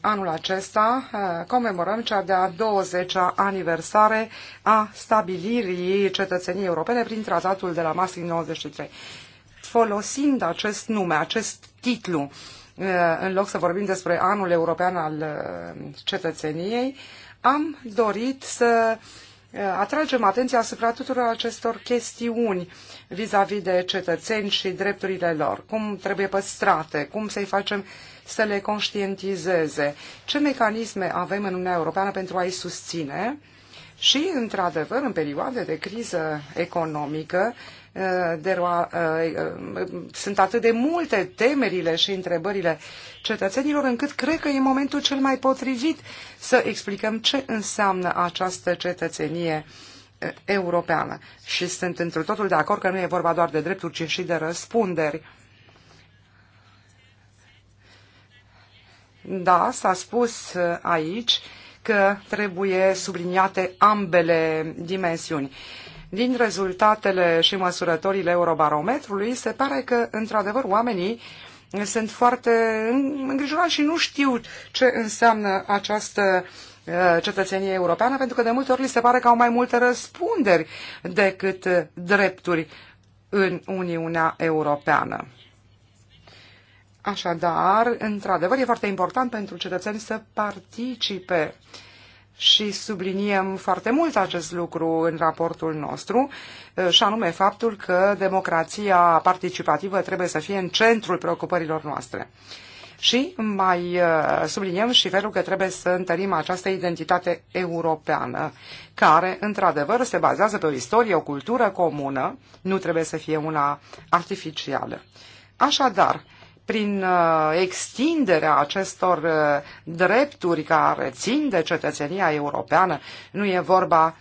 anul acesta eh, comemorăm cea de-a 20-a aniversare a stabilirii cetățeniei europene prin tratatul de la Maastricht 93. Folosind acest nume, acest titlu, eh, în loc să vorbim despre anul european al eh, cetățeniei, am dorit să atragem atenția asupra tuturor acestor chestiuni vis-a-vis -vis de cetățeni și drepturile lor, cum trebuie păstrate, cum să-i facem să le conștientizeze, ce mecanisme avem în Uniunea Europeană pentru a-i susține și, într-adevăr, în perioade de criză economică, eh, de, eh, eh, sunt atât de multe temerile și întrebările cetățenilor încât cred că e momentul cel mai potrivit să explicăm ce înseamnă această cetățenie uh, europeană. Și sunt într totul de acord că nu e vorba doar de drepturi, ci și de răspunderi. Da, s-a spus aici că trebuie subliniate ambele dimensiuni. Din rezultatele și măsurătorile Eurobarometrului, se pare că, într-adevăr, oamenii sunt foarte îngrijorați și nu știu ce înseamnă această Uh, cetățenie europeană, pentru că de multe ori li se pare că au mai multe răspunderi decât drepturi în Uniunea Europeană. Așadar, într-adevăr, e foarte important pentru cetățeni să participe și subliniem foarte mult acest lucru în raportul nostru, uh, și anume faptul că democrația participativă trebuie să fie în centrul preocupărilor noastre și mai uh, subliniem și felul că trebuie să întărim această identitate europeană, care, într-adevăr, se bazează pe o istorie, o cultură comună, nu trebuie să fie una artificială. Așadar, prin uh, extinderea acestor uh, drepturi care țin de cetățenia europeană, nu e vorba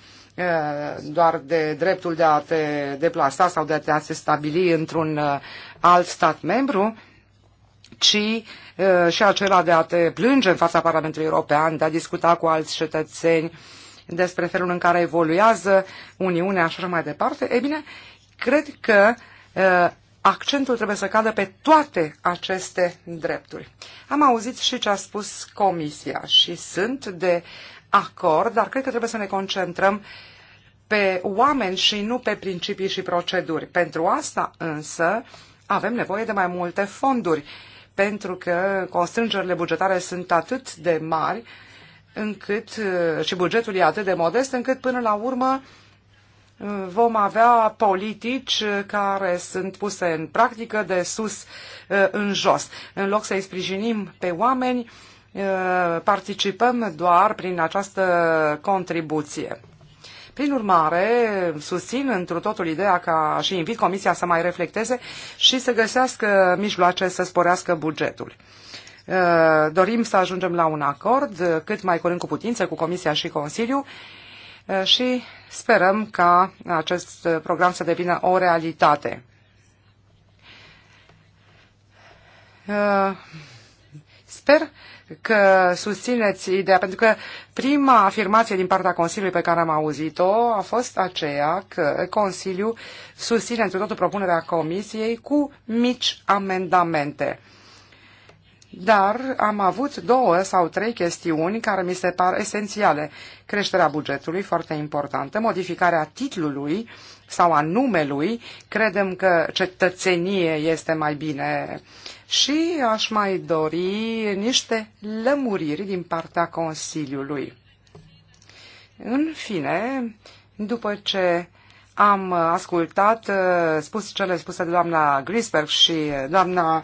doar de dreptul de a te deplasa sau de a te stabili într-un alt stat membru, ci eh, și acela de a te plânge în fața Parlamentului European, de a discuta cu alți cetățeni despre felul în care evoluează Uniunea și așa mai departe, e bine, cred că eh, accentul trebuie să cadă pe toate aceste drepturi. Am auzit și ce a spus Comisia și sunt de acord, dar cred că trebuie să ne concentrăm pe oameni și nu pe principii și proceduri. Pentru asta însă avem nevoie de mai multe fonduri pentru că constrângerile bugetare sunt atât de mari încât, uh, și bugetul e atât de modest încât până la urmă uh, vom avea politici uh, care sunt puse în practică de sus în jos. În loc să-i sprijinim pe oameni, participăm doar prin această contribuție. Prin urmare, susțin întru totul ideea ca și invit Comisia să mai reflecteze și să găsească mijloace să sporească bugetul. Uh, dorim să ajungem la un acord uh, cât mai curând cu putință cu Comisia și Consiliu uh, și sperăm ca acest program să devină o realitate. Sper că susțineți ideea, pentru că prima afirmație din partea Consiliului pe care am auzit-o a fost aceea că Consiliul susține într totul propunerea Comisiei cu mici amendamente. Dar am avut două sau trei chestiuni care mi se par esențiale. Creșterea bugetului, foarte importantă, modificarea titlului sau a numelui, credem că cetățenie este mai bine uh, și aș mai dori niște lămuriri din partea Consiliului. În fine, după ce am ascultat uh, spus cele spuse de doamna Grisberg și doamna uh,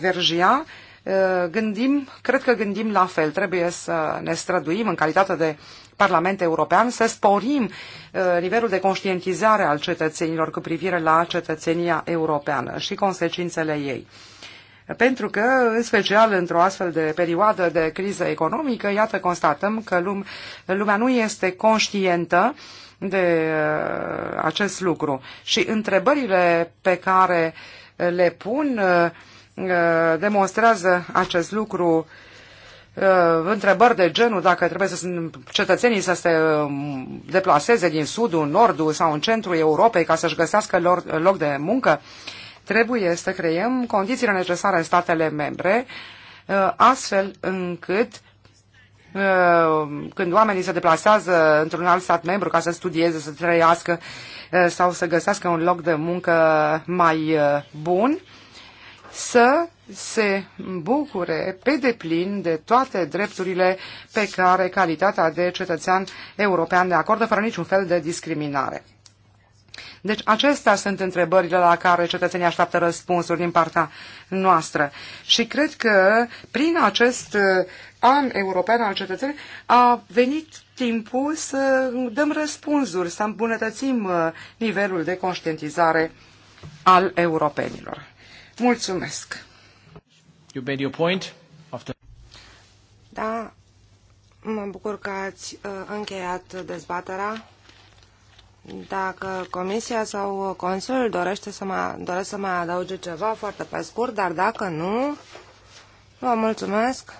Vergia, uh, gândim, cred că gândim la fel. Trebuie să ne străduim în calitate de Parlament European să sporim nivelul de conștientizare al cetățenilor cu privire la cetățenia europeană și consecințele ei pentru că, în special într-o astfel de perioadă de criză economică, iată, constatăm că lum lumea nu este conștientă de uh, acest lucru. Și întrebările pe care le pun uh, uh, demonstrează acest lucru întrebări de genul dacă trebuie să cetățenii să se um, deplaseze din sudul, nordul sau în centrul Europei ca să-și găsească lor, loc de muncă. Trebuie să creăm condițiile necesare în statele membre, uh, astfel încât uh, când oamenii se deplasează într-un alt stat membru ca să studieze, să trăiască uh, sau să găsească un loc de muncă mai bun, să se bucure pe deplin de toate drepturile pe care calitatea de cetățean european le acordă fără niciun fel de discriminare. Deci acestea sunt întrebările la care cetățenii așteaptă răspunsuri din partea noastră. Și cred că prin acest uh, an european al cetățenii a venit timpul să dăm răspunsuri, să îmbunătățim uh, nivelul de conștientizare al europenilor. Mulțumesc! You made your point after... Da, mă bucur că ați uh, încheiat dezbaterea. Dacă Comisia sau Consul dorește să mai, doresc să mai adauge ceva foarte pe scurt, dar dacă nu, vă mulțumesc.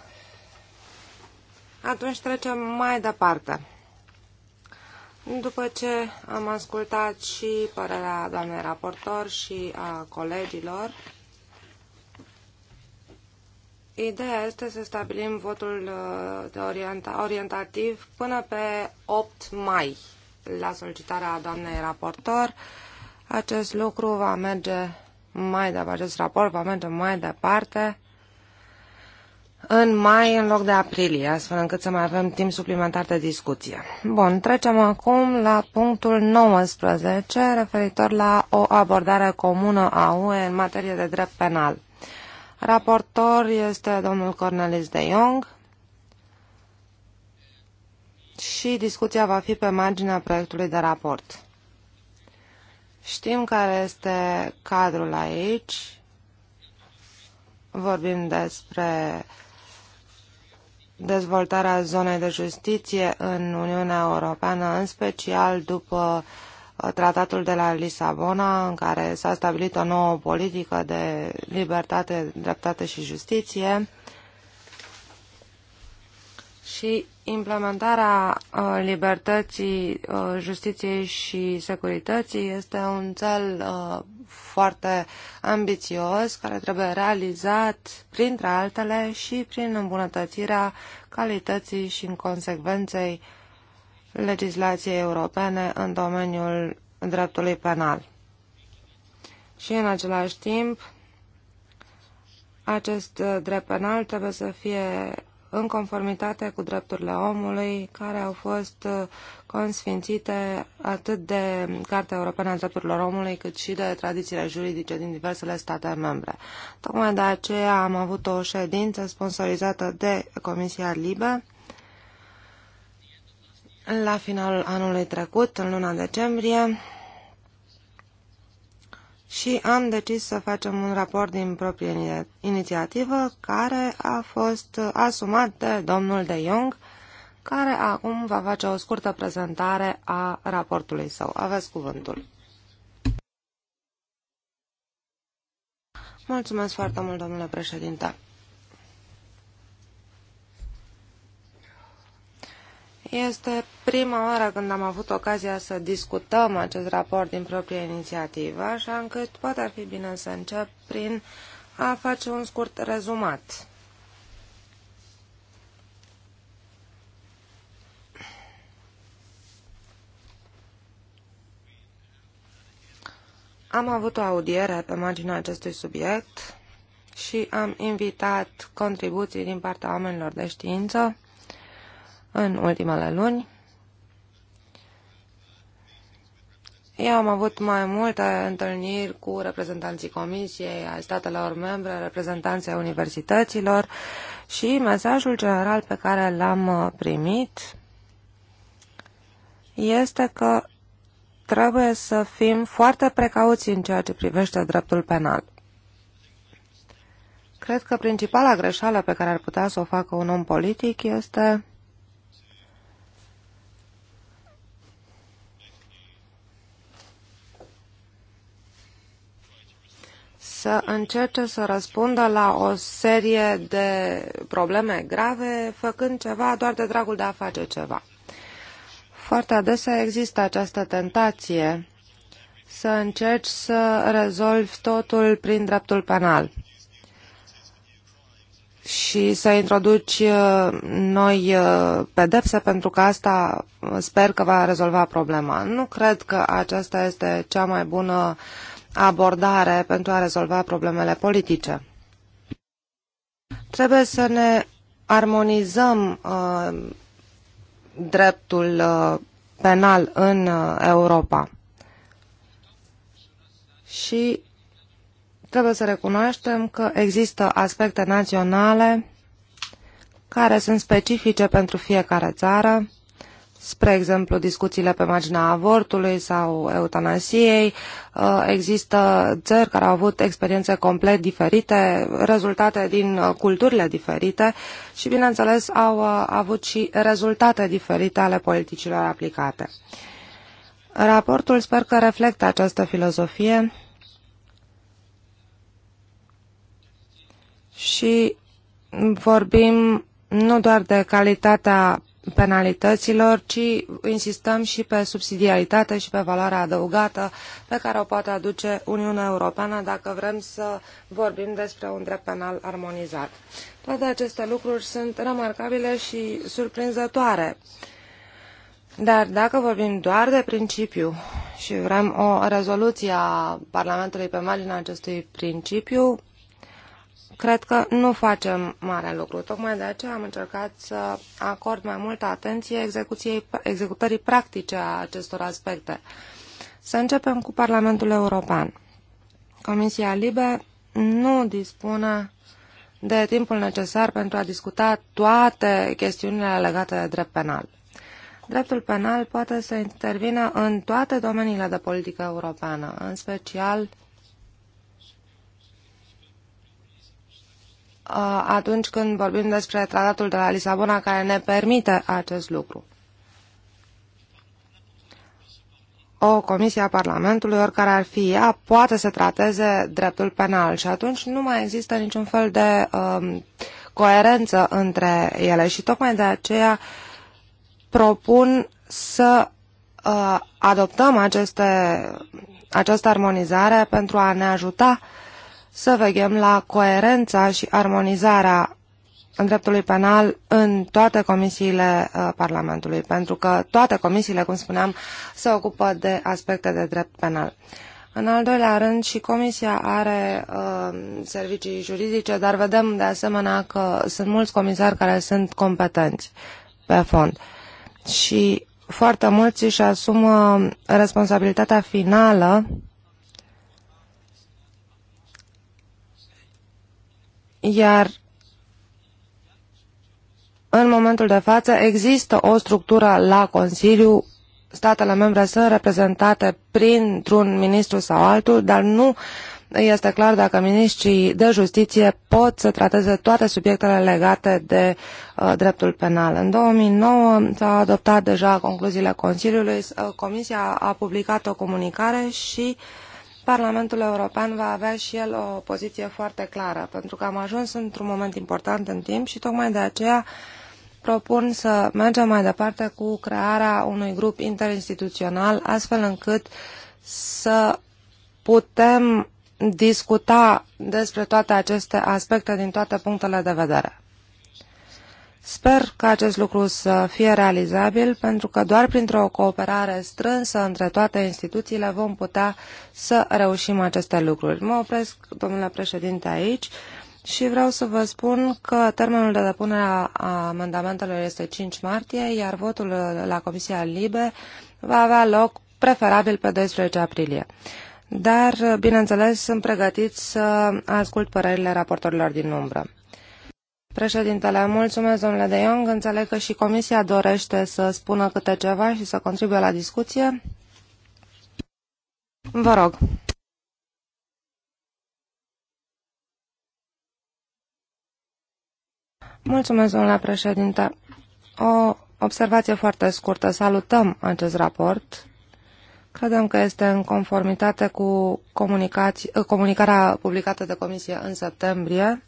Atunci trecem mai departe. După ce am ascultat și părerea doamnei raportor și a colegilor, Ideea este să stabilim votul uh, de orienta, orientativ până pe 8 mai la solicitarea doamnei raportor. Acest lucru va merge mai departe, acest raport va merge mai departe în mai în loc de aprilie, astfel încât să mai avem timp suplimentar de discuție. Bun, trecem acum la punctul 19 referitor la o abordare comună a UE în materie de drept penal. Raportor este domnul Cornelis de Jong și discuția va fi pe marginea proiectului de raport. Știm care este cadrul aici. Vorbim despre dezvoltarea zonei de justiție în Uniunea Europeană, în special după uh, tratatul de la Lisabona, în care s-a stabilit o nouă politică de libertate, dreptate și justiție și implementarea uh, libertății, uh, justiției și securității este un cel uh, foarte ambițios care trebuie realizat printre altele și prin îmbunătățirea calității și în consecvenței legislației europene în domeniul dreptului penal. Și în același timp, acest drept penal trebuie să fie în conformitate cu drepturile omului care au fost uh, consfințite atât de Cartea Europeană a Drepturilor Omului cât și de tradițiile juridice din diversele state membre. Tocmai de aceea am avut o ședință sponsorizată de Comisia Libe la finalul anului trecut, în luna decembrie, și am decis să facem un raport din proprie inițiativă care a fost asumat de domnul De Jong, care acum va face o scurtă prezentare a raportului său. Aveți cuvântul. Mulțumesc foarte mult, domnule președinte. Este prima oară când am avut ocazia să discutăm acest raport din proprie inițiativă, așa încât poate ar fi bine să încep prin a face un scurt rezumat. Am avut o audiere pe marginea acestui subiect și am invitat contribuții din partea oamenilor de știință, în ultimele luni. Eu am avut mai multe întâlniri cu reprezentanții Comisiei, ai statelor membre, reprezentanții universităților și mesajul general pe care l-am uh, primit este că trebuie să fim foarte precauți în ceea ce privește dreptul penal. Cred că principala greșeală pe care ar putea să o facă un om politic este să încerce să răspundă la o serie de probleme grave, făcând ceva doar de dragul de a face ceva. Foarte adesea există această tentație să încerci să rezolvi totul prin dreptul penal și să introduci uh, noi uh, pedepse pentru că asta uh, sper că va rezolva problema. Nu cred că aceasta este cea mai bună uh, abordare pentru a rezolva problemele politice. Trebuie să ne armonizăm uh, dreptul uh, penal în uh, Europa. Și trebuie să recunoaștem că există aspecte naționale care sunt specifice pentru fiecare țară spre exemplu, discuțiile pe marginea avortului sau eutanasiei. Uh, există țări care au avut experiențe complet diferite, rezultate din uh, culturile diferite și, bineînțeles, au uh, avut și rezultate diferite ale politicilor aplicate. Raportul sper că reflectă această filozofie și vorbim nu doar de calitatea penalităților, ci insistăm și pe subsidiaritate și pe valoarea adăugată pe care o poate aduce Uniunea Europeană dacă vrem să vorbim despre un drept penal armonizat. Toate aceste lucruri sunt remarcabile și surprinzătoare. Dar dacă vorbim doar de principiu și vrem o rezoluție a Parlamentului pe marginea acestui principiu, cred că nu facem mare lucru. Tocmai de aceea am încercat să acord mai multă atenție execuției, executării practice a acestor aspecte. Să începem cu Parlamentul European. Comisia Libe nu dispune de timpul necesar pentru a discuta toate chestiunile legate de drept penal. Dreptul penal poate să intervină în toate domeniile de politică europeană, în special Uh, atunci când vorbim despre tratatul de la Lisabona care ne permite acest lucru. O comisie a Parlamentului, oricare ar fi ea, poate să trateze dreptul penal și atunci nu mai există niciun fel de um, coerență între ele și tocmai de aceea propun să uh, adoptăm aceste, această armonizare pentru a ne ajuta uh, să veghem la coerența și armonizarea în dreptului penal în toate comisiile uh, Parlamentului, pentru că toate comisiile, cum spuneam, se ocupă de aspecte de drept penal. În al doilea rând, și Comisia are uh, servicii juridice, dar vedem de asemenea că sunt mulți comisari care sunt competenți pe fond. Și foarte mulți își asumă responsabilitatea finală Iar în momentul de față există o structură la Consiliu, statele membre sunt reprezentate printr-un ministru sau altul, dar nu este clar dacă ministrii de justiție pot să trateze toate subiectele legate de uh, dreptul penal. În 2009 s-au adoptat deja concluziile Consiliului, uh, Comisia a publicat o comunicare și uh, Parlamentul European va avea și el o poziție foarte clară, pentru că am ajuns într-un moment important în timp și tocmai de aceea propun să mergem mai departe cu crearea unui grup interinstituțional, astfel încât să putem discuta despre toate aceste aspecte din toate punctele de vedere. Sper că acest lucru să fie realizabil, pentru că doar printr-o cooperare strânsă între toate instituțiile vom putea să reușim aceste lucruri. Mă opresc, domnule președinte, aici și vreau să vă spun că termenul de depunere a amendamentelor este 5 martie, iar votul la Comisia Libe va avea loc preferabil pe 12 aprilie. Dar, bineînțeles, sunt pregătiți să ascult părerile raportorilor din umbră. Președintele, mulțumesc domnule De Jong. Înțeleg că și Comisia dorește să spună câte ceva și să contribuie la discuție. Vă rog. Mulțumesc, domnule președinte. O observație foarte scurtă. Salutăm acest raport. Credem că este în conformitate cu comunicarea publicată de Comisie în septembrie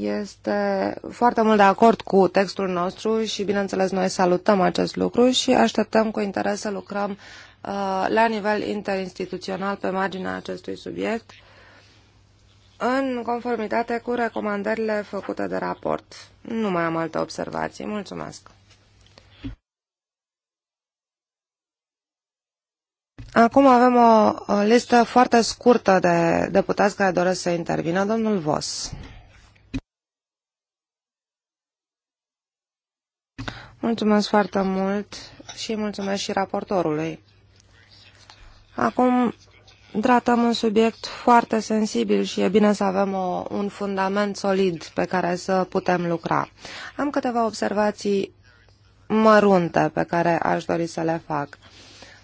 este foarte mult de acord cu textul nostru și, bineînțeles, noi salutăm acest lucru și așteptăm cu interes să lucrăm uh, la nivel interinstituțional pe marginea acestui subiect în conformitate cu recomandările făcute de raport. Nu mai am alte observații. Mulțumesc! Acum avem o listă foarte scurtă de deputați care doresc să intervină. Domnul Vos. Mulțumesc foarte mult și mulțumesc și raportorului. Acum tratăm un subiect foarte sensibil și e bine să avem o, un fundament solid pe care să putem lucra. Am câteva observații mărunte pe care aș dori să le fac,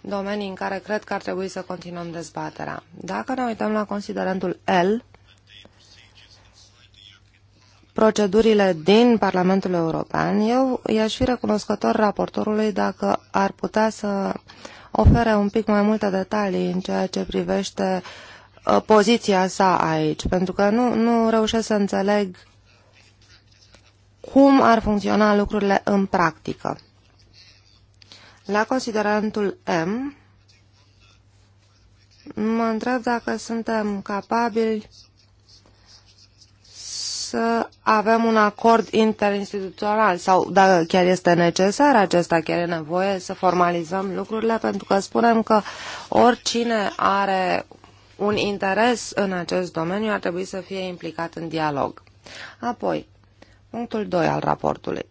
domenii în care cred că ar trebui să continuăm dezbaterea. Dacă ne uităm la considerentul L, procedurile din Parlamentul European, eu i-aș fi recunoscător raportorului dacă ar putea să ofere un pic mai multe detalii în ceea ce privește ă, poziția sa aici, pentru că nu, nu reușesc să înțeleg cum ar funcționa lucrurile în practică. La considerantul M, mă întreb dacă suntem capabili să avem un acord interinstituțional sau dacă chiar este necesar acesta, chiar e nevoie să formalizăm lucrurile pentru că spunem că oricine are un interes în acest domeniu ar trebui să fie implicat în dialog. Apoi, punctul 2 al raportului.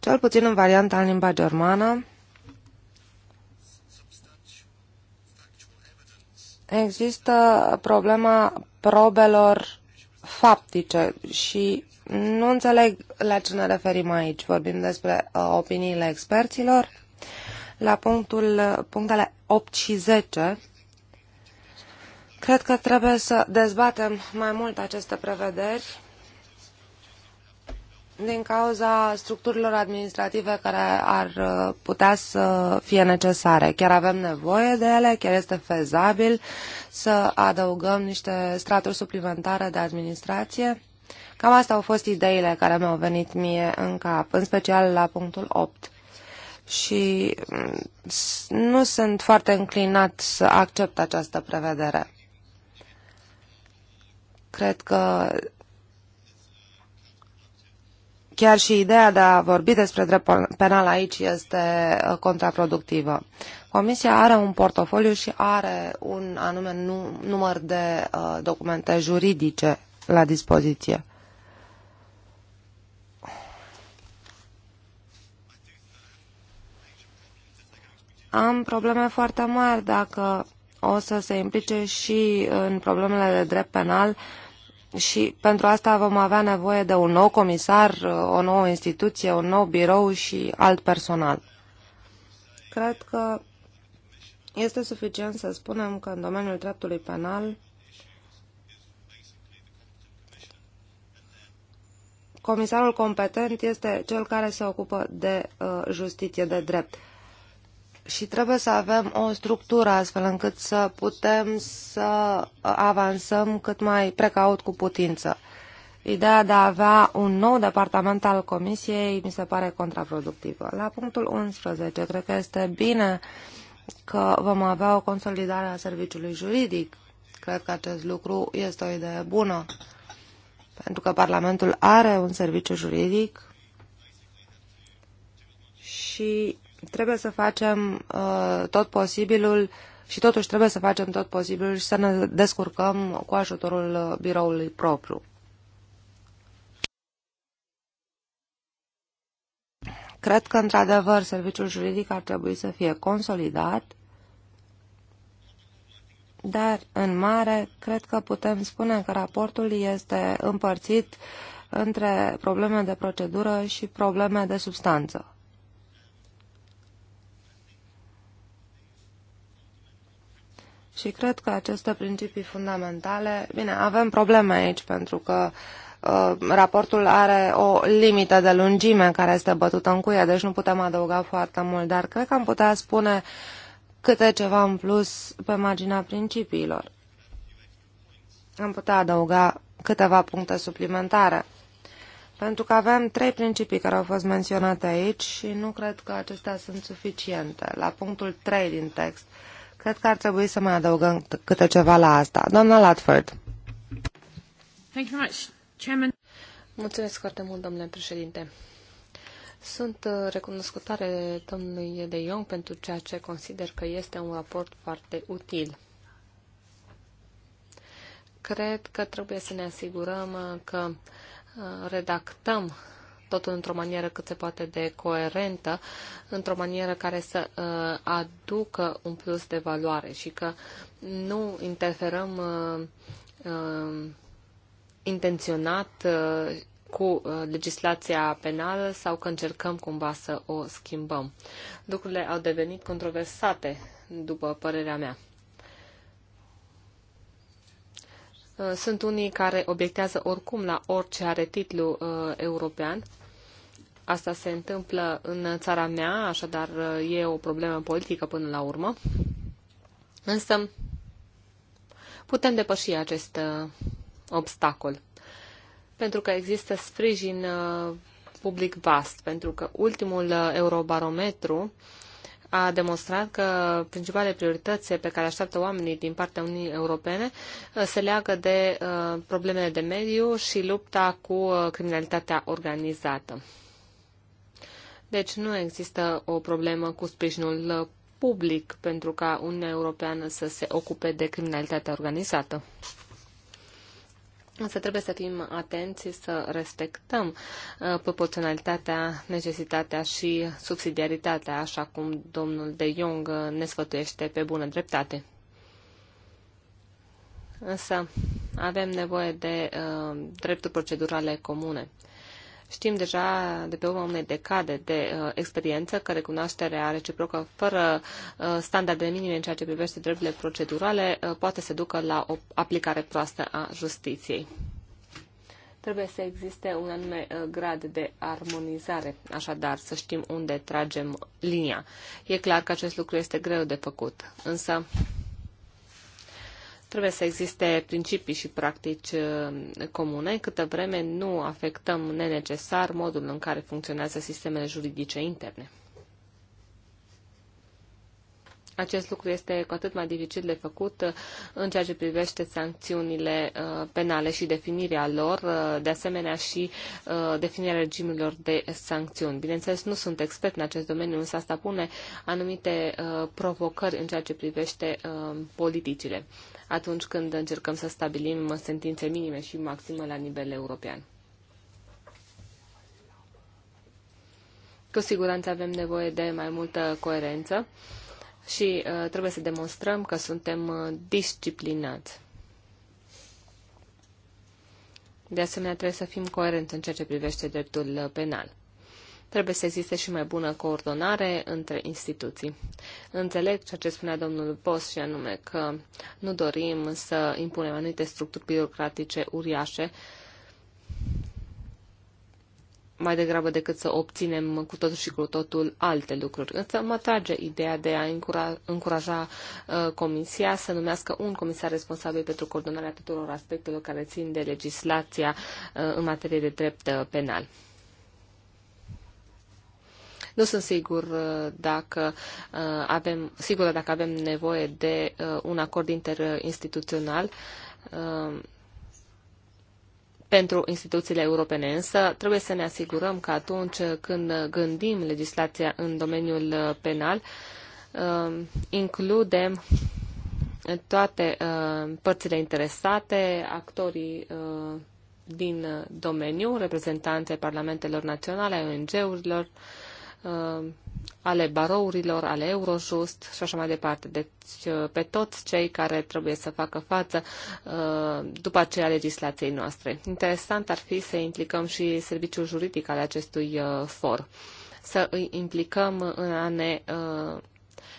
Cel puțin în varianta în limba germană, există problema probelor faptice și nu înțeleg la ce ne referim aici. Vorbim despre uh, opiniile experților. La punctul, uh, punctele 8 și 10, cred că trebuie să dezbatem mai mult aceste prevederi din cauza structurilor administrative care ar uh, putea să fie necesare. Chiar avem nevoie de ele, chiar este fezabil să adăugăm niște straturi suplimentare de administrație. Cam asta au fost ideile care mi-au venit mie în cap, în special la punctul 8. Și mm, nu sunt foarte înclinat să accept această prevedere. Cred că chiar și ideea de a vorbi despre drept penal aici este uh, contraproductivă. Comisia are un portofoliu și are un anume număr de uh, documente juridice la dispoziție. Am probleme foarte mari dacă o să se implice și în problemele de drept penal uh, și pentru asta vom avea nevoie de un nou comisar, o nouă instituție, un nou birou și alt personal. Cred că este suficient să spunem că în domeniul dreptului penal comisarul competent este cel care se ocupă de uh, justiție, de drept. Uh, și trebuie să avem o structură astfel încât să putem să avansăm cât mai precaut cu putință. Ideea de a avea un nou departament al Comisiei mi se pare contraproductivă. La punctul 11, cred că este bine că vom avea o consolidare a serviciului juridic. Cred că acest lucru este o idee bună, pentru că Parlamentul are un serviciu juridic și Trebuie să facem uh, tot posibilul și totuși trebuie să facem tot posibilul și să ne descurcăm cu ajutorul uh, biroului propriu. Cred că, într-adevăr, serviciul juridic ar trebui să fie consolidat, dar, în mare, cred că putem spune că raportul este împărțit între probleme de procedură și probleme de substanță. Și cred că aceste principii fundamentale, bine, avem probleme aici pentru că uh, raportul are o limită de lungime care este bătută în cuie, deci nu putem adăuga foarte mult, dar cred că am putea spune câte ceva în plus pe marginea principiilor. Am putea adăuga câteva puncte suplimentare. Pentru că avem trei principii care au fost menționate aici și nu cred că acestea sunt suficiente. La punctul 3 din text, Cred că ar trebui să mai adăugăm câte ceva la asta. Doamna Latford. Thank you very much, Chairman. Mulțumesc foarte mult, domnule președinte. Sunt uh, recunoscutare domnului De Jong pentru ceea ce consider că este un raport foarte util. Cred că trebuie să ne asigurăm uh, că uh, redactăm tot într-o manieră cât se poate de coerentă, într-o manieră care să uh, aducă un plus de valoare și că nu interferăm uh, uh, intenționat cu legislația penală sau că încercăm cumva să o schimbăm. Lucrurile au devenit controversate, după părerea mea. Sunt unii care obiectează oricum la orice are titlu uh, european Asta se întâmplă în țara mea, așadar e o problemă politică până la urmă. Însă putem depăși acest uh, obstacol, pentru că există sprijin uh, public vast, pentru că ultimul uh, eurobarometru a demonstrat că principalele priorități pe care așteaptă oamenii din partea Uniunii Europene se leagă de problemele de mediu și lupta cu criminalitatea organizată. Deci nu există o problemă cu sprijinul uh, public pentru ca Uniunea Europeană să se ocupe de criminalitatea organizată. Însă trebuie să fim atenți să respectăm uh, proporționalitatea, necesitatea și subsidiaritatea, așa cum domnul de Jong uh, ne sfătuiește pe bună dreptate. Însă avem nevoie de uh, drepturi procedurale comune. Știm deja de pe urmă unei decade de uh, experiență că recunoașterea reciprocă fără uh, standarde minime în ceea ce privește drepturile procedurale uh, poate să ducă la o aplicare proastă a justiției. Trebuie să existe un anume uh, grad de armonizare, așadar să știm unde tragem linia. E clar că acest lucru este greu de făcut, însă Trebuie să existe principii și practici uh, comune, câtă vreme nu afectăm nenecesar modul în care funcționează sistemele juridice interne. Acest lucru este cu atât mai dificil de făcut uh, în ceea ce privește sancțiunile uh, penale și definirea lor, de asemenea și definirea regimurilor de sancțiuni. Bineînțeles, nu sunt expert în acest domeniu, însă asta pune anumite provocări în ceea ce privește politicile atunci când încercăm să stabilim sentințe minime și maxime la nivel european. Cu siguranță avem nevoie de mai multă coerență și uh, trebuie să demonstrăm că suntem uh, disciplinați. De asemenea, trebuie să fim coerenți în ceea ce privește dreptul uh, penal. Trebuie să existe și mai bună coordonare între instituții. Înțeleg ceea ce spunea domnul Post și anume că nu dorim să impunem anumite structuri birocratice uriașe, mai degrabă decât să obținem cu totul și cu totul alte lucruri. Însă mă trage ideea de a încura, încuraja uh, Comisia să numească un comisar responsabil pentru coordonarea tuturor aspectelor care țin de legislația uh, în materie de drept uh, penal. Nu sunt sigur uh, dacă uh, avem, sigură dacă avem nevoie de uh, un acord interinstituțional pentru instituțiile europene, însă trebuie să ne asigurăm că atunci când gândim legislația în domeniul penal, includem toate părțile interesate, actorii din domeniu, reprezentanții parlamentelor naționale, ONG-urilor, Uh, ale barourilor, ale Eurojust și așa mai departe. Deci uh, pe toți cei care trebuie să facă față uh, după aceea legislației noastre. Interesant ar fi să implicăm și serviciul juridic al acestui for, să îi implicăm în a ne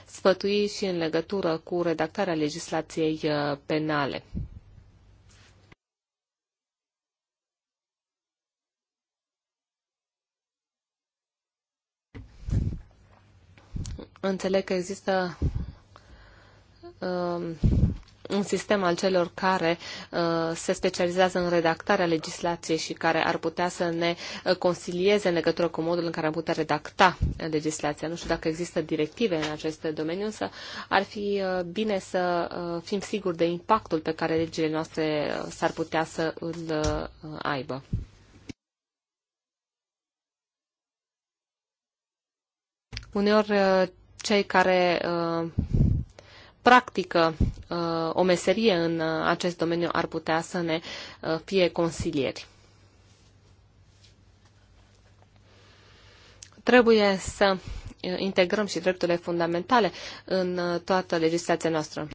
sfătui și în legătură cu redactarea legislației penale. Înțeleg că există um, un sistem al celor care uh, se specializează în redactarea legislației și care ar putea să ne uh, consilieze în legătură cu modul în care am putea redacta legislația. Nu știu dacă există directive în acest domeniu, însă ar fi uh, bine să uh, fim siguri de impactul pe care legile noastre uh, s-ar putea să îl uh, aibă. Uneori cei care uh, practică uh, o meserie în uh, acest domeniu ar putea să ne fie consilieri. Trebuie să integrăm și drepturile fundamentale în toată legislația noastră.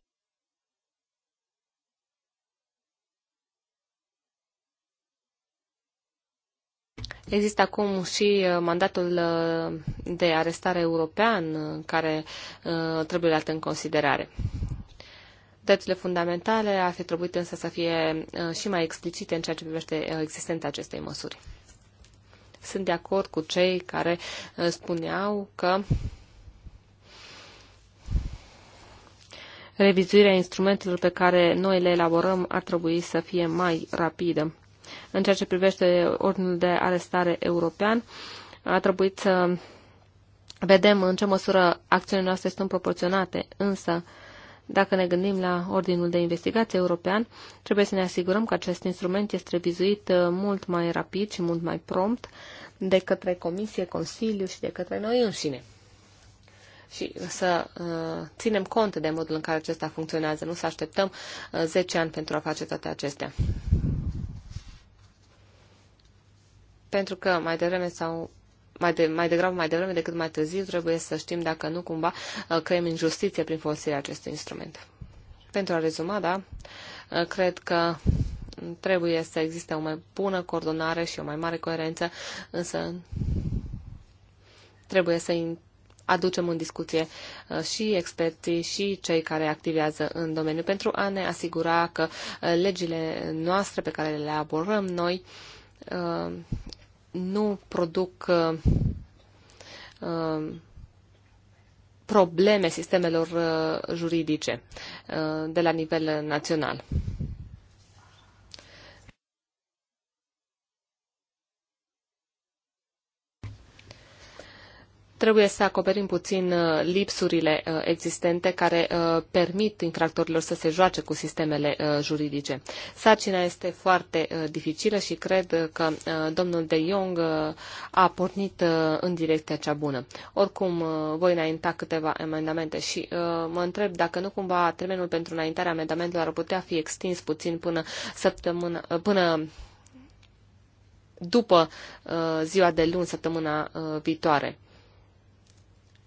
Există acum și uh, mandatul uh, de arestare european uh, care trebuie luat în considerare. Drepturile fundamentale ar fi trebuit însă să fie și mai explicite în ceea ce privește existența acestei măsuri. Sunt de acord cu cei care spuneau că revizuirea instrumentelor pe care noi le elaborăm ar trebui să fie mai rapidă în ceea ce privește ordinul de arestare european. A trebuit să vedem în ce măsură acțiunile noastre sunt proporționate, însă dacă ne gândim la Ordinul de Investigație European, trebuie să ne asigurăm că acest instrument este revizuit uh, mult mai rapid și mult mai prompt de către Comisie, Consiliu și de către noi înșine. Și să uh, ținem cont de modul în care acesta funcționează, nu să așteptăm uh, 10 ani pentru a face toate acestea pentru că mai devreme sau mai, de, mai degrabă, mai devreme decât mai târziu, trebuie să știm dacă nu cumva uh, creăm injustiție prin folosirea acestui instrument. Pentru a rezuma, da, uh, cred că trebuie să existe o mai bună coordonare și o mai mare coerență, însă trebuie să aducem în discuție uh, și experții și cei care activează în domeniu pentru a ne asigura că legile noastre pe care le abordăm noi nu produc uh, uh, probleme sistemelor uh, juridice uh, de la nivel național. Trebuie să acoperim puțin uh, lipsurile uh, existente care uh, permit infractorilor să se joace cu sistemele juridice. Sarcina este foarte dificilă și cred că domnul De Jong a pornit în direcția cea bună. Oricum, voi înainta câteva amendamente și mă întreb dacă nu cumva termenul pentru înaintarea amendamentelor ar putea fi extins puțin până săptămână, până după uh, ziua de luni, săptămâna uh, viitoare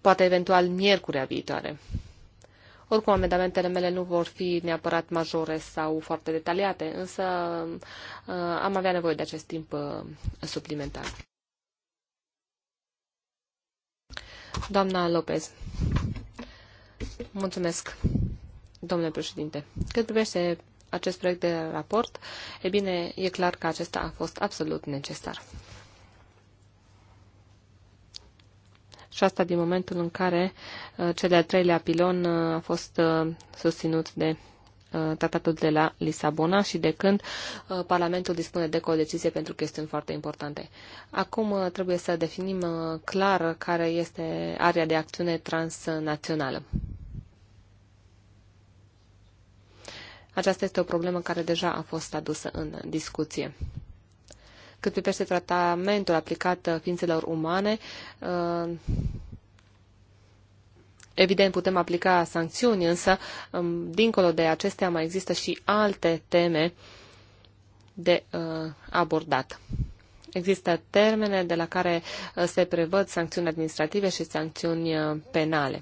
poate eventual miercurea viitoare. Oricum, amendamentele mele nu vor fi neapărat majore sau foarte detaliate, însă uh, am avea nevoie de acest timp uh, suplimentar. Doamna Lopez. Mulțumesc, domnule președinte. Cât privește acest proiect de raport, e bine, e clar că acesta a fost absolut necesar. Și asta din momentul în care uh, cel de-al treilea pilon uh, a fost uh, susținut de tratatul de la Lisabona și de când Parlamentul dispune de co-decizie pentru chestiuni foarte importante. Acum trebuie să definim clar care este area de acțiune transnațională. Aceasta este o problemă care deja a fost adusă în discuție. Cât privește tratamentul aplicat uh, ființelor umane, uh, Evident, putem aplica sancțiuni, însă, um, dincolo de acestea, mai există și alte teme de uh, abordat. Există termene de la care uh, se prevăd sancțiuni administrative și sancțiuni penale.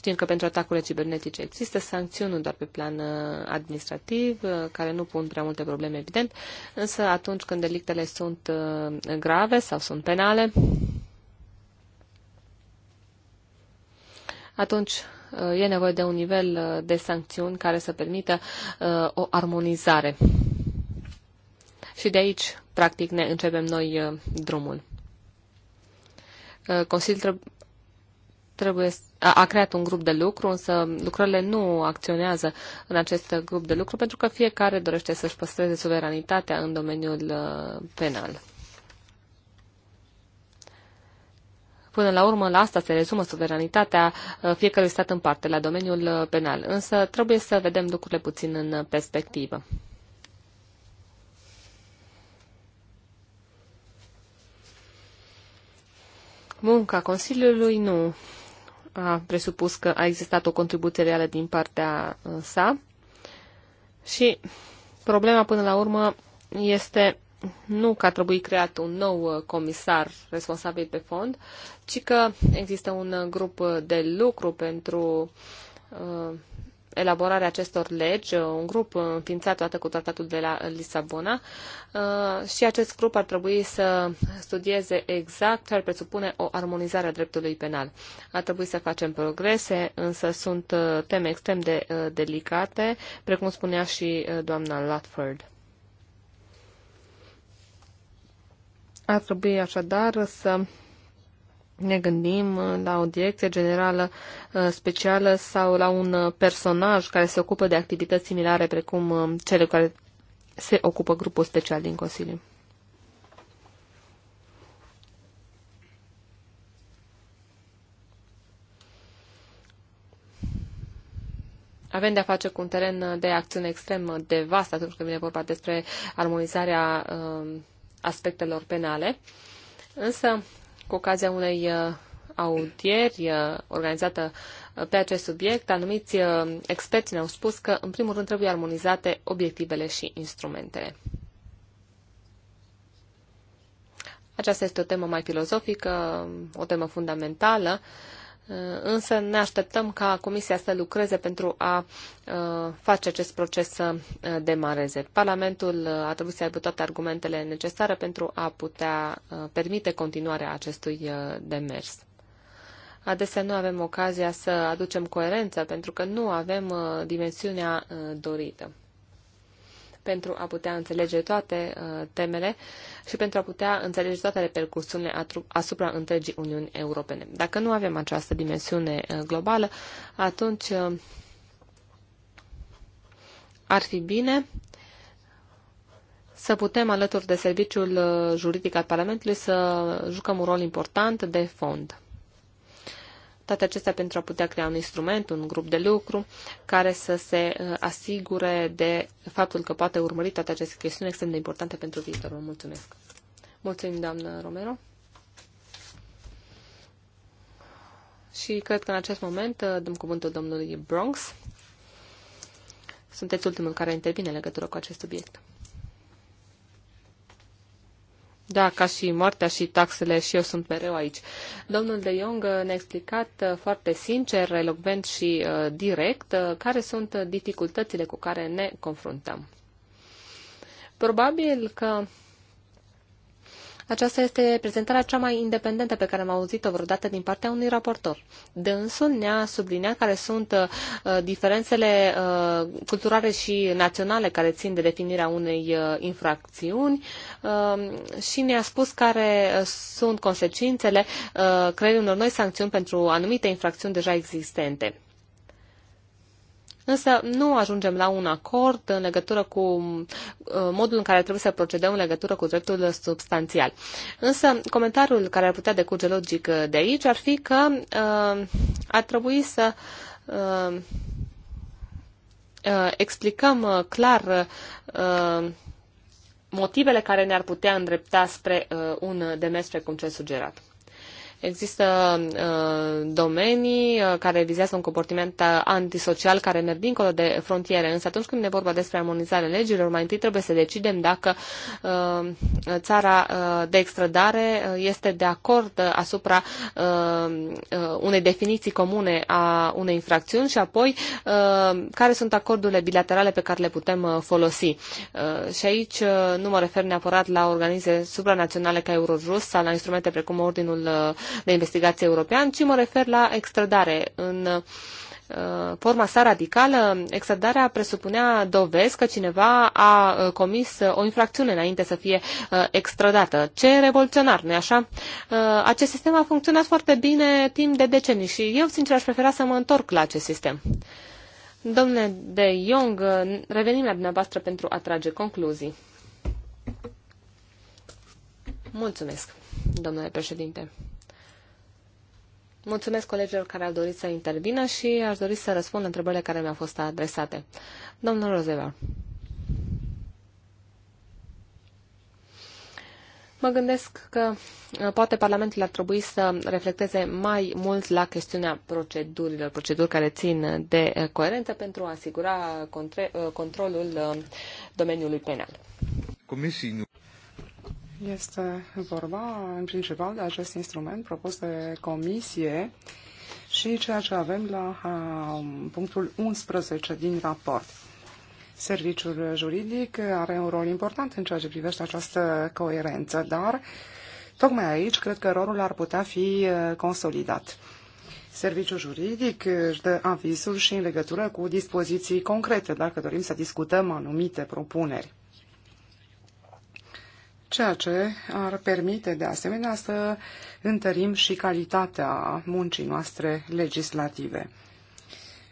Știm că pentru atacurile cibernetice există sancțiuni, nu doar pe plan uh, administrativ, uh, care nu pun prea multe probleme, evident, însă atunci când delictele sunt uh, grave sau sunt penale, atunci e nevoie de un nivel de sancțiuni care să permită o armonizare. Și de aici, practic, ne începem noi drumul. Consiliul trebuie a, a creat un grup de lucru, însă lucrările nu acționează în acest grup de lucru pentru că fiecare dorește să-și păstreze suveranitatea în domeniul uh, penal. Până la urmă, la asta se rezumă suveranitatea uh, fiecărui stat în parte, la domeniul uh, penal. Însă trebuie să vedem lucrurile puțin în perspectivă. Munca Consiliului nu a presupus că a existat o contribuție reală din partea uh, sa și problema până la urmă este nu că a trebuit creat un nou uh, comisar responsabil pe fond, ci că există un uh, grup de lucru pentru elaborarea acestor legi, un grup înființat toată cu tratatul de la Lisabona uh, și acest grup ar trebui să studieze exact ce ar presupune o armonizare a dreptului penal. Ar trebui să facem progrese, însă sunt uh, teme extrem de uh, delicate, precum spunea și doamna Latford. Ar trebui așadar să ne gândim uh, la o direcție generală uh, specială sau la un uh, personaj care se ocupă de activități similare precum cele care se ocupă grupul special din Consiliu. Avem de-a face cu un teren de acțiune extrem de vast atunci când vine vorba despre armonizarea aspectelor penale, însă cu ocazia unei uh, audieri uh, organizată uh, pe acest subiect, anumiți experți ne-au spus că, în primul rând, trebuie armonizate obiectivele și instrumentele. Aceasta este o temă mai filozofică, o temă fundamentală însă ne așteptăm ca Comisia să lucreze pentru a face acest proces să demareze. Parlamentul a trebuit să aibă toate argumentele necesare pentru a putea permite continuarea acestui demers. Adesea nu avem ocazia să aducem coerență pentru că nu avem dimensiunea dorită pentru a putea înțelege toate uh, temele și pentru a putea înțelege toate repercusiunile asupra întregii Uniuni Europene. Dacă nu avem această dimensiune uh, globală, atunci uh, ar fi bine să putem, alături de serviciul uh, juridic al Parlamentului, să jucăm un rol important de fond. Toate acestea pentru a putea crea un instrument, un grup de lucru care să se uh, asigure de faptul că poate urmări toate aceste chestiuni extrem de importante pentru viitor. Vă mulțumesc! Mulțumim, doamnă Romero! Și cred că în acest moment uh, dăm cuvântul domnului Bronx. Sunteți ultimul care intervine în legătură cu acest subiect. Da, ca și moartea și taxele și eu sunt mereu aici. Domnul De Jong ne-a explicat uh, foarte sincer, elocvent și uh, direct uh, care sunt dificultățile cu care ne confruntăm. Probabil că aceasta este prezentarea cea mai independentă pe care am auzit-o vreodată din partea unui raportor. Dânsul ne-a subliniat care sunt uh, diferențele uh, culturale și naționale care țin de definirea unei uh, infracțiuni uh, și ne-a spus care uh, sunt consecințele uh, creierii unor noi sancțiuni pentru anumite infracțiuni deja existente însă nu ajungem la un acord în legătură cu uh, modul în care trebuie să procedăm în legătură cu dreptul substanțial. Însă comentariul care ar putea decurge logic uh, de aici ar fi că uh, ar trebui să explicăm clar motivele care ne-ar putea îndrepta spre un demers precum cel sugerat. Există uh, domenii uh, care vizează un comportament uh, antisocial care merg dincolo de frontiere, însă atunci când ne vorba despre armonizarea legilor, mai întâi trebuie să decidem dacă țara de extradare este de acord asupra unei definiții comune a unei infracțiuni și apoi care sunt acordurile bilaterale pe care le putem folosi. Și aici nu mă refer neapărat la organize supranaționale ca Eurojust sau la instrumente precum Ordinul de investigație european, ci mă refer la extradare. În uh, forma sa radicală, extradarea presupunea dovezi că cineva a uh, comis uh, o infracțiune înainte să fie extradată. Ce revoluționar, nu-i așa? Acest sistem a funcționat foarte bine timp de decenii și eu, sincer, aș prefera să mă întorc la acest sistem. Domnule de Jong, revenim la dumneavoastră pentru a trage concluzii. Mulțumesc, domnule președinte. Mulțumesc colegilor care au dorit să intervină și aș dori să răspund întrebările care mi-au fost adresate. Domnul Rozeva. Mă gândesc că uh, poate Parlamentul ar trebui să reflecteze mai mult la chestiunea procedurilor, proceduri care țin de uh, coerență pentru a asigura uh, controlul domeniului penal. Comisii nu. Este vorba în principal de acest instrument propus de comisie și ceea ce avem la punctul 11 din raport. Serviciul juridic are un rol important în ceea ce privește această coerență, dar tocmai aici cred că rolul ar putea fi consolidat. Serviciul juridic își dă avizul și în legătură cu dispoziții concrete, dacă dorim să discutăm anumite propuneri ceea ce ar permite de asemenea să întărim și calitatea muncii noastre legislative.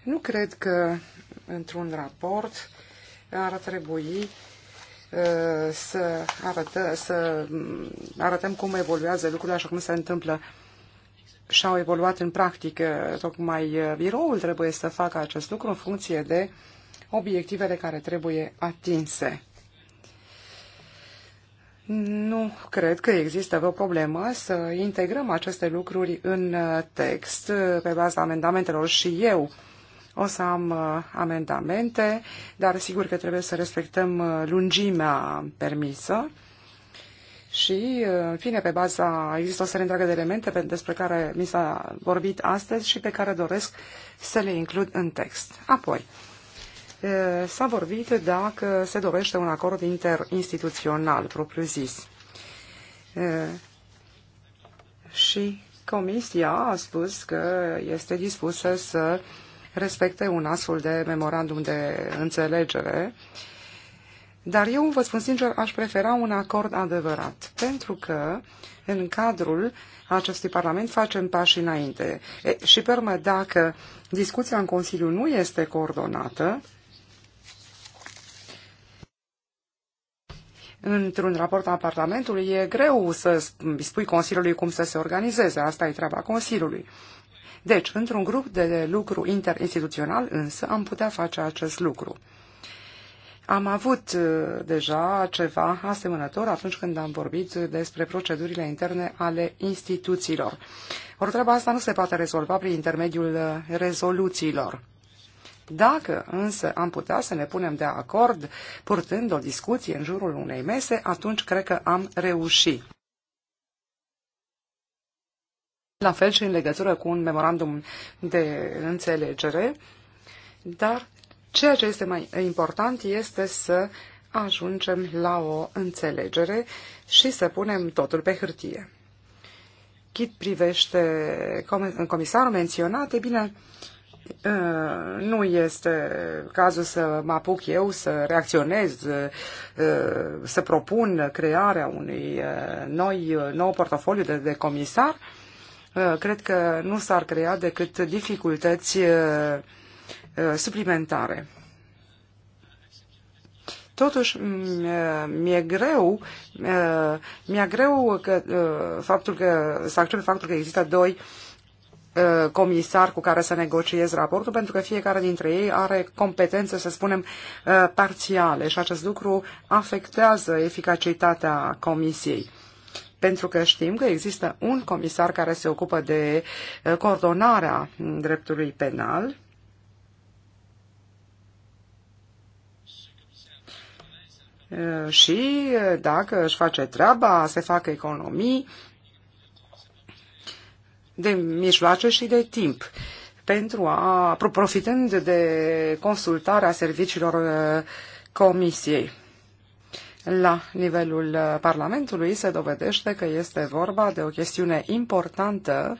Nu cred că într-un raport ar trebui uh, să, arătă, să arătăm cum evoluează lucrurile așa cum se întâmplă și-au evoluat în practică. Tocmai uh, biroul trebuie să facă acest lucru în funcție de obiectivele care trebuie atinse. Nu cred că există vreo problemă să integrăm aceste lucruri în uh, text uh, pe baza amendamentelor și eu o să am uh, amendamente, dar sigur că trebuie să respectăm lungimea permisă. Și, în fine, pe baza, există o serie întreagă de elemente despre care mi s-a vorbit astăzi și pe care doresc să le includ în text. Apoi, S-a vorbit dacă se dorește un acord interinstituțional propriu-zis. Și Comisia a spus că este dispusă să respecte un astfel de memorandum de înțelegere, dar eu vă spun sincer, aș prefera un acord adevărat, pentru că în cadrul acestui Parlament facem pași înainte. E, și permă, dacă discuția în Consiliu nu este coordonată, într-un raport al Parlamentului e greu să spui Consiliului cum să se organizeze. Asta e treaba Consiliului. Deci, într-un grup de lucru interinstituțional, însă, am putea face acest lucru. Am avut uh, deja ceva asemănător atunci când am vorbit despre procedurile interne ale instituțiilor. Ori treaba asta nu se poate rezolva prin intermediul uh, rezoluțiilor. Dacă însă am putea să ne punem de acord purtând o discuție în jurul unei mese, atunci cred că am reușit. La fel și în legătură cu un memorandum de înțelegere, dar ceea ce este mai important este să ajungem la o înțelegere și să punem totul pe hârtie. Chit privește comisarul menționat, e bine, uh, nu este cazul să mă apuc eu să reacționez, să uh, propun crearea unui uh, noi, uh, nou portofoliu de, de comisar. Cred că nu s-ar crea decât dificultăți suplimentare. Totuși, mi-e greu, mi-e greu că, faptul că, să accept faptul că există doi uh, Uh, comisar cu care să negociez raportul, pentru că fiecare dintre ei are competențe, să spunem, uh, parțiale și acest lucru afectează eficacitatea comisiei pentru că știm că există un comisar care se ocupă de uh, coordonarea dreptului penal. Și dacă își face treaba, se fac economii, de mijloace și de timp pentru a, profitând de consultarea serviciilor uh, comisiei. La nivelul uh, Parlamentului se dovedește că este vorba de o chestiune importantă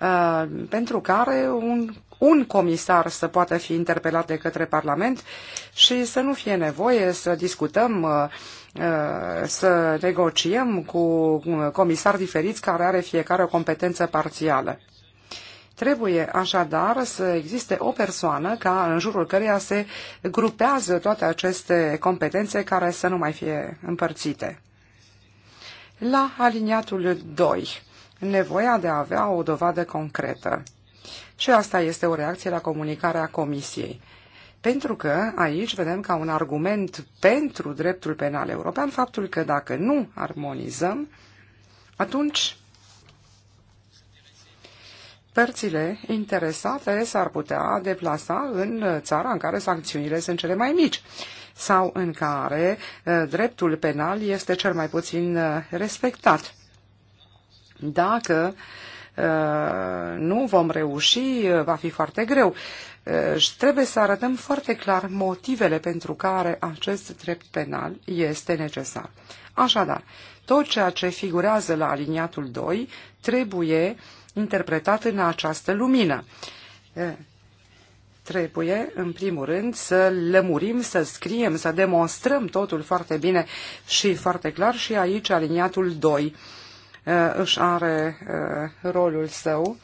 uh, pentru care un, un comisar să poată fi interpelat de către Parlament și să nu fie nevoie să discutăm Uh, să negociem cu comisari diferiți care are fiecare o competență parțială. Trebuie așadar să existe o persoană ca în jurul căreia se grupează toate aceste competențe care să nu mai fie împărțite. La aliniatul 2, nevoia de a avea o dovadă concretă. Și asta este o reacție la comunicarea Comisiei. Pentru că aici vedem ca un argument pentru dreptul penal european faptul că dacă nu armonizăm, atunci părțile interesate s-ar putea deplasa în țara în care sancțiunile sunt cele mai mici sau în care uh, dreptul penal este cel mai puțin uh, respectat. Dacă uh, nu vom reuși, va fi foarte greu Eh, și trebuie să arătăm foarte clar motivele pentru care acest drept penal este necesar. Așadar, tot ceea ce figurează la aliniatul 2 trebuie interpretat în această lumină. Eh, trebuie, în primul rând, să lămurim, să scriem, să demonstrăm totul foarte bine și foarte clar și aici aliniatul 2 eh, își are rolul său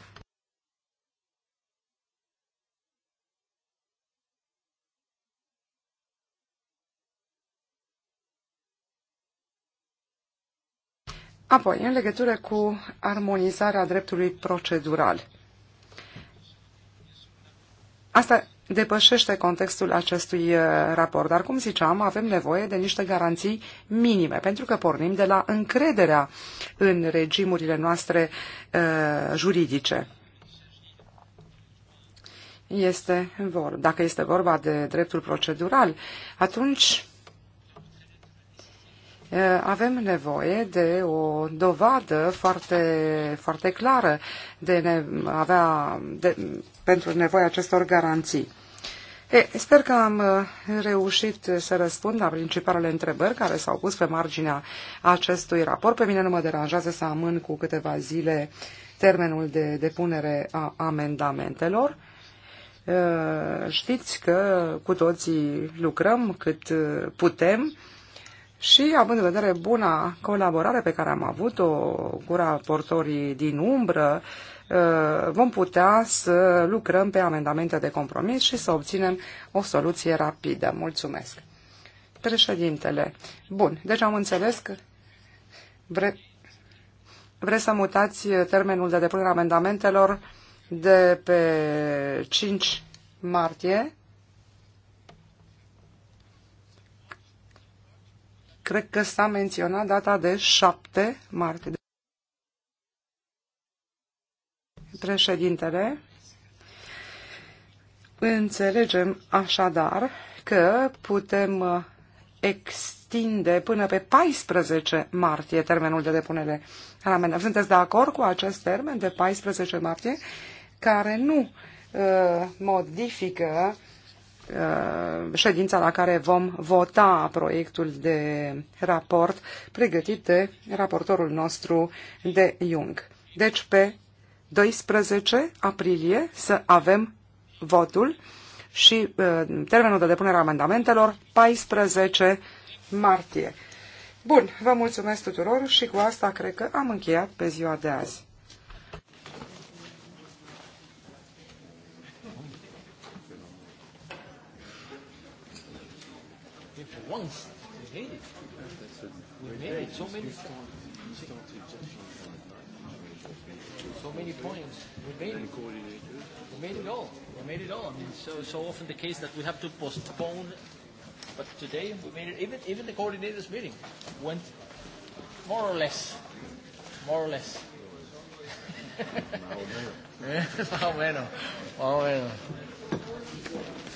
Apoi, în legătură cu armonizarea dreptului procedural. Asta depășește contextul acestui uh, raport, dar cum ziceam, avem nevoie de niște garanții minime, pentru că pornim de la încrederea în regimurile noastre uh, juridice. Este vor, dacă este vorba de dreptul procedural, atunci Eh, avem nevoie de o dovadă foarte, foarte clară de ne avea, de, pentru nevoia acestor garanții. E, sper că am eh, reușit să răspund la principalele întrebări care s-au pus pe marginea acestui raport. Pe mine nu mă deranjează să amân cu câteva zile termenul de depunere a amendamentelor. Eh, știți că cu toții lucrăm cât putem și având în vedere buna colaborare pe care am avut-o cu raportorii din umbră, ă, vom putea să lucrăm pe amendamente de compromis și să obținem o soluție rapidă. Mulțumesc. Președintele. Bun, deci am înțeles că vre... vreți să mutați termenul de depunere amendamentelor de pe 5 martie Cred că s-a menționat data de 7 martie. Președintele, înțelegem așadar că putem uh, extinde până pe 14 martie termenul de depunere al amendă. Sunteți de acord cu acest termen de 14 martie care nu uh, modifică Uh, ședința la care vom vota proiectul de raport pregătit de raportorul nostru de Jung. Deci pe 12 aprilie să avem votul și uh, termenul de depunere a amendamentelor 14 martie. Bun, vă mulțumesc tuturor și cu asta cred că am încheiat pe ziua de azi. once. We made it. We made it so many so many points. We made it. We made it all. We made it all. I mean, so so often the case that we have to postpone. But today we made it. Even even the coordinators' meeting went more or less, more or less. Más o menos. Más o menos.